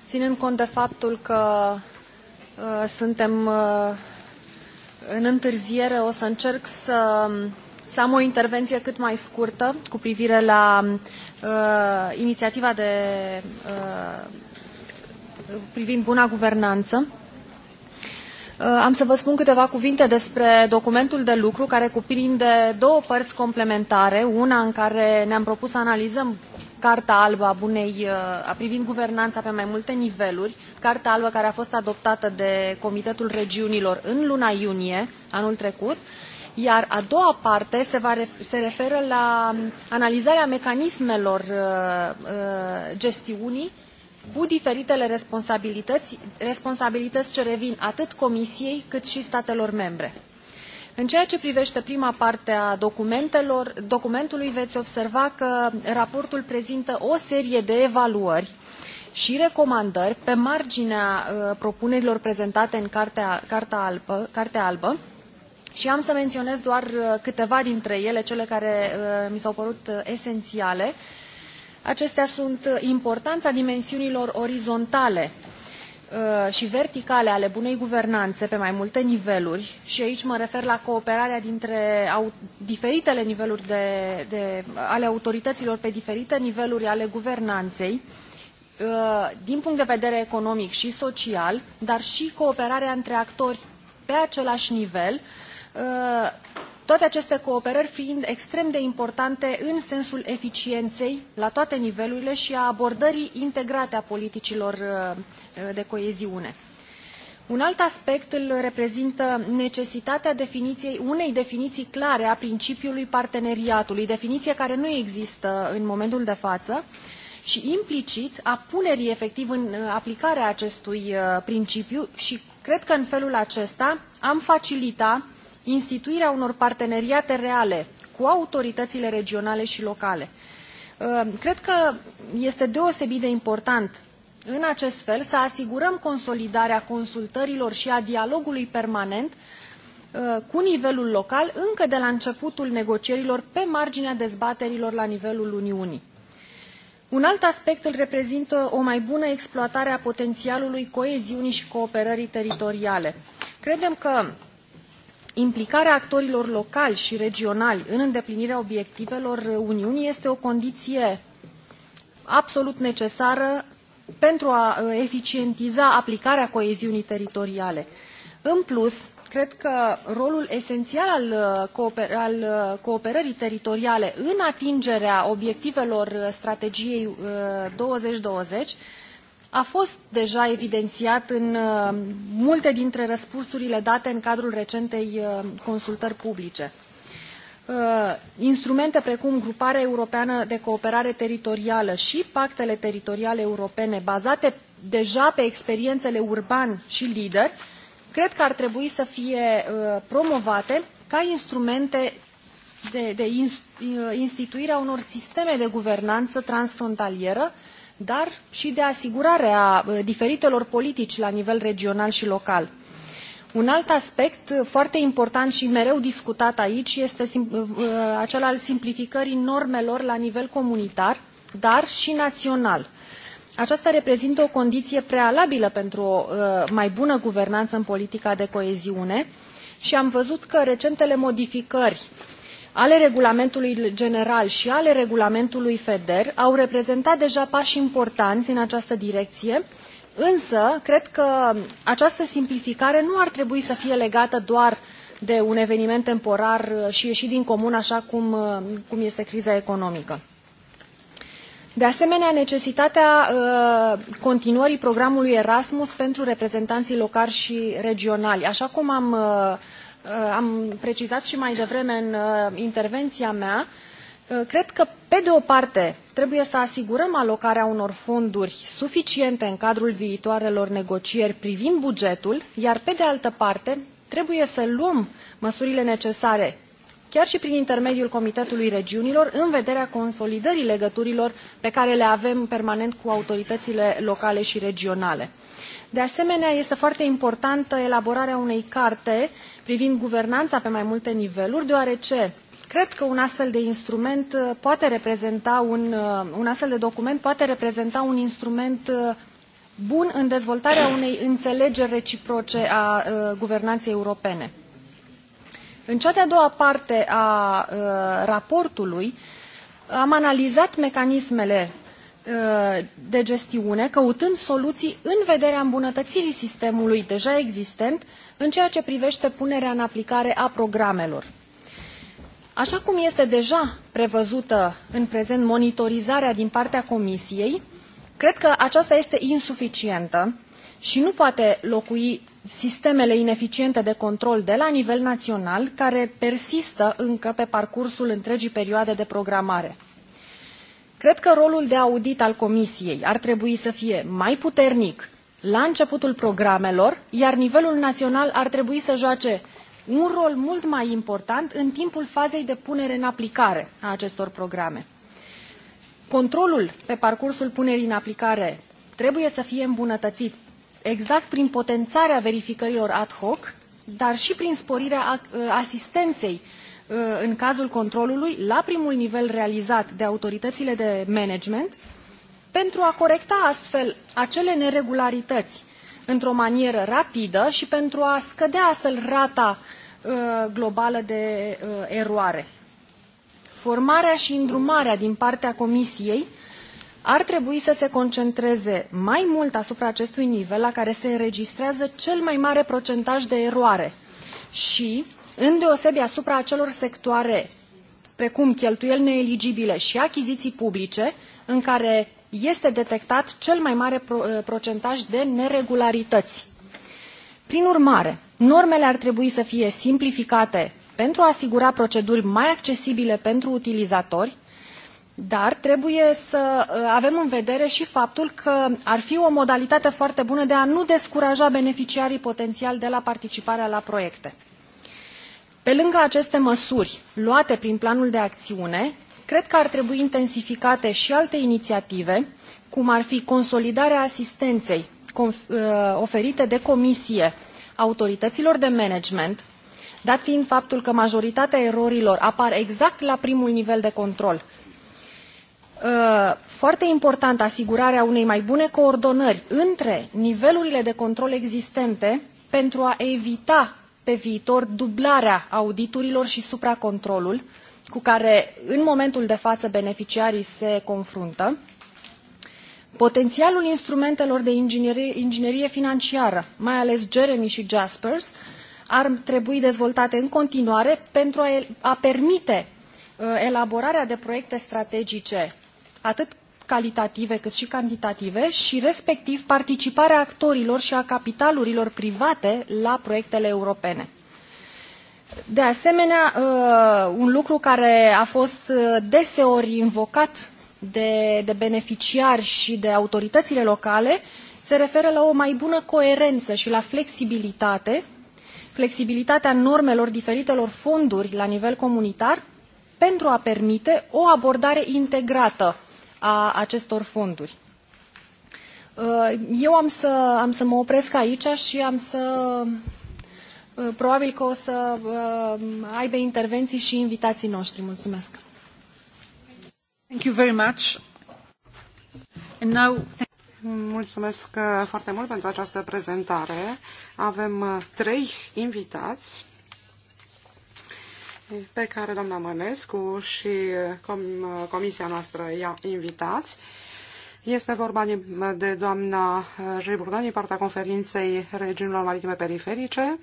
ținând cont de faptul că uh, suntem uh, în întârziere, o să încerc să, să am o intervenție cât mai scurtă cu privire la uh, inițiativa de, uh, privind buna guvernanță. Uh, am să vă spun câteva cuvinte despre documentul de lucru care cuprinde două părți complementare, una în care ne-am propus să analizăm Carta Albă a bunei, uh, a privind guvernanța pe mai multe niveluri, Carta Albă care a fost adoptată de Comitetul Regiunilor în luna iunie anul trecut, iar a doua parte se, va, se referă la analizarea mecanismelor uh, uh, gestiunii cu diferitele responsabilități, responsabilități ce revin atât Comisiei cât și statelor membre. În ceea ce privește prima parte a documentelor, documentului veți observa că raportul prezintă o serie de evaluări și recomandări pe marginea uh, propunerilor prezentate în Cartea, Carta Albă, Cartea Albă și am să menționez doar uh, câteva dintre ele, cele care uh, mi s-au părut uh, esențiale. Acestea sunt uh, importanța dimensiunilor orizontale Uh, și verticale ale bunei guvernanțe pe mai multe niveluri și aici mă refer la cooperarea dintre diferitele niveluri de, de, ale autorităților pe diferite niveluri ale guvernanței, uh, din punct de vedere economic și social, dar și cooperarea între actori pe același nivel, uh, toate aceste cooperări fiind extrem de importante în sensul eficienței la toate nivelurile și a abordării integrate a politicilor uh, uh, de coeziune. Un alt aspect îl reprezintă necesitatea definiției, unei definiții clare a principiului parteneriatului, definiție care nu există în momentul de față, și implicit a punerii efectiv în uh, aplicarea acestui principiu și cred că în felul acesta am facilita instituirea unor parteneriate reale cu autoritățile regionale și locale. Uh, cred că este deosebit de important în acest fel să asigurăm consolidarea consultărilor și a dialogului permanent uh, cu nivelul local încă de la începutul negocierilor pe marginea dezbaterilor la nivelul Uniunii. Un alt aspect îl reprezintă o mai bună exploatare a potențialului coeziunii și cooperării teritoriale. Credem că Implicarea actorilor locali și regionali în îndeplinirea obiectivelor Uniunii este o condiție absolut necesară pentru a uh, eficientiza aplicarea coeziunii teritoriale. În plus, cred că rolul esențial al, uh, cooper al uh, cooperării teritoriale în atingerea obiectivelor strategiei 2020 a fost deja evidențiat în uh, multe dintre răspunsurile date în cadrul recentei uh, consultări publice. Uh, instrumente precum Gruparea Europeană de Cooperare Teritorială și pactele teritoriale europene bazate deja pe experiențele urban și lider, cred că ar trebui să fie promovate ca instrumente de, de instituirea unor sisteme de guvernanță transfrontalieră dar și de asigurarea uh, diferitelor politici la nivel regional și local. Un alt aspect uh, foarte important și mereu discutat aici este uh, acela al simplificării normelor la nivel comunitar, dar și național. Aceasta reprezintă o condiție prealabilă pentru o mai bună guvernanță în politica de coeziune și am văzut că recentele modificări ale regulamentului general și ale regulamentului FEDER au reprezentat deja pași importanți în această direcție, însă cred că această simplificare nu ar trebui să fie legată doar de un eveniment temporar și ieșit din comun, așa cum, cum este criza economică. De asemenea, necesitatea uh, continuării programului Erasmus pentru reprezentanții locali și regionali, așa cum am uh, Uh, am precizat și mai devreme în uh, intervenția mea, uh, cred că, pe de o parte, trebuie să asigurăm alocarea unor fonduri suficiente în cadrul viitoarelor negocieri privind bugetul, iar, pe de altă parte, trebuie să luăm măsurile necesare chiar și prin intermediul Comitetului Regiunilor, în vederea consolidării legăturilor pe care le avem permanent cu autoritățile locale și regionale. De asemenea, este foarte importantă elaborarea unei carte privind guvernanța pe mai multe niveluri, deoarece cred că un astfel de instrument uh, poate reprezenta un, uh, un astfel de document poate reprezenta un instrument uh, bun în dezvoltarea unei înțelegeri reciproce a guvernanței europene. În cea de-a doua parte a raportului am analizat mecanismele de gestiune, căutând soluții în vederea îmbunătățirii sistemului deja existent, în ceea ce privește punerea în aplicare a programelor. Așa cum este deja prevăzută în prezent monitorizarea din partea Comisiei, cred că aceasta este insuficientă și nu poate locui sistemele ineficiente de control de la nivel național, care persistă încă pe parcursul întregii perioade de programare. Cred că rolul de audit al Comisiei ar trebui să fie mai puternic la începutul programelor, iar nivelul național ar trebui să joace un rol mult mai important în timpul fazei de punere în aplicare a acestor programe. Controlul pe parcursul punerii în aplicare trebuie să fie îmbunătățit exact prin potențarea verificărilor ad hoc, dar și prin sporirea ă, asistenței ă, în cazul controlului la primul nivel realizat de autoritățile de management pentru a corecta astfel acele neregularități într-o manieră rapidă și pentru a scădea astfel rata uh, globală de uh, eroare. Formarea și îndrumarea din partea Comisiei ar trebui să se concentreze mai mult asupra acestui nivel la care se înregistrează cel mai mare procentaj de eroare și, îndeosebi asupra acelor sectoare precum cheltuieli neeligibile și achiziții publice, în care este detectat cel mai mare uh, procentaj de neregularități. Prin urmare, normele ar trebui să fie simplificate pentru a asigura proceduri mai accesibile pentru utilizatori, dar trebuie să uh, avem în vedere și faptul că ar fi o modalitate foarte bună de a nu descuraja beneficiarii potențiali de la participarea la proiecte. Pe lângă aceste măsuri luate prin planul de acțiune, Cred că ar trebui intensificate și alte inițiative, cum ar fi consolidarea asistenței uh, oferite de comisie autorităților de management, dat fiind faptul că majoritatea erorilor apar exact la primul nivel de control. Uh, foarte important asigurarea unei mai bune coordonări între nivelurile de control existente pentru a evita pe viitor dublarea auditurilor și supracontrolul, cu care în momentul de față beneficiarii se confruntă, potențialul instrumentelor de inginerie, inginerie financiară, mai ales Jeremy și Jaspers, ar trebui dezvoltate în continuare pentru a, a permite uh, elaborarea de proiecte strategice, atât calitative cât și cantitative, și respectiv participarea actorilor și a capitalurilor private la proiectele europene. De asemenea, uh, un lucru care a fost uh, deseori invocat de, de beneficiari și de autoritățile locale se referă la o mai bună coerență și la flexibilitate, flexibilitatea normelor diferitelor fonduri la nivel comunitar pentru a permite o abordare integrată a acestor fonduri. Uh, eu am să, am să mă opresc aici și am să Uh, probabil că o să uh, aibă intervenții și invitații noștri. Mulțumesc! Thank you very much. And now, Mulțumesc uh, foarte mult pentru această prezentare. Avem trei invitați pe care doamna Mănescu și com comisia noastră i-a invitați. Este vorba de doamna Jiburdani, partea conferinței regiunilor maritime periferice,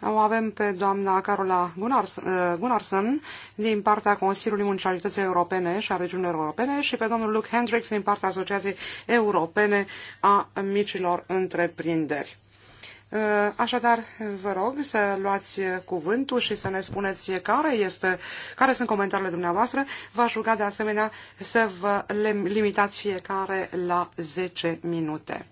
o avem pe doamna Carola Gunarsson eh, din partea Consiliului Municipalității Europene și a Regiunilor Europene și pe domnul Luke Hendricks din partea Asociației Europene a Micilor Întreprinderi. Eh, așadar, vă rog să luați cuvântul și să ne spuneți care, este, care sunt comentariile dumneavoastră. V-aș ruga de asemenea să vă limitați fiecare la 10 minute.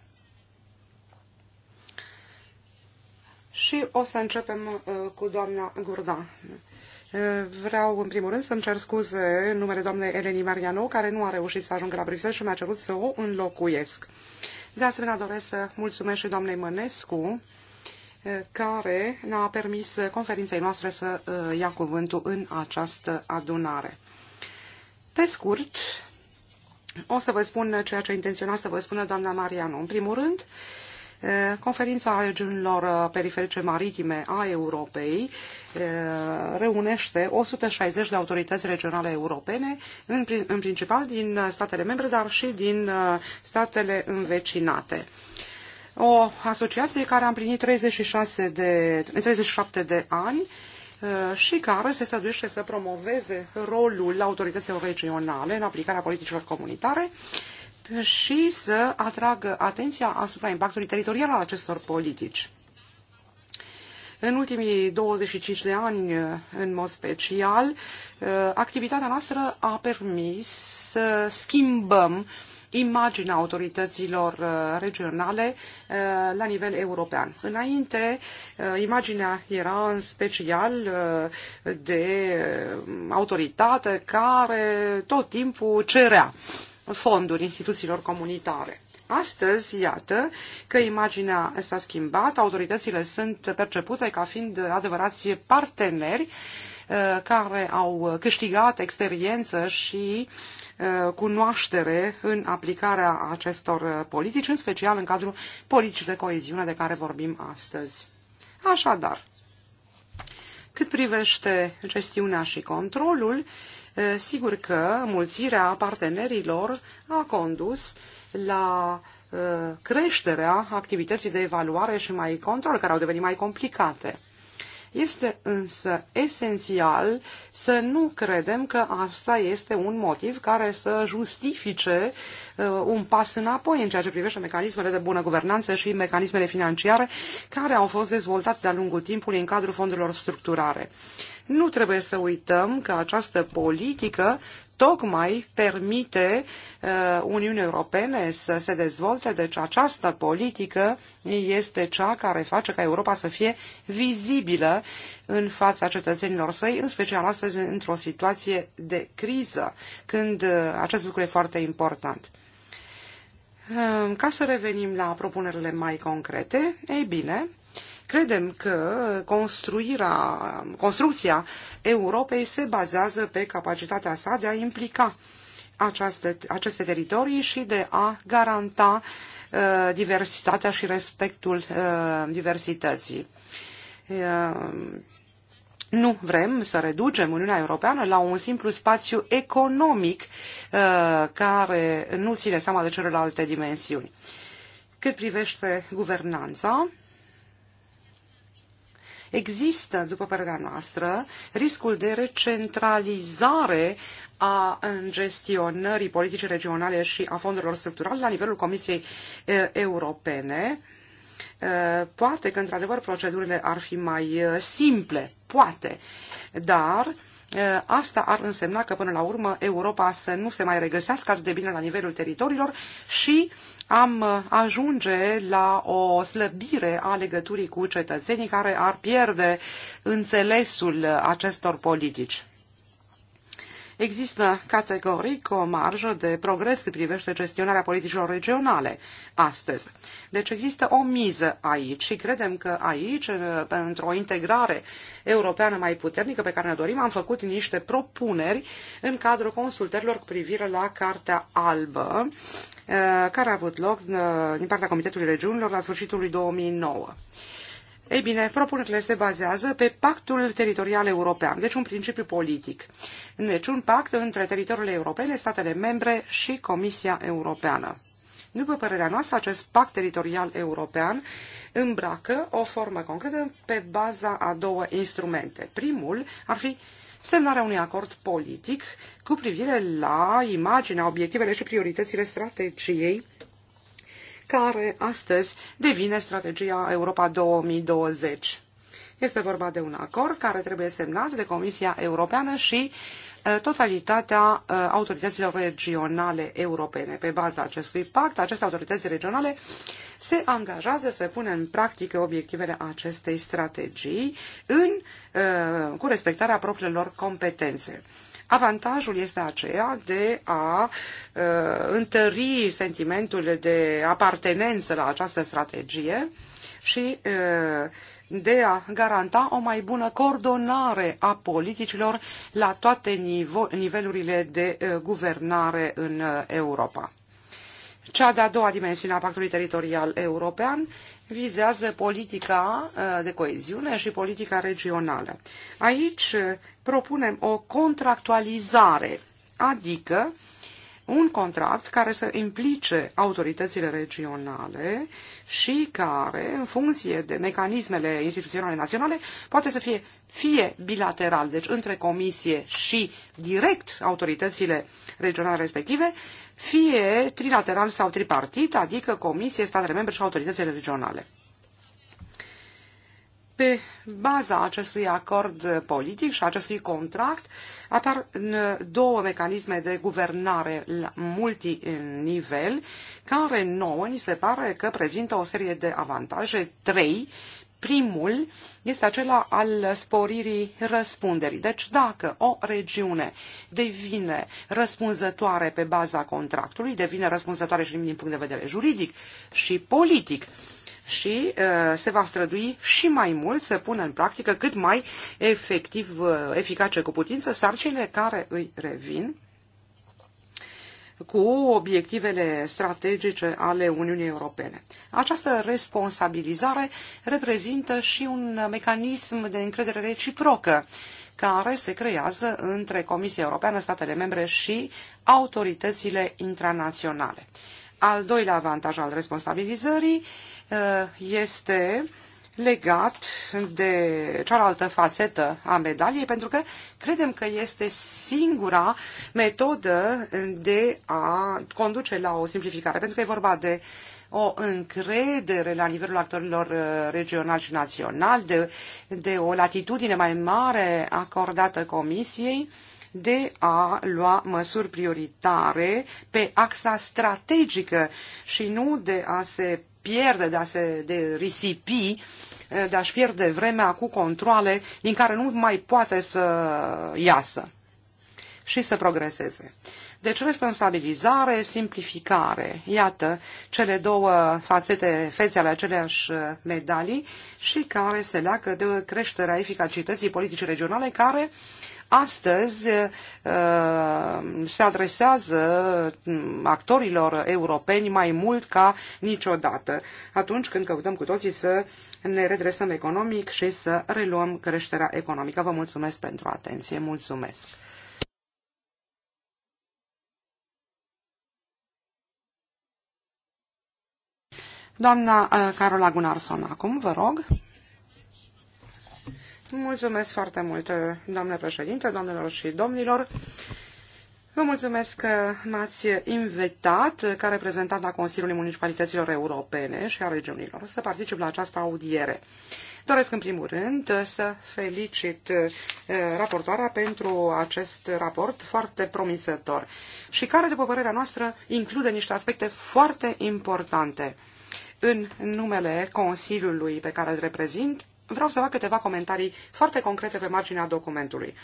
și o să începem uh, cu doamna Gurdan. Uh, vreau, în primul rând, să-mi cer scuze în numele doamnei Eleni Mariano, care nu a reușit să ajungă la Bruxelles și mi-a cerut să o înlocuiesc. De asemenea, doresc să mulțumesc și doamnei Mănescu, uh, care ne-a permis conferinței noastre să ia cuvântul în această adunare. Pe scurt, o să vă spun ceea ce intenționa să vă spună doamna Mariano. În primul rând, Conferința regiunilor uh, periferice maritime a Europei reunește 160 de autorități regionale europene, în principal din uh, statele membre, dar și din uh, statele învecinate. O asociație care a împlinit 36 de, 37 de ani și care se străduiește să promoveze rolul autorităților regionale în aplicarea politicilor comunitare și să atragă atenția asupra impactului teritorial al acestor politici. În ultimii 25 de ani, în mod special, uh, activitatea noastră a permis să schimbăm imaginea autorităților uh, regionale uh, la nivel european. Înainte, imaginea era în special de autoritate care tot timpul cerea fonduri instituțiilor comunitare. Astăzi, iată că imaginea s-a schimbat, autoritățile sunt percepute ca fiind adevărați parteneri uh, care au câștigat experiență și uh, cunoaștere în aplicarea acestor politici, în special în cadrul politicii de coeziune de care vorbim astăzi. Așadar, cât privește gestiunea și controlul, Sigur că mulțirea partenerilor a condus la creșterea activității de evaluare și mai control, care au devenit mai complicate. Este însă esențial să nu credem că asta este un motiv care să justifice uh, un pas înapoi în ceea ce privește mecanismele de bună guvernanță și mecanismele financiare care au fost dezvoltate de-a lungul timpului în cadrul fondurilor structurare. Nu trebuie să uităm că această politică tocmai permite uh, Uniunii Europene să se dezvolte. Deci această politică este cea care face ca Europa să fie vizibilă în fața cetățenilor săi, în special astăzi într-o situație de criză, când uh, acest lucru e foarte important. Uh, ca să revenim la propunerile mai concrete, ei bine, Credem că construirea, construcția Europei se bazează pe capacitatea sa de a implica această, aceste teritorii și de a garanta uh, diversitatea și respectul uh, diversității. Uh, nu vrem să reducem Uniunea Europeană la un simplu spațiu economic uh, care nu ține seama de celelalte dimensiuni. Cât privește guvernanța, Există, după părerea noastră, riscul de recentralizare a gestionării politicii regionale și a fondurilor structurale la nivelul Comisiei Europene. Poate că, într-adevăr, procedurile ar fi mai simple, poate, dar Eh, asta ar însemna că până la urmă Europa să nu se mai regăsească atât de bine la nivelul teritoriilor și am eh, ajunge la o slăbire a legăturii cu cetățenii care ar pierde înțelesul eh, acestor politici. Există categoric o marjă de progres cât privește gestionarea politicilor regionale astăzi. Deci există o miză aici și credem că aici, pentru o integrare europeană mai puternică pe care ne dorim, am făcut niște propuneri în cadrul consultărilor cu privire la Cartea Albă, eh, care a avut loc eh, din partea Comitetului Regiunilor la sfârșitul lui 2009. Ei bine, propunerile se bazează pe pactul teritorial european, deci un principiu politic. Deci un pact între teritoriile europene, statele membre și Comisia Europeană. După părerea noastră, acest pact teritorial european îmbracă o formă concretă pe baza a două instrumente. Primul ar fi semnarea unui acord politic cu privire la imaginea, obiectivele și prioritățile strategiei care astăzi devine strategia Europa 2020. Este vorba de un acord care trebuie semnat de Comisia Europeană și uh, totalitatea uh, autorităților regionale europene. Pe baza acestui pact, aceste autorități regionale se angajează să pună în practică obiectivele acestei strategii în, uh, cu respectarea propriilor competențe. Avantajul este aceea de a uh, întări sentimentul de apartenență la această strategie și uh, de a garanta o mai bună coordonare a politicilor la toate nivelurile de uh, guvernare în uh, Europa. Cea de-a doua dimensiune a Pactului Teritorial European vizează politica uh, de coeziune și politica regională. Aici uh, propunem o contractualizare, adică un contract care să implice autoritățile regionale și care, în funcție de mecanismele instituționale naționale, poate să fie fie bilateral, deci între comisie și direct autoritățile regionale respective, fie trilateral sau tripartit, adică comisie, statele membre și autoritățile regionale. Pe baza acestui acord politic și acestui contract apar două mecanisme de guvernare multinivel care nouă ni se pare că prezintă o serie de avantaje, trei, Primul este acela al sporirii răspunderii. Deci dacă o regiune devine răspunzătoare pe baza contractului, devine răspunzătoare și din punct de vedere juridic și politic, și uh, se va strădui și mai mult să pună în practică cât mai efectiv, uh, eficace cu putință sarcinile care îi revin cu obiectivele strategice ale Uniunii Europene. Această responsabilizare reprezintă și un mecanism de încredere reciprocă care se creează între Comisia Europeană, statele membre și autoritățile internaționale. Al doilea avantaj al responsabilizării Uh, este legat de cealaltă fațetă a medaliei, pentru că credem că este singura metodă de a conduce la o simplificare, pentru că e vorba de o încredere la nivelul actorilor uh, regionali și naționali, de, de o latitudine mai mare acordată Comisiei de a lua măsuri prioritare pe axa strategică și nu de a se pierde, de a se de risipi, eh, de a-și pierde vremea cu controle din care nu mai poate să iasă și să progreseze. Deci responsabilizare, simplificare, iată cele două fațete, fețe ale aceleași eh, medalii și care se leagă de creșterea eficacității politicii regionale care uh, Astăzi uh, se adresează mm, actorilor europeni mai mult ca niciodată, atunci când căutăm cu toții să ne redresăm economic și să reluăm creșterea economică. Vă mulțumesc pentru atenție. Mulțumesc! Doamna uh, Carola Gunarson, acum vă rog. Mulțumesc foarte mult, doamnă președinte, doamnelor și domnilor. Vă mulțumesc că m-ați invitat ca reprezentant a Consiliului Municipalităților Europene și a regiunilor să particip la această audiere. Doresc în primul rând să felicit eh, raportoarea pentru acest raport foarte promițător și care, după părerea noastră, include niște aspecte foarte importante. În numele Consiliului pe care îl reprezint, Vreau să fac câteva comentarii foarte concrete pe marginea documentului.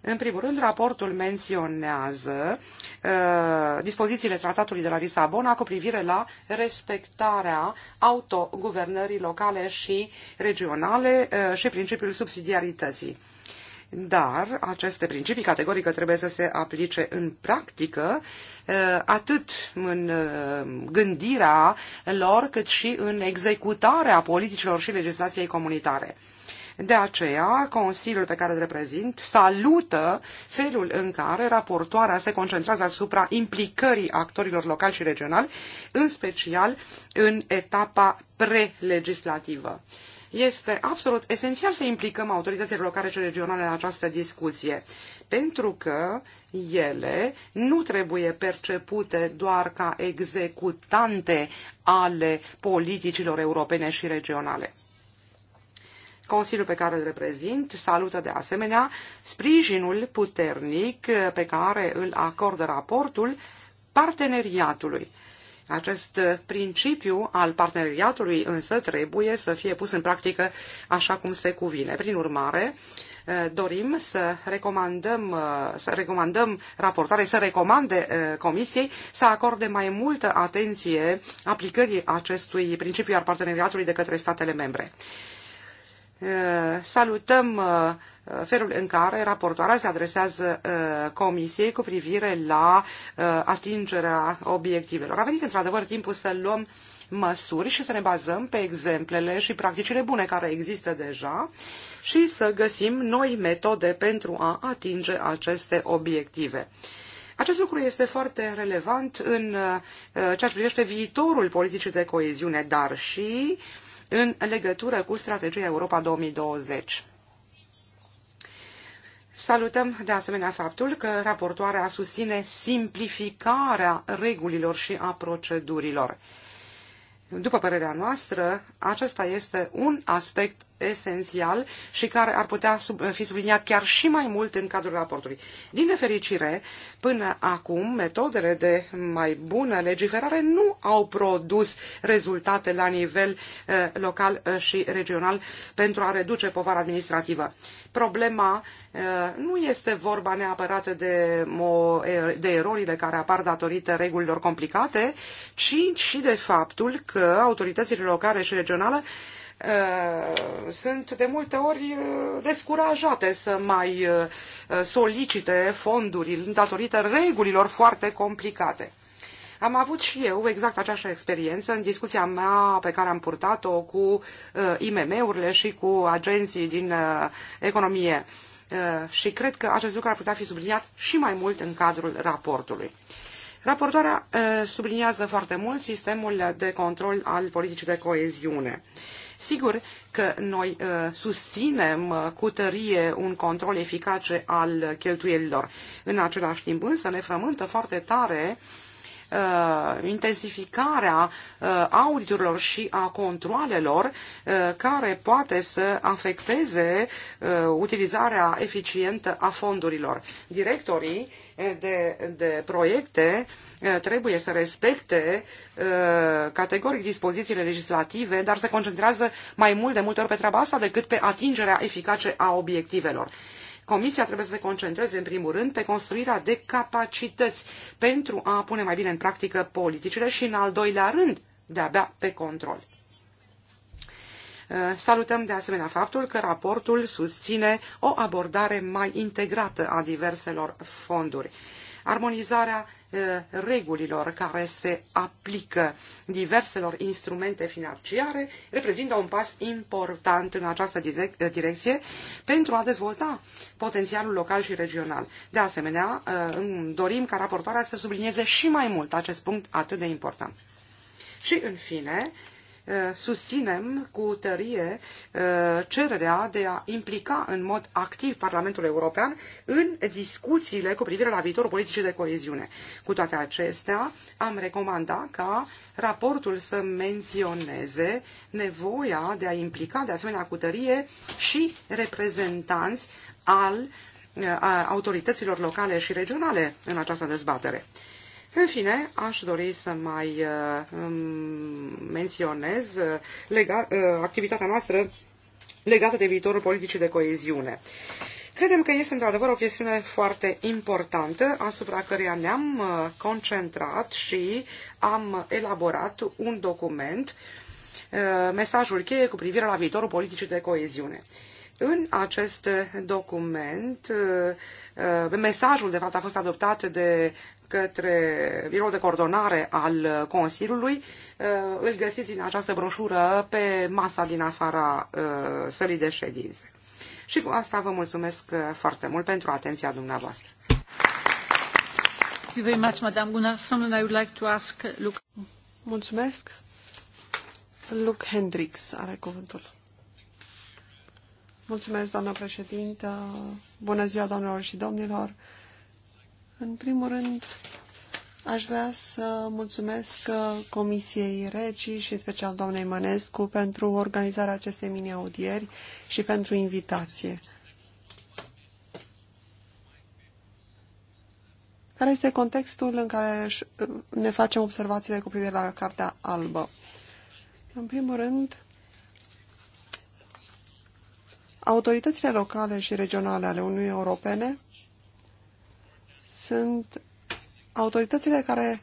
În primul rând, raportul menționează uh, dispozițiile tratatului de la Lisabona cu privire la respectarea autoguvernării locale și regionale uh, și principiul subsidiarității dar aceste principii categorică trebuie să se aplice în practică, eh, atât în eh, gândirea lor, cât și în executarea politicilor și legislației comunitare. De aceea, Consiliul pe care îl reprezint salută felul în care raportoarea se concentrează asupra implicării actorilor locali și regionali, în special în etapa prelegislativă. legislativă este absolut esențial să implicăm autoritățile locale și regionale în această discuție, pentru că ele nu trebuie percepute doar ca executante ale politicilor europene și regionale. Consiliul pe care îl reprezint salută de asemenea sprijinul puternic pe care îl acordă raportul parteneriatului acest principiu al parteneriatului însă trebuie să fie pus în practică așa cum se cuvine. Prin urmare, eh, dorim să recomandăm, eh, să recomandăm raportare, să recomande eh, Comisiei să acorde mai multă atenție aplicării acestui principiu al parteneriatului de către statele membre. Salutăm Uh, felul în care raportoarea se adresează uh, comisiei cu privire la uh, atingerea obiectivelor. A venit într-adevăr timpul să luăm măsuri și să ne bazăm pe exemplele și practicile bune care există deja și să găsim noi metode pentru a atinge aceste obiective. Acest lucru este foarte relevant în ceea ce privește viitorul politicii de coeziune, dar și în legătură cu strategia Europa 2020. Salutăm de asemenea faptul că raportoarea susține simplificarea regulilor și a procedurilor. După părerea noastră, acesta este un aspect esențial și care ar putea fi subliniat chiar și mai mult în cadrul raportului. Din nefericire, până acum, metodele de mai bună legiferare nu au produs rezultate la nivel eh, local eh, și regional pentru a reduce povara administrativă. Problema eh, nu este vorba neapărat de, de erorile care apar datorită regulilor complicate, ci și de faptul că autoritățile locale și regionale Uh, sunt de multe ori uh, descurajate să mai uh, solicite fonduri datorită regulilor foarte complicate. Am avut și eu exact aceeași experiență în discuția mea pe care am purtat-o cu IMM-urile și cu agenții din economie. și cred că acest lucru ar putea fi subliniat și mai mult în cadrul raportului. Raportoarea subliniază foarte mult sistemul de control al politicii de coeziune. Sigur că noi uh, susținem uh, cu tărie un control eficace al cheltuielilor. În același timp însă ne frământă foarte tare uh, uh, intensificarea uh, auditurilor și a controalelor uh, care poate să afecteze uh, utilizarea eficientă a fondurilor. Directorii eh, de, de proiecte eh, trebuie să respecte eh, categoric dispozițiile legislative, dar se concentrează mai mult de multe ori pe treaba asta decât pe atingerea eficace a obiectivelor. Comisia trebuie să se concentreze, în primul rând, pe construirea de capacități pentru a pune mai bine în practică politicile și, în al doilea rând, de-abia pe control. Uh, salutăm de asemenea faptul că raportul susține o abordare mai integrată a diverselor fonduri. Armonizarea Uh, regulilor care se aplică diverselor instrumente financiare reprezintă un pas important în această uh, direcție pentru a dezvolta potențialul local și regional. De asemenea, uh, dorim ca raportoarea să sublinieze și mai mult acest punct atât de important. Și, în fine, Eh, susținem cu tărie eh, cererea de a implica în mod activ Parlamentul European în discuțiile cu privire la viitorul politicii de coeziune. Cu toate acestea, am recomandat ca raportul să menționeze nevoia de a implica de asemenea cu tărie și reprezentanți al eh, autorităților locale și regionale în această dezbatere. În fine, aș dori să mai uh, menționez uh, lega, uh, activitatea noastră legată de viitorul politicii de coeziune. Credem că este într-adevăr o chestiune foarte importantă asupra căreia ne-am concentrat și am elaborat un document, mesajul cheie cu privire la viitorul politicii de coeziune. În acest document, mesajul de fapt a fost adoptat de către biroul de coordonare al Consiliului. Uh, îl găsiți în această broșură pe masa din afara uh, sălii de ședințe. Și cu asta vă mulțumesc uh, foarte mult pentru atenția dumneavoastră. Mulțumesc. Luke Hendricks are cuvântul. Mulțumesc, doamnă președintă. Bună ziua, doamnelor și domnilor. În primul rând, aș vrea să mulțumesc uh, Comisiei Regii și în special doamnei Mănescu pentru organizarea acestei mini-audieri și pentru invitație. Care este contextul în care uh, ne facem observațiile cu privire la Cartea Albă? În primul rând, autoritățile locale și regionale ale Uniunii Europene sunt autoritățile care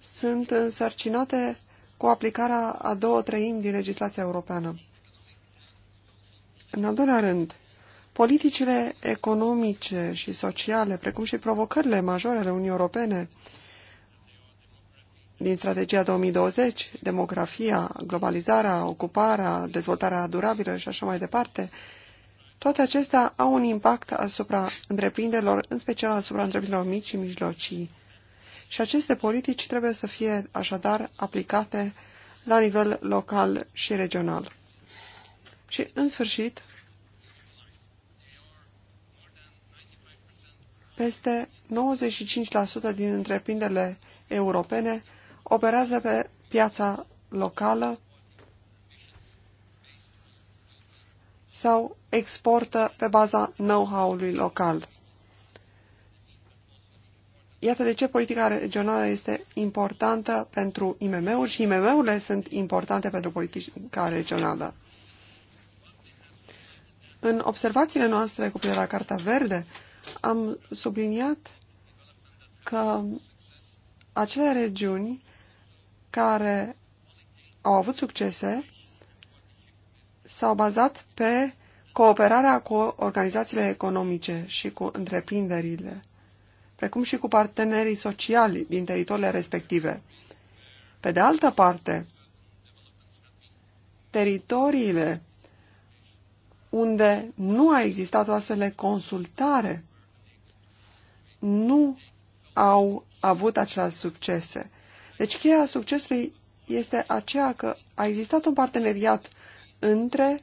sunt însărcinate cu aplicarea a două treimi din legislația europeană. În al doilea rând, politicile economice și sociale, precum și provocările majore ale Uniunii Europene din strategia 2020, demografia, globalizarea, ocuparea, dezvoltarea durabilă și așa mai departe, toate acestea au un impact asupra întreprinderilor, în special asupra întreprinderilor mici și mijlocii. Și aceste politici trebuie să fie așadar aplicate la nivel local și regional. Și, în sfârșit, peste 95% din întreprinderile europene operează pe piața locală sau exportă pe baza know-how-ului local. Iată de ce politica regională este importantă pentru IMM-uri și IMM-urile sunt importante pentru politica regională. În observațiile noastre cu privire la Carta Verde, am subliniat că acele regiuni care au avut succese s-au bazat pe cooperarea cu organizațiile economice și cu întreprinderile, precum și cu partenerii sociali din teritoriile respective. Pe de altă parte, teritoriile unde nu a existat o astfel de consultare nu au avut același succese. Deci cheia succesului este aceea că a existat un parteneriat între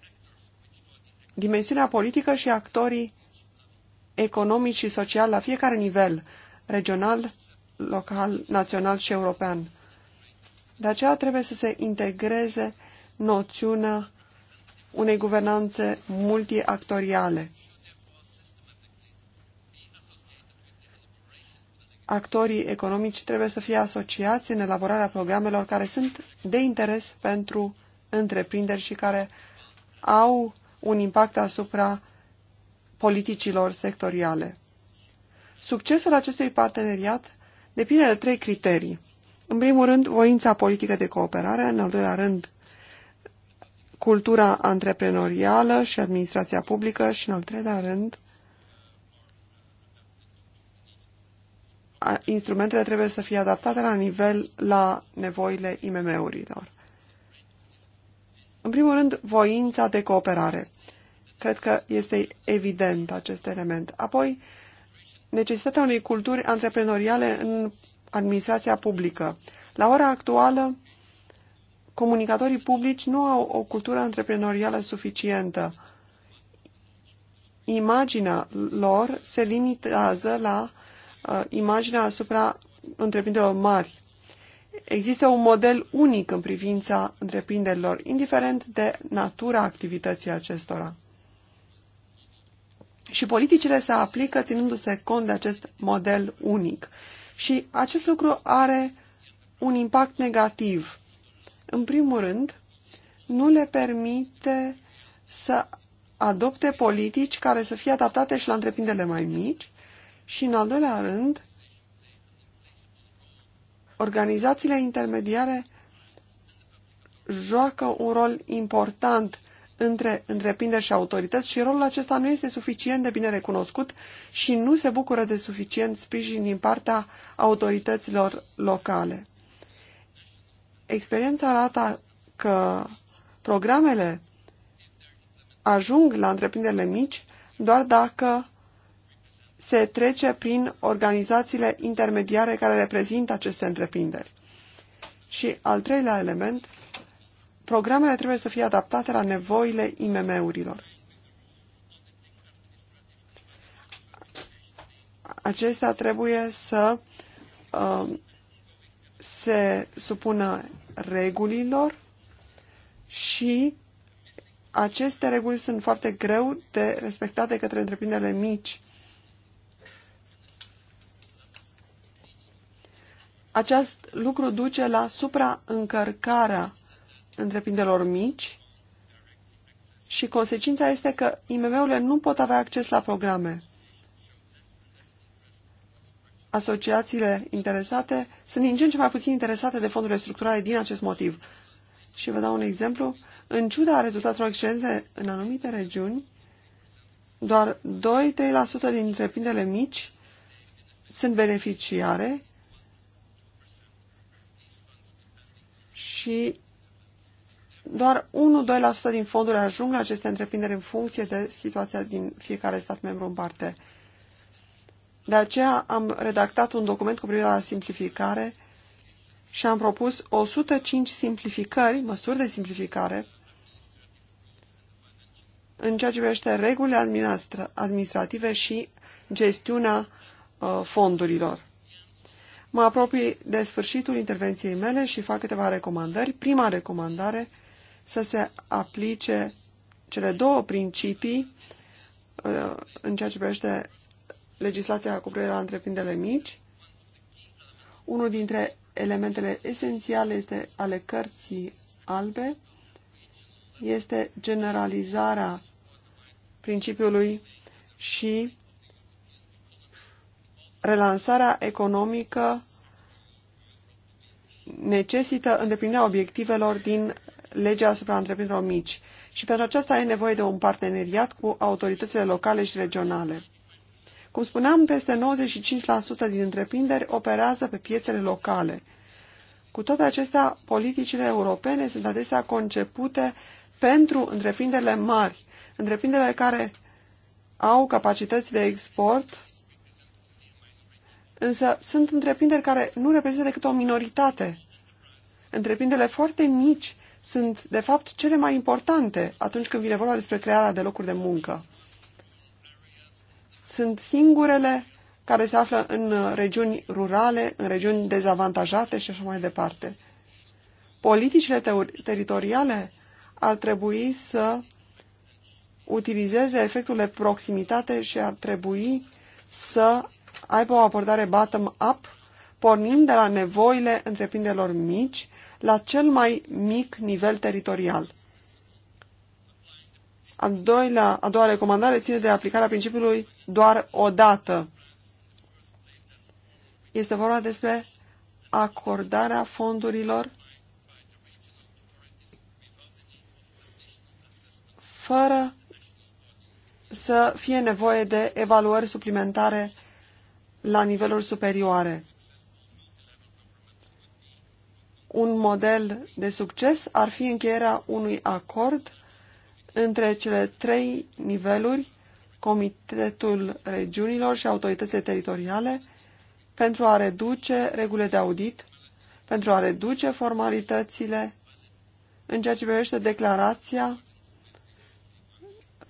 dimensiunea politică și actorii economici și social la fiecare nivel, regional, local, național și european. De aceea trebuie să se integreze noțiunea unei guvernanțe multiactoriale. Actorii economici trebuie să fie asociați în elaborarea programelor care sunt de interes pentru întreprinderi și care au un impact asupra politicilor sectoriale. Succesul acestui parteneriat depinde de trei criterii. În primul rând, voința politică de cooperare, în al doilea rând, cultura antreprenorială și administrația publică și, în al treilea rând, instrumentele trebuie să fie adaptate la nivel la nevoile IMM-urilor. În primul rând, voința de cooperare. Cred că este evident acest element. Apoi, necesitatea unei culturi antreprenoriale în administrația publică. La ora actuală, comunicatorii publici nu au o cultură antreprenorială suficientă. Imaginea lor se limitează la uh, imaginea asupra întreprinderilor mari. Există un model unic în privința întreprinderilor, indiferent de natura activității acestora. Și politicile se aplică ținându-se cont de acest model unic. Și acest lucru are un impact negativ. În primul rând, nu le permite să adopte politici care să fie adaptate și la întreprinderile mai mici și, în al doilea rând, Organizațiile intermediare joacă un rol important între întreprinderi și autorități și rolul acesta nu este suficient de bine recunoscut și nu se bucură de suficient sprijin din partea autorităților locale. Experiența arată că programele ajung la întreprinderile mici doar dacă se trece prin organizațiile intermediare care reprezintă aceste întreprinderi. Și al treilea element, programele trebuie să fie adaptate la nevoile IMM-urilor. Acestea trebuie să uh, se supună regulilor și aceste reguli sunt foarte greu de respectate către întreprinderile mici Acest lucru duce la supraîncărcarea întreprinderilor mici și consecința este că IMM-urile nu pot avea acces la programe. Asociațiile interesate sunt din ce în ce mai puțin interesate de fondurile structurale din acest motiv. Și vă dau un exemplu. În ciuda rezultatelor excelente în anumite regiuni, doar 2-3% din întreprinderile mici sunt beneficiare și doar 1-2% din fonduri ajung la aceste întreprinderi în funcție de situația din fiecare stat membru în parte. De aceea am redactat un document cu privire la simplificare și am propus 105 simplificări, măsuri de simplificare, în ceea ce privește regulile administrative și gestiunea uh, fondurilor. Mă apropii de sfârșitul intervenției mele și fac câteva recomandări. Prima recomandare, să se aplice cele două principii uh, în ceea ce privește legislația cu privire la întreprinderile mici. Unul dintre elementele esențiale este ale cărții albe este generalizarea principiului și relansarea economică necesită îndeplinirea obiectivelor din legea asupra întreprinderilor mici și pentru aceasta e nevoie de un parteneriat cu autoritățile locale și regionale. Cum spuneam, peste 95% din întreprinderi operează pe piețele locale. Cu toate acestea, politicile europene sunt adesea concepute pentru întreprinderile mari, întreprinderile care au capacități de export Însă sunt întreprinderi care nu reprezintă decât o minoritate. Întreprinderile foarte mici sunt, de fapt, cele mai importante atunci când vine vorba despre crearea de locuri de muncă. Sunt singurele care se află în regiuni rurale, în regiuni dezavantajate și așa mai departe. Politicile ter- teritoriale ar trebui să utilizeze efectul de proximitate și ar trebui să aibă o abordare bottom-up, pornind de la nevoile întreprinderilor mici la cel mai mic nivel teritorial. A, doilea, a doua recomandare ține de aplicarea principiului doar o dată. Este vorba despre acordarea fondurilor fără să fie nevoie de evaluări suplimentare la niveluri superioare. Un model de succes ar fi încheierea unui acord între cele trei niveluri, Comitetul Regiunilor și autoritățile teritoriale, pentru a reduce regulile de audit, pentru a reduce formalitățile în ceea ce privește declarația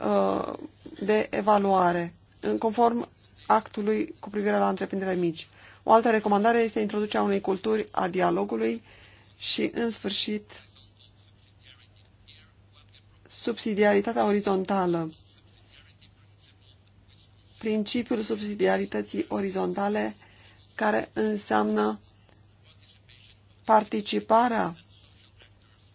uh, de evaluare, în conform actului cu privire la întreprinderile mici. O altă recomandare este introducerea unei culturi a dialogului și, în sfârșit, subsidiaritatea orizontală. Principiul subsidiarității orizontale care înseamnă participarea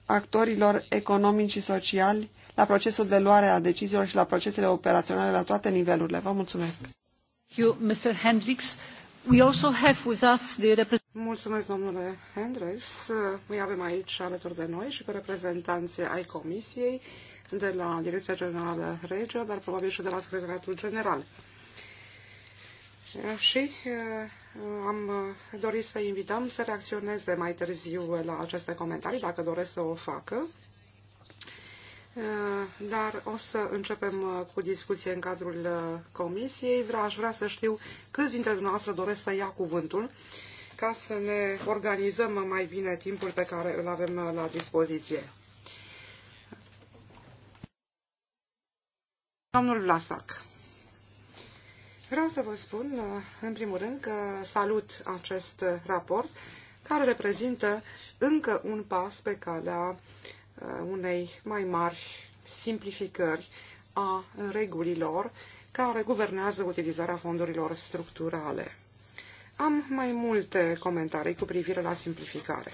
actorilor economici și sociali la procesul de luare a deciziilor și la procesele operaționale la toate nivelurile. Vă mulțumesc! domnule Hendricks. Îi avem aici alături de noi și pe reprezentanții ai Comisiei de la Direcția Generală Regio, dar probabil și de la Secretariatul General. Și eh, am dorit să invităm să reacționeze mai târziu la aceste comentarii, dacă doresc să o facă. Eh, dar o să începem eh, cu discuție în cadrul eh, comisiei. Vreau, aș vrea să știu câți dintre dumneavoastră doresc să ia cuvântul ca să ne organizăm mai bine timpul pe care îl avem la dispoziție. Domnul Vlasac. Vreau să vă spun, în primul rând, că salut acest raport care reprezintă încă un pas pe calea Uh, unei mai mari simplificări a regulilor care guvernează utilizarea fondurilor structurale. Am mai multe comentarii cu privire la simplificare.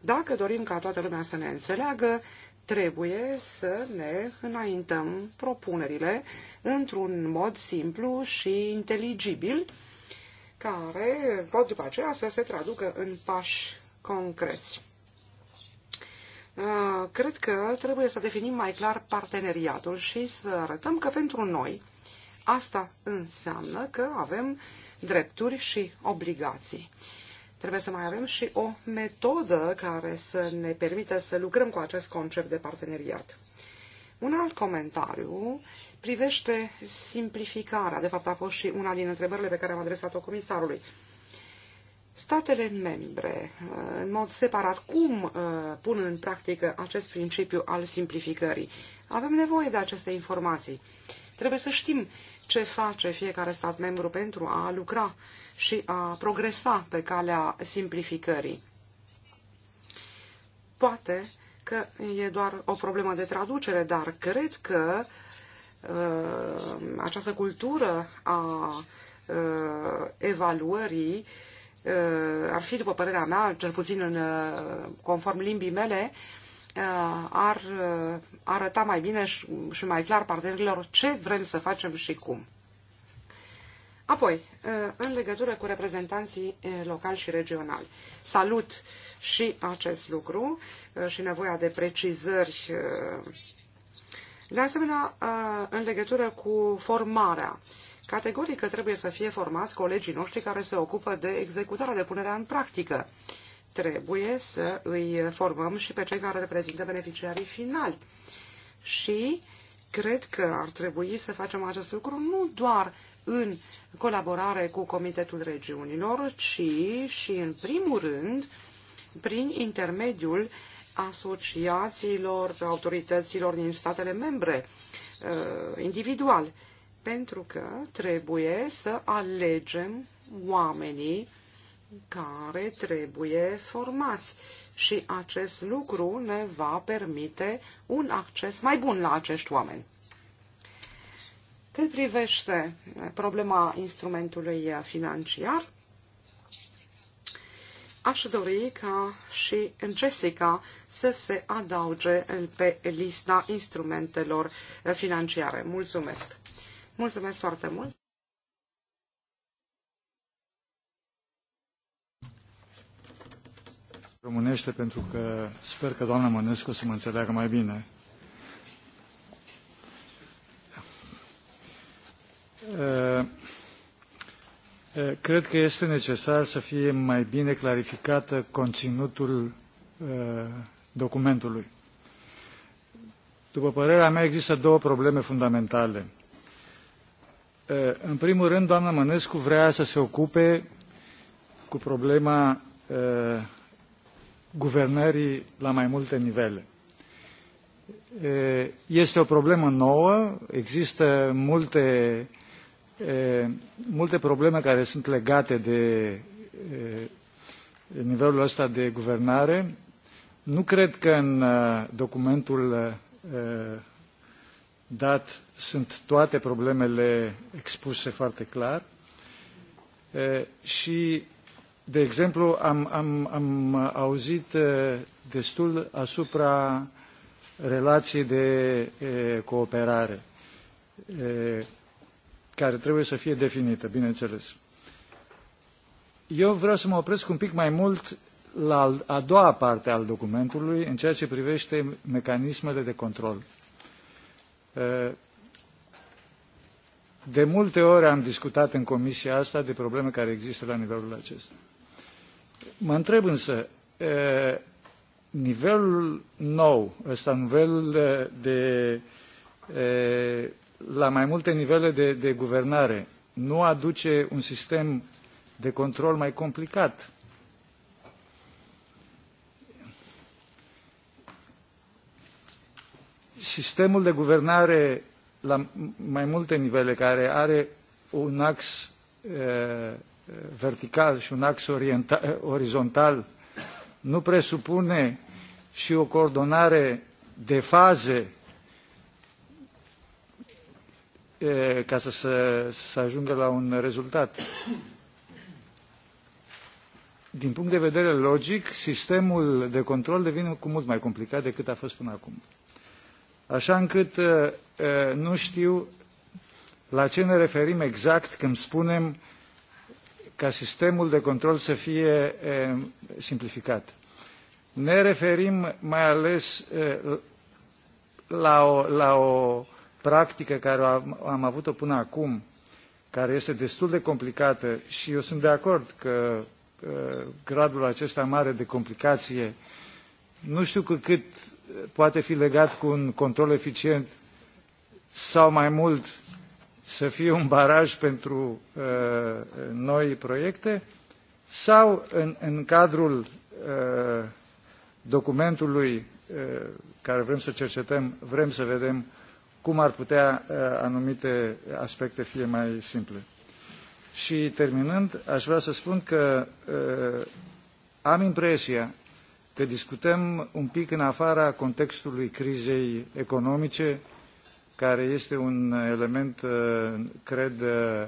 Dacă dorim ca toată lumea să ne înțeleagă, trebuie să ne înaintăm propunerile într-un mod simplu și inteligibil, care pot după aceea să se traducă în pași concreți. Ah, cred că trebuie să definim mai clar parteneriatul și să arătăm că pentru noi asta înseamnă că avem drepturi și obligații. Trebuie să mai avem și o metodă care să ne permită să lucrăm cu acest concept de parteneriat. Un alt comentariu privește simplificarea. De fapt, a fost și una din întrebările pe care am adresat-o comisarului. Uh, statele membre, uh, în mod separat, cum uh, pun în practică acest principiu al simplificării. Avem nevoie de aceste informații. Trebuie să știm ce face fiecare stat membru pentru a lucra și a progresa pe calea simplificării. Poate că e doar o problemă de traducere, dar cred că uh, această cultură a uh, evaluării uh, Uh, ar fi, după părerea mea, cel puțin în, uh, conform limbii mele, uh, ar arăta mai bine și mai clar partenerilor ce vrem să facem și cum. Apoi, în legătură cu reprezentanții locali și regionali, salut și acest lucru și nevoia de precizări. De asemenea, în legătură cu formarea, Categoric că trebuie să fie formați colegii noștri care se ocupă de executarea, de punerea în practică. Trebuie să îi formăm și pe cei care reprezintă beneficiarii finali. Și cred că ar trebui să facem acest lucru nu doar în colaborare cu Comitetul Regiunilor, ci și, în primul rând, prin intermediul asociațiilor, autorităților din statele membre, uh, individual pentru că trebuie să alegem oamenii care trebuie formați și acest lucru ne va permite un acces mai bun la acești oameni. Cât privește problema instrumentului financiar, aș dori ca și Jessica să se adauge pe lista instrumentelor financiare. Mulțumesc! Mulțumesc foarte mult! Românește, pentru că sper că doamna Mănescu să mă înțeleagă mai bine. Cred că este necesar să fie mai bine clarificată conținutul documentului. După părerea mea, există două probleme fundamentale. Eh, în primul rând, doamna Mănescu vrea să se ocupe cu problema eh, guvernării la mai multe nivele. Eh, este o problemă nouă, există multe, multe probleme care sunt legate de nivelul ăsta de guvernare. Nu cred că în documentul dat sunt toate problemele expuse foarte clar și, de exemplu, am, am, am auzit destul asupra relației de cooperare care trebuie să fie definită, bineînțeles. Eu vreau să mă opresc un pic mai mult la a doua parte al documentului, în ceea ce privește mecanismele de control. De multe ori am discutat în comisia asta de probleme care există la nivelul acesta. Mă întreb însă, nivelul nou, ăsta nivelul de, de la mai multe nivele de, de guvernare, nu aduce un sistem de control mai complicat sistemul de guvernare la mai multe nivele, care are un ax vertical și un ax orizontal, nu presupune și o coordonare de faze ca să, să, să ajungă la un rezultat. Din punct de vedere logic, sistemul de control devine cu mult mai complicat decât a fost până acum așa încât uh, uh, nu știu la ce ne referim exact când spunem ca sistemul de control să fie uh, simplificat. Ne referim mai ales la o, la o practică care am, avut-o până acum, care este destul de complicată și eu sunt de acord că gradul acesta mare de complicație, nu știu cu cât poate fi legat cu un control eficient sau mai mult să fie un baraj pentru uh, noi proiecte sau în, în cadrul uh, documentului uh, care vrem să cercetăm, vrem să vedem cum ar putea uh, anumite aspecte fi mai simple. Și terminând, aș vrea să spun că uh, am impresia că discutăm un pic în afara contextului crizei economice, care este un element, uh, cred, uh,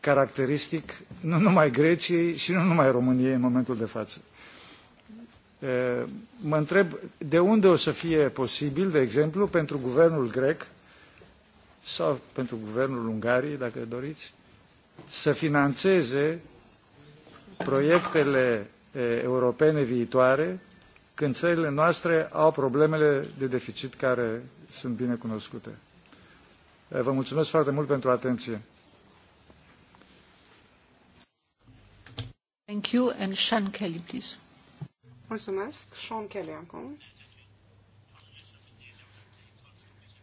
caracteristic nu numai Greciei și nu numai României în momentul de față. Uh, mă întreb de unde o să fie posibil, de exemplu, pentru guvernul grec sau pentru guvernul Ungariei, dacă doriți, să financeze proiectele europene viitoare, când țările noastre au problemele de deficit care sunt bine cunoscute. Vă mulțumesc foarte mult pentru atenție. Thank you and Sean Kelly, please. Mulțumesc. Sean Kelly acum.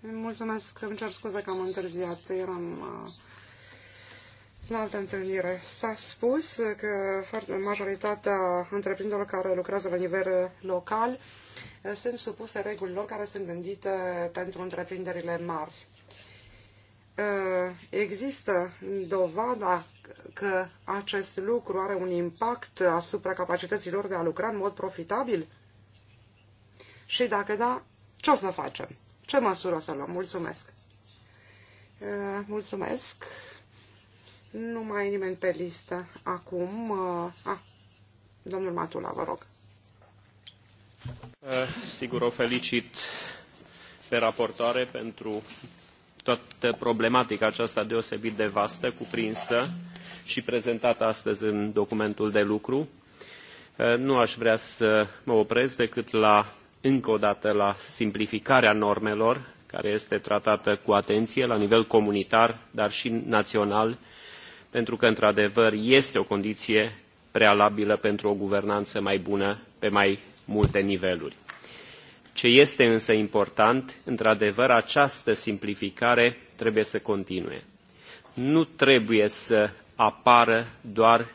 Mulțumesc, îmi cer scuze că am întârziat. Eram uh, la altă întâlnire s-a spus că majoritatea întreprinderilor care lucrează la nivel local eh, sunt supuse regulilor care sunt gândite pentru întreprinderile mari. Eh, există dovada că acest lucru are un impact asupra capacităților de a lucra în mod profitabil? Și dacă da, ce o să facem? Ce măsură o să luăm? Mulțumesc! Eh, mulțumesc! Nu mai e nimeni pe listă acum. Uh, a, domnul Matula, vă rog. Uh, sigur, o felicit pe raportoare pentru toată problematica aceasta deosebit de vastă, cuprinsă și prezentată astăzi în documentul de lucru. Uh, nu aș vrea să mă opresc decât la, încă o dată, la simplificarea normelor, care este tratată cu atenție la nivel comunitar, dar și național pentru că, într-adevăr, este o condiție prealabilă pentru o guvernanță mai bună pe mai multe niveluri. Ce este însă important, într-adevăr, această simplificare trebuie să continue. Nu trebuie să apară doar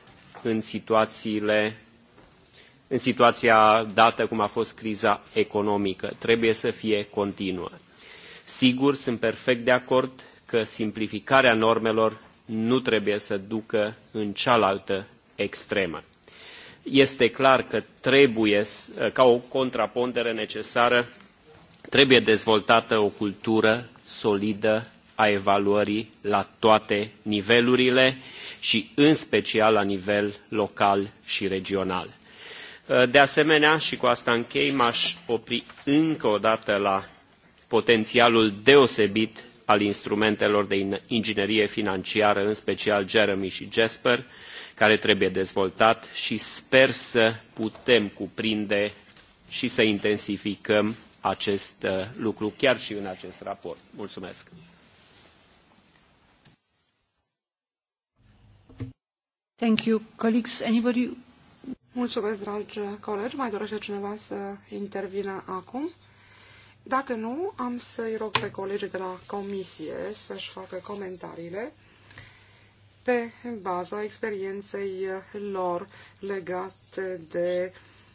în situațiile în situația dată cum a fost criza economică. Trebuie să fie continuă. Sigur, sunt perfect de acord că simplificarea normelor nu trebuie să ducă în cealaltă extremă. Este clar că trebuie, ca o contrapondere necesară, trebuie dezvoltată o cultură solidă a evaluării la toate nivelurile și în special la nivel local și regional. De asemenea, și cu asta închei, m-aș opri încă o dată la potențialul deosebit al instrumentelor de inginerie financiară, în special Jeremy și Jasper, care trebuie dezvoltat și sper să putem cuprinde și să intensificăm acest uh, lucru chiar și în acest raport. Mulțumesc! Thank you. Colleagues, anybody? Mulțumesc, dragi colegi. Mai dorește cineva să intervină acum? Dacă nu, am să-i rog pe colegii de la comisie să-și facă comentariile pe baza experienței lor legate de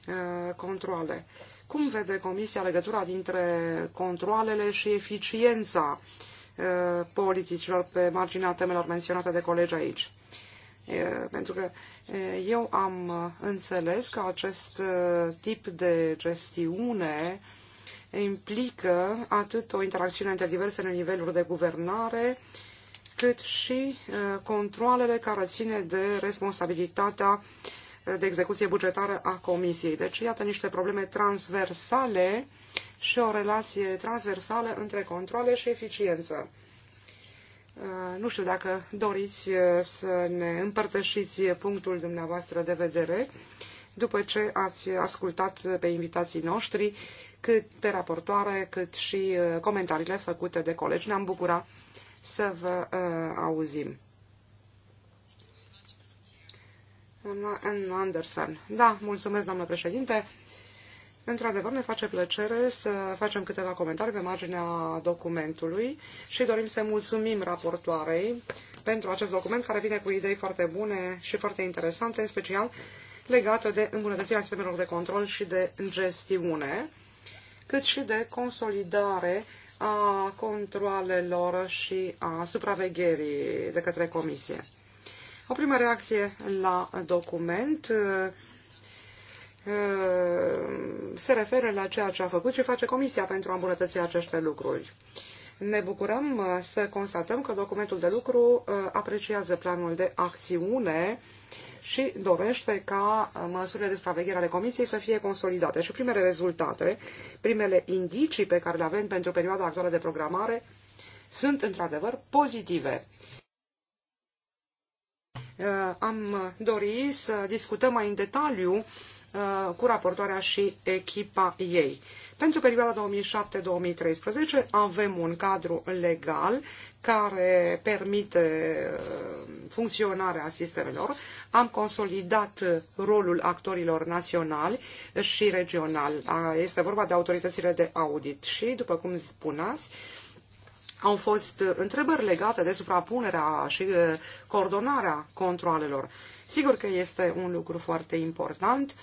uh, controle. Cum vede Comisia legătura dintre controlele și eficiența uh, politicilor pe marginea temelor menționate de colegi aici? pentru că eu am înțeles că acest uh, tip de gestiune uh, implică atât o interacțiune între diversele niveluri de guvernare, cât și uh, controlele care ține de responsabilitatea uh, de execuție bugetară a Comisiei. Deci, iată niște probleme transversale și o relație transversală între controle și eficiență. Uh, nu știu dacă doriți să ne împărtășiți punctul dumneavoastră de vedere după ce ați ascultat pe invitații noștri cât pe raportoare, cât și uh, comentariile făcute de colegi. Ne-am bucurat să vă uh, auzim. În Anderson. Da, mulțumesc, doamnă președinte. Într-adevăr, ne face plăcere să facem câteva comentarii pe marginea documentului și dorim să mulțumim raportoarei pentru acest document care vine cu idei foarte bune și foarte interesante, în special legate de îmbunătățirea sistemelor de control și de gestiune cât și de consolidare a controalelor și a supravegherii de către Comisie. O primă reacție la document uh, uh, se referă la ceea ce a făcut și face Comisia pentru a îmbunătăți aceste lucruri. Ne bucurăm uh, să constatăm că documentul de lucru apreciază planul de acțiune și dorește ca măsurile de supraveghere ale Comisiei să fie consolidate. Și primele rezultate, primele indicii pe care le avem pentru perioada actuală de programare sunt într-adevăr pozitive. Uh, am dorit să discutăm mai în detaliu Uh, cu raportoarea și echipa ei. Pentru perioada 2007-2013 avem un cadru legal care permite uh, funcționarea sistemelor. Am consolidat rolul actorilor naționali și regional. Este vorba de autoritățile de audit și, după cum spuneați, au fost întrebări legate de suprapunerea și uh, coordonarea controalelor. Sigur că este un lucru foarte important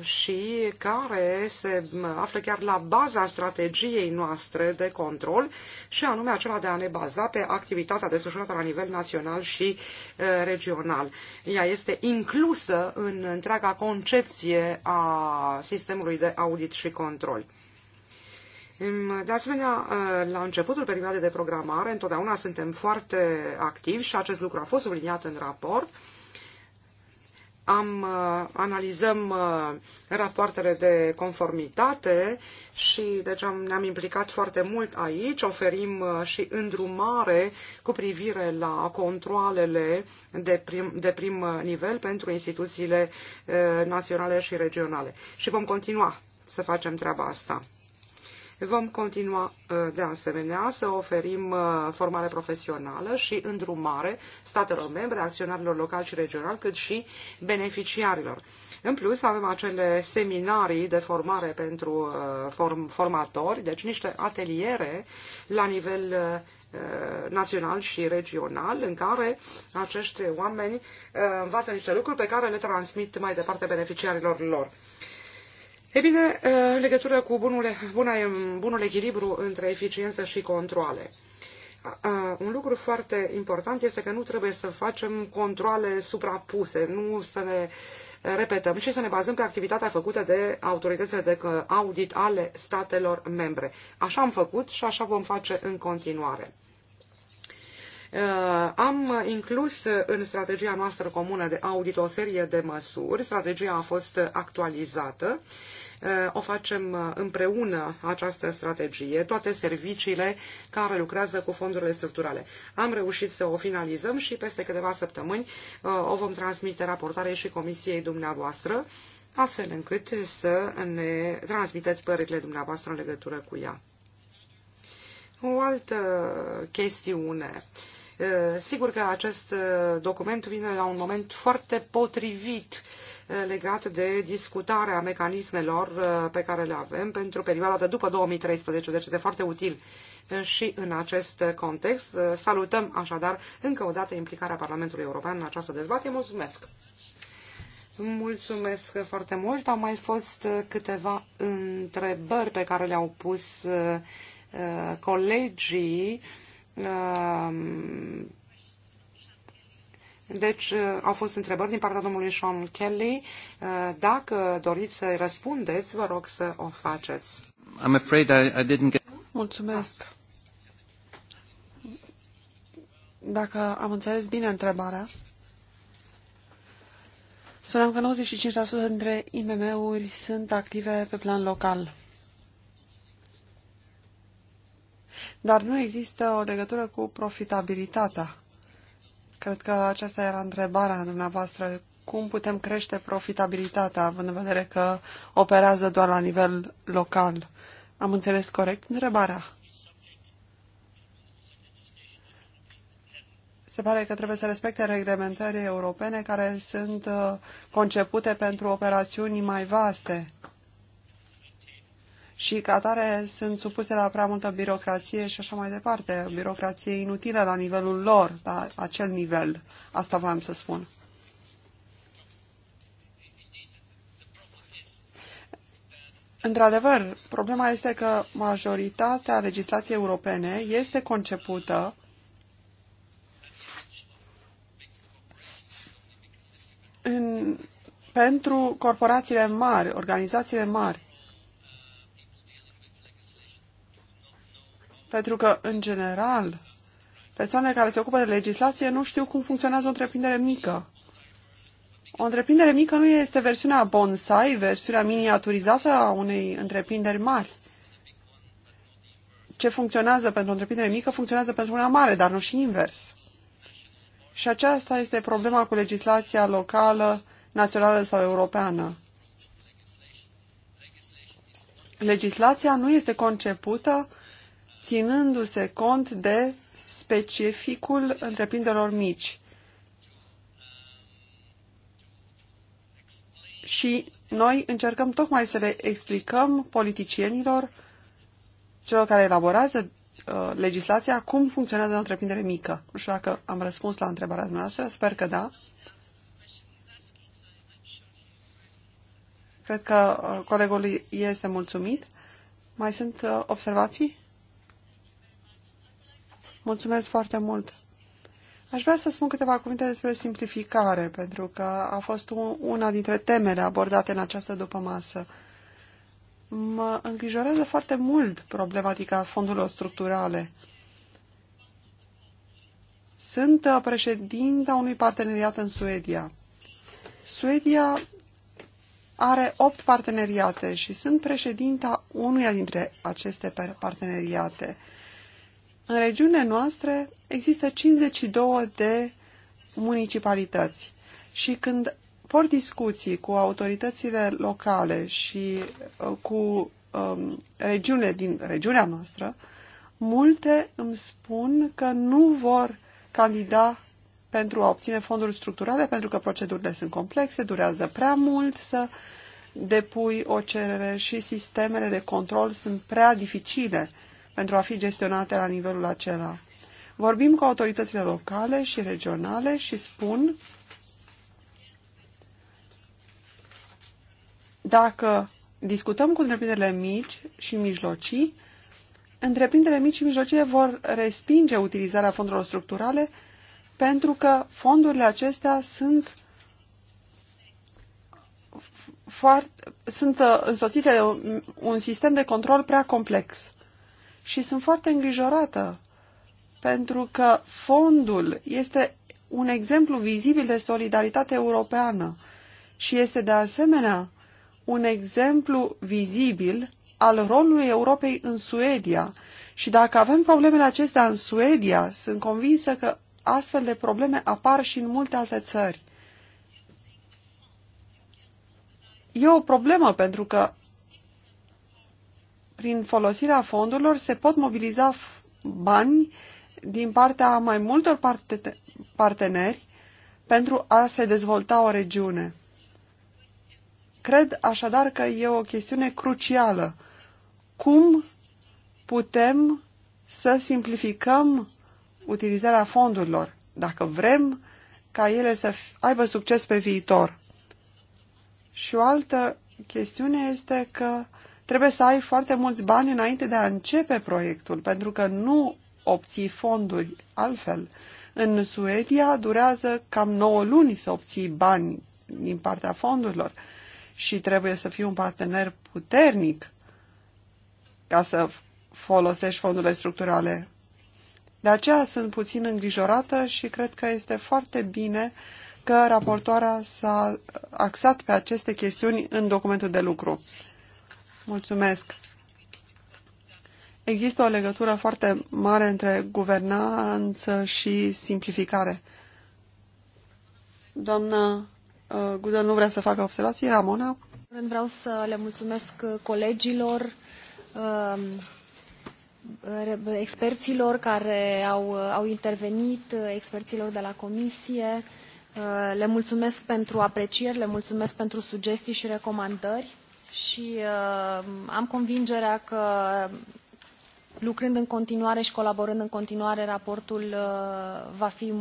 și care se află chiar la baza strategiei noastre de control și anume acela de a ne baza pe activitatea desfășurată la nivel național și uh, regional. Ea este inclusă în întreaga concepție a sistemului de audit și control. De asemenea, uh, la începutul perioadei de programare, întotdeauna suntem foarte activi și acest lucru a fost subliniat în raport, am, uh, analizăm uh, rapoartele de conformitate și deci am, ne-am implicat foarte mult aici, oferim uh, și îndrumare cu privire la controlele de prim, de prim nivel pentru instituțiile naționale și regionale. Și vom continua să facem treaba asta. Vom continua uh, de asemenea să oferim uh, formare profesională și îndrumare statelor membre, acționarilor locali și regional, cât și beneficiarilor. În plus, avem acele seminarii de formare pentru uh, form, formatori, deci niște ateliere la nivel național și regional, în care acești oameni învață niște lucruri pe care le transmit mai departe beneficiarilor lor. E bine, în legătură cu bunul, bună, bunul echilibru între eficiență și controle. Un lucru foarte important este că nu trebuie să facem controle suprapuse, nu să ne repetăm, ci să ne bazăm pe activitatea făcută de autoritățile de audit ale statelor membre. Așa am făcut și așa vom face în continuare. Uh, am inclus în strategia noastră comună de audit o serie de măsuri. Strategia a fost actualizată. Uh, o facem uh, împreună această strategie, toate serviciile care lucrează cu fondurile structurale. Am reușit să o finalizăm și peste câteva săptămâni o vom transmite raportare și comisiei dumneavoastră, astfel încât să ne transmiteți părerile dumneavoastră în legătură cu ea. O altă chestiune. Uh, Eh, sigur că acest eh, document vine la un moment foarte potrivit eh, legat de discutarea mecanismelor pe care le avem pentru perioada de după 2013, deci este foarte util și în acest context. Salutăm așadar încă o dată implicarea Parlamentului European în această dezbatere. Mulțumesc! Mulțumesc foarte mult. Au mai fost câteva întrebări pe care le-au pus colegii Ehm, deci uh, au fost întrebări din partea domnului Sean Kelly. Uh, dacă doriți să răspundeți, vă rog să o faceți. I'm afraid I, I didn't get... Mulțumesc. Dacă am înțeles bine întrebarea, spuneam că 95% dintre IMM-uri sunt active pe plan local. dar nu există o legătură cu profitabilitatea. Cred că aceasta era întrebarea dumneavoastră. Cum putem crește profitabilitatea, având în vedere că operează doar la nivel local? Am înțeles corect întrebarea? Se pare că trebuie să respecte reglementările europene care sunt uh, concepute pentru operațiuni mai vaste și ca tare sunt supuse la prea multă birocrație și așa mai departe, birocrație inutilă la nivelul lor, la acel nivel, asta voiam să spun. Într-adevăr, problema este că majoritatea legislației europene este concepută în, pentru corporațiile mari, organizațiile mari. Pentru că, în general, persoanele care se ocupă de legislație nu știu cum funcționează o întreprindere mică. O întreprindere mică nu este versiunea bonsai, versiunea miniaturizată a unei întreprinderi mari. Ce funcționează pentru o întreprindere mică funcționează pentru una mare, dar nu și invers. Și aceasta este problema cu legislația locală, națională sau europeană. Legislația nu este concepută ținându-se cont de specificul întreprinderilor mici. Și noi încercăm tocmai să le explicăm politicienilor, celor care elaborează uh, legislația, cum funcționează o întreprindere mică. Nu știu dacă am răspuns la întrebarea noastră, sper că da. Cred că uh, colegul este mulțumit. Mai sunt uh, observații? Mulțumesc foarte mult! Aș vrea să spun câteva cuvinte despre simplificare, pentru că a fost una dintre temele abordate în această dupămasă. Mă îngrijorează foarte mult problematica fondurilor structurale. Sunt uh, președinta unui parteneriat în Suedia. Suedia are opt parteneriate și sunt președinta unuia dintre aceste parteneriate. În regiunile noastre există 52 de municipalități și când por discuții cu autoritățile locale și uh, cu um, regiunile din regiunea noastră, multe îmi spun că nu vor candida pentru a obține fonduri structurale, pentru că procedurile sunt complexe, durează prea mult să depui o cerere și sistemele de control sunt prea dificile pentru a fi gestionate la nivelul acela. Vorbim cu autoritățile locale și regionale și spun dacă discutăm cu întreprinderile mici și mijlocii, întreprinderile mici și mijlocii vor respinge utilizarea fondurilor structurale pentru că fondurile acestea sunt foarte, sunt uh, însoțite de un sistem de control prea complex și sunt foarte îngrijorată pentru că fondul este un exemplu vizibil de solidaritate europeană și este de asemenea un exemplu vizibil al rolului Europei în Suedia. Și dacă avem problemele acestea în Suedia, sunt convinsă că astfel de probleme apar și în multe alte țări. E o problemă pentru că prin folosirea fondurilor se pot mobiliza bani din partea mai multor parte parteneri pentru a se dezvolta o regiune. Cred așadar că e o chestiune crucială. Cum putem să simplificăm utilizarea fondurilor, dacă vrem ca ele să aibă succes pe viitor? Și o altă chestiune este că trebuie să ai foarte mulți bani înainte de a începe proiectul, pentru că nu obții fonduri altfel. În Suedia durează cam 9 luni să obții bani din partea fondurilor și trebuie să fii un partener puternic ca să folosești fondurile structurale. De aceea sunt puțin îngrijorată și cred că este foarte bine că raportoarea s-a axat pe aceste chestiuni în documentul de lucru. Mulțumesc. Există o legătură foarte mare între guvernanță și simplificare. Doamna uh, Gudă nu vrea să facă observații. Ramona? Vreau să le mulțumesc uh, colegilor, um, experților care au, uh, au intervenit, experților de la comisie. Le mulțumesc pentru aprecieri, le mulțumesc pentru sugestii și recomandări și uh, am convingerea că lucrând în continuare și colaborând în continuare, raportul uh, va fi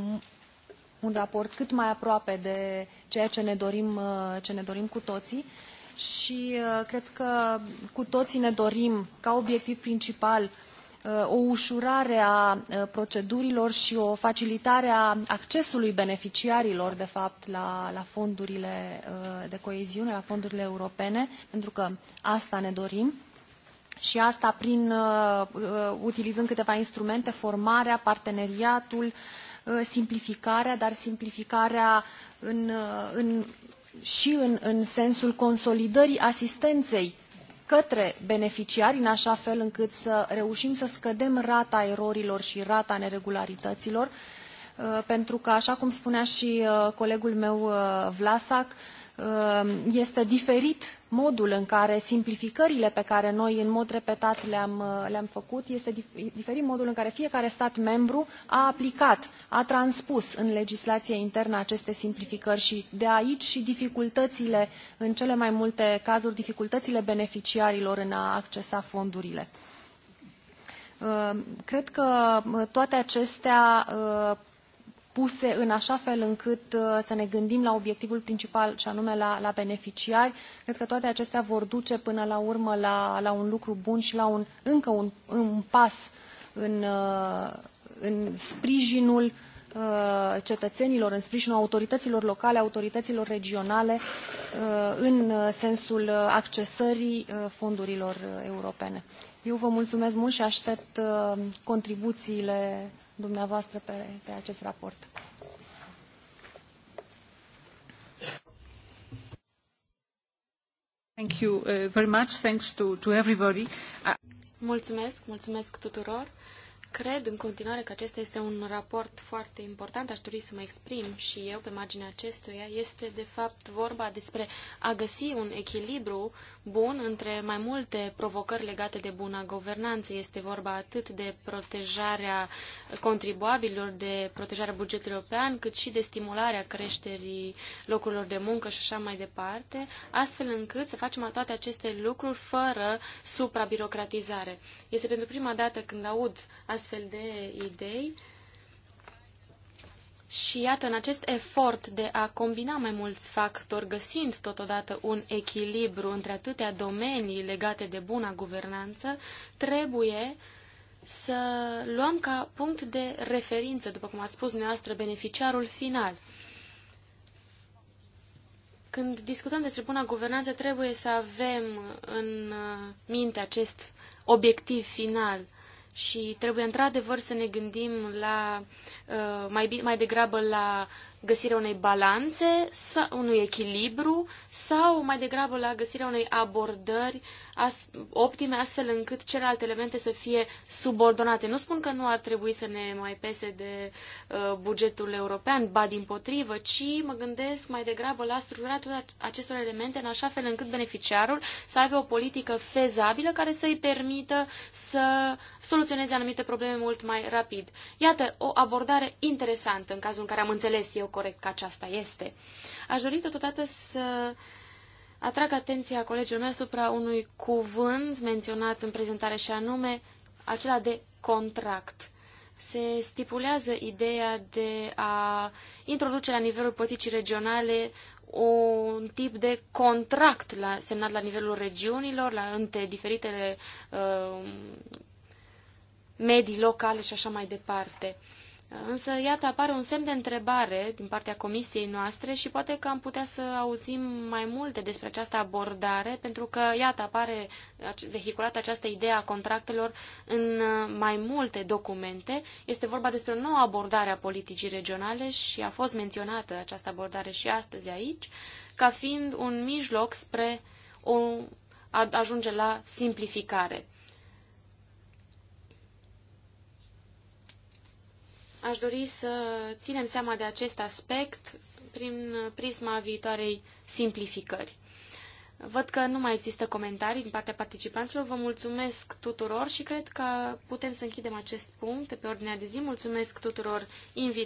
un raport cât mai aproape de ceea ce ne dorim, uh, ce ne dorim cu toții și uh, cred că cu toții ne dorim ca obiectiv principal Uh, o ușurare a uh, procedurilor și o facilitare a accesului beneficiarilor, de fapt, la, la fondurile uh, de coeziune, la fondurile europene, pentru că asta ne dorim. Și asta prin, utilizând câteva instrumente, formarea, parteneriatul, simplificarea, dar simplificarea în, în, și în, în sensul consolidării asistenței către beneficiari, în așa fel încât să reușim să scădem rata erorilor și rata neregularităților, uh, pentru că, așa cum spunea și uh, colegul meu uh, Vlasac, Uh, este diferit modul în care simplificările pe care noi în mod repetat le-am uh, le, făcut, este diferit modul în care fiecare stat membru a aplicat, a transpus în legislație internă aceste simplificări și de aici și dificultățile, în cele mai multe cazuri, dificultățile beneficiarilor în a accesa fondurile. Uh, cred că toate acestea puse în așa fel încât uh, să ne gândim la obiectivul principal și anume la, la beneficiari. Cred că toate acestea vor duce până la urmă la, la un lucru bun și la un, încă un, un pas în, uh, în sprijinul uh, cetățenilor, în sprijinul autorităților locale, autorităților regionale, în sensul accesării fondurilor europene. Eu vă mulțumesc mult și aștept contribuțiile dumneavoastră pe, pe acest raport. Thank you uh, very much. Thanks to, to everybody. Uh, mulțumesc, mulțumesc tuturor. Cred în continuare că acesta este un raport foarte important. Aș dori să mă exprim și eu pe marginea acestuia. Este, de fapt, vorba despre a găsi un echilibru bun între mai multe provocări legate de buna guvernanță. Este vorba atât de protejarea contribuabililor, de protejarea bugetului european, cât și de stimularea creșterii locurilor de muncă și așa mai departe, astfel încât să facem toate aceste lucruri fără suprabirocratizare. Este pentru prima dată când aud astfel de idei și iată, în acest efort de a combina mai mulți factori, găsind totodată un echilibru între atâtea domenii legate de buna guvernanță, trebuie să luăm ca punct de referință, după cum a spus dumneavoastră, beneficiarul final. Când discutăm despre buna guvernanță, trebuie să avem în uh, minte acest obiectiv final – și trebuie într-adevăr să ne gândim la uh, mai, mai degrabă la găsirea unei balanțe, unui echilibru sau mai degrabă la găsirea unei abordări optime, astfel încât celelalte elemente să fie subordonate. Nu spun că nu ar trebui să ne mai pese de uh, bugetul european, ba din potrivă, ci mă gândesc mai degrabă la structura acestor elemente în așa fel încât beneficiarul să aibă o politică fezabilă care să îi permită să soluționeze anumite probleme mult mai rapid. Iată, o abordare interesantă în cazul în care am înțeles eu corect că aceasta este. Aș dori totodată să uh, Atrag atenția colegilor mei asupra unui cuvânt menționat în prezentare și anume acela de contract. Se stipulează ideea de a introduce la nivelul politicii regionale un tip de contract la, semnat la nivelul regiunilor, la, între diferitele uh, medii locale și așa mai departe. Uh, Însă, iată, apare un semn de întrebare din partea comisiei noastre și poate că am putea să auzim mai multe despre această abordare, pentru că, iată, apare vehiculată această idee a contractelor în uh, mai multe documente. Este vorba despre o nouă abordare a politicii regionale și a fost menționată această abordare și astăzi aici, ca fiind un mijloc spre o, a ajunge la simplificare. Aș dori să ținem seama de acest aspect prin prisma viitoarei simplificări. Văd că nu mai există comentarii din partea participanților. Vă mulțumesc tuturor și cred că putem să închidem acest punct pe ordinea de zi. Mulțumesc tuturor invitațiilor.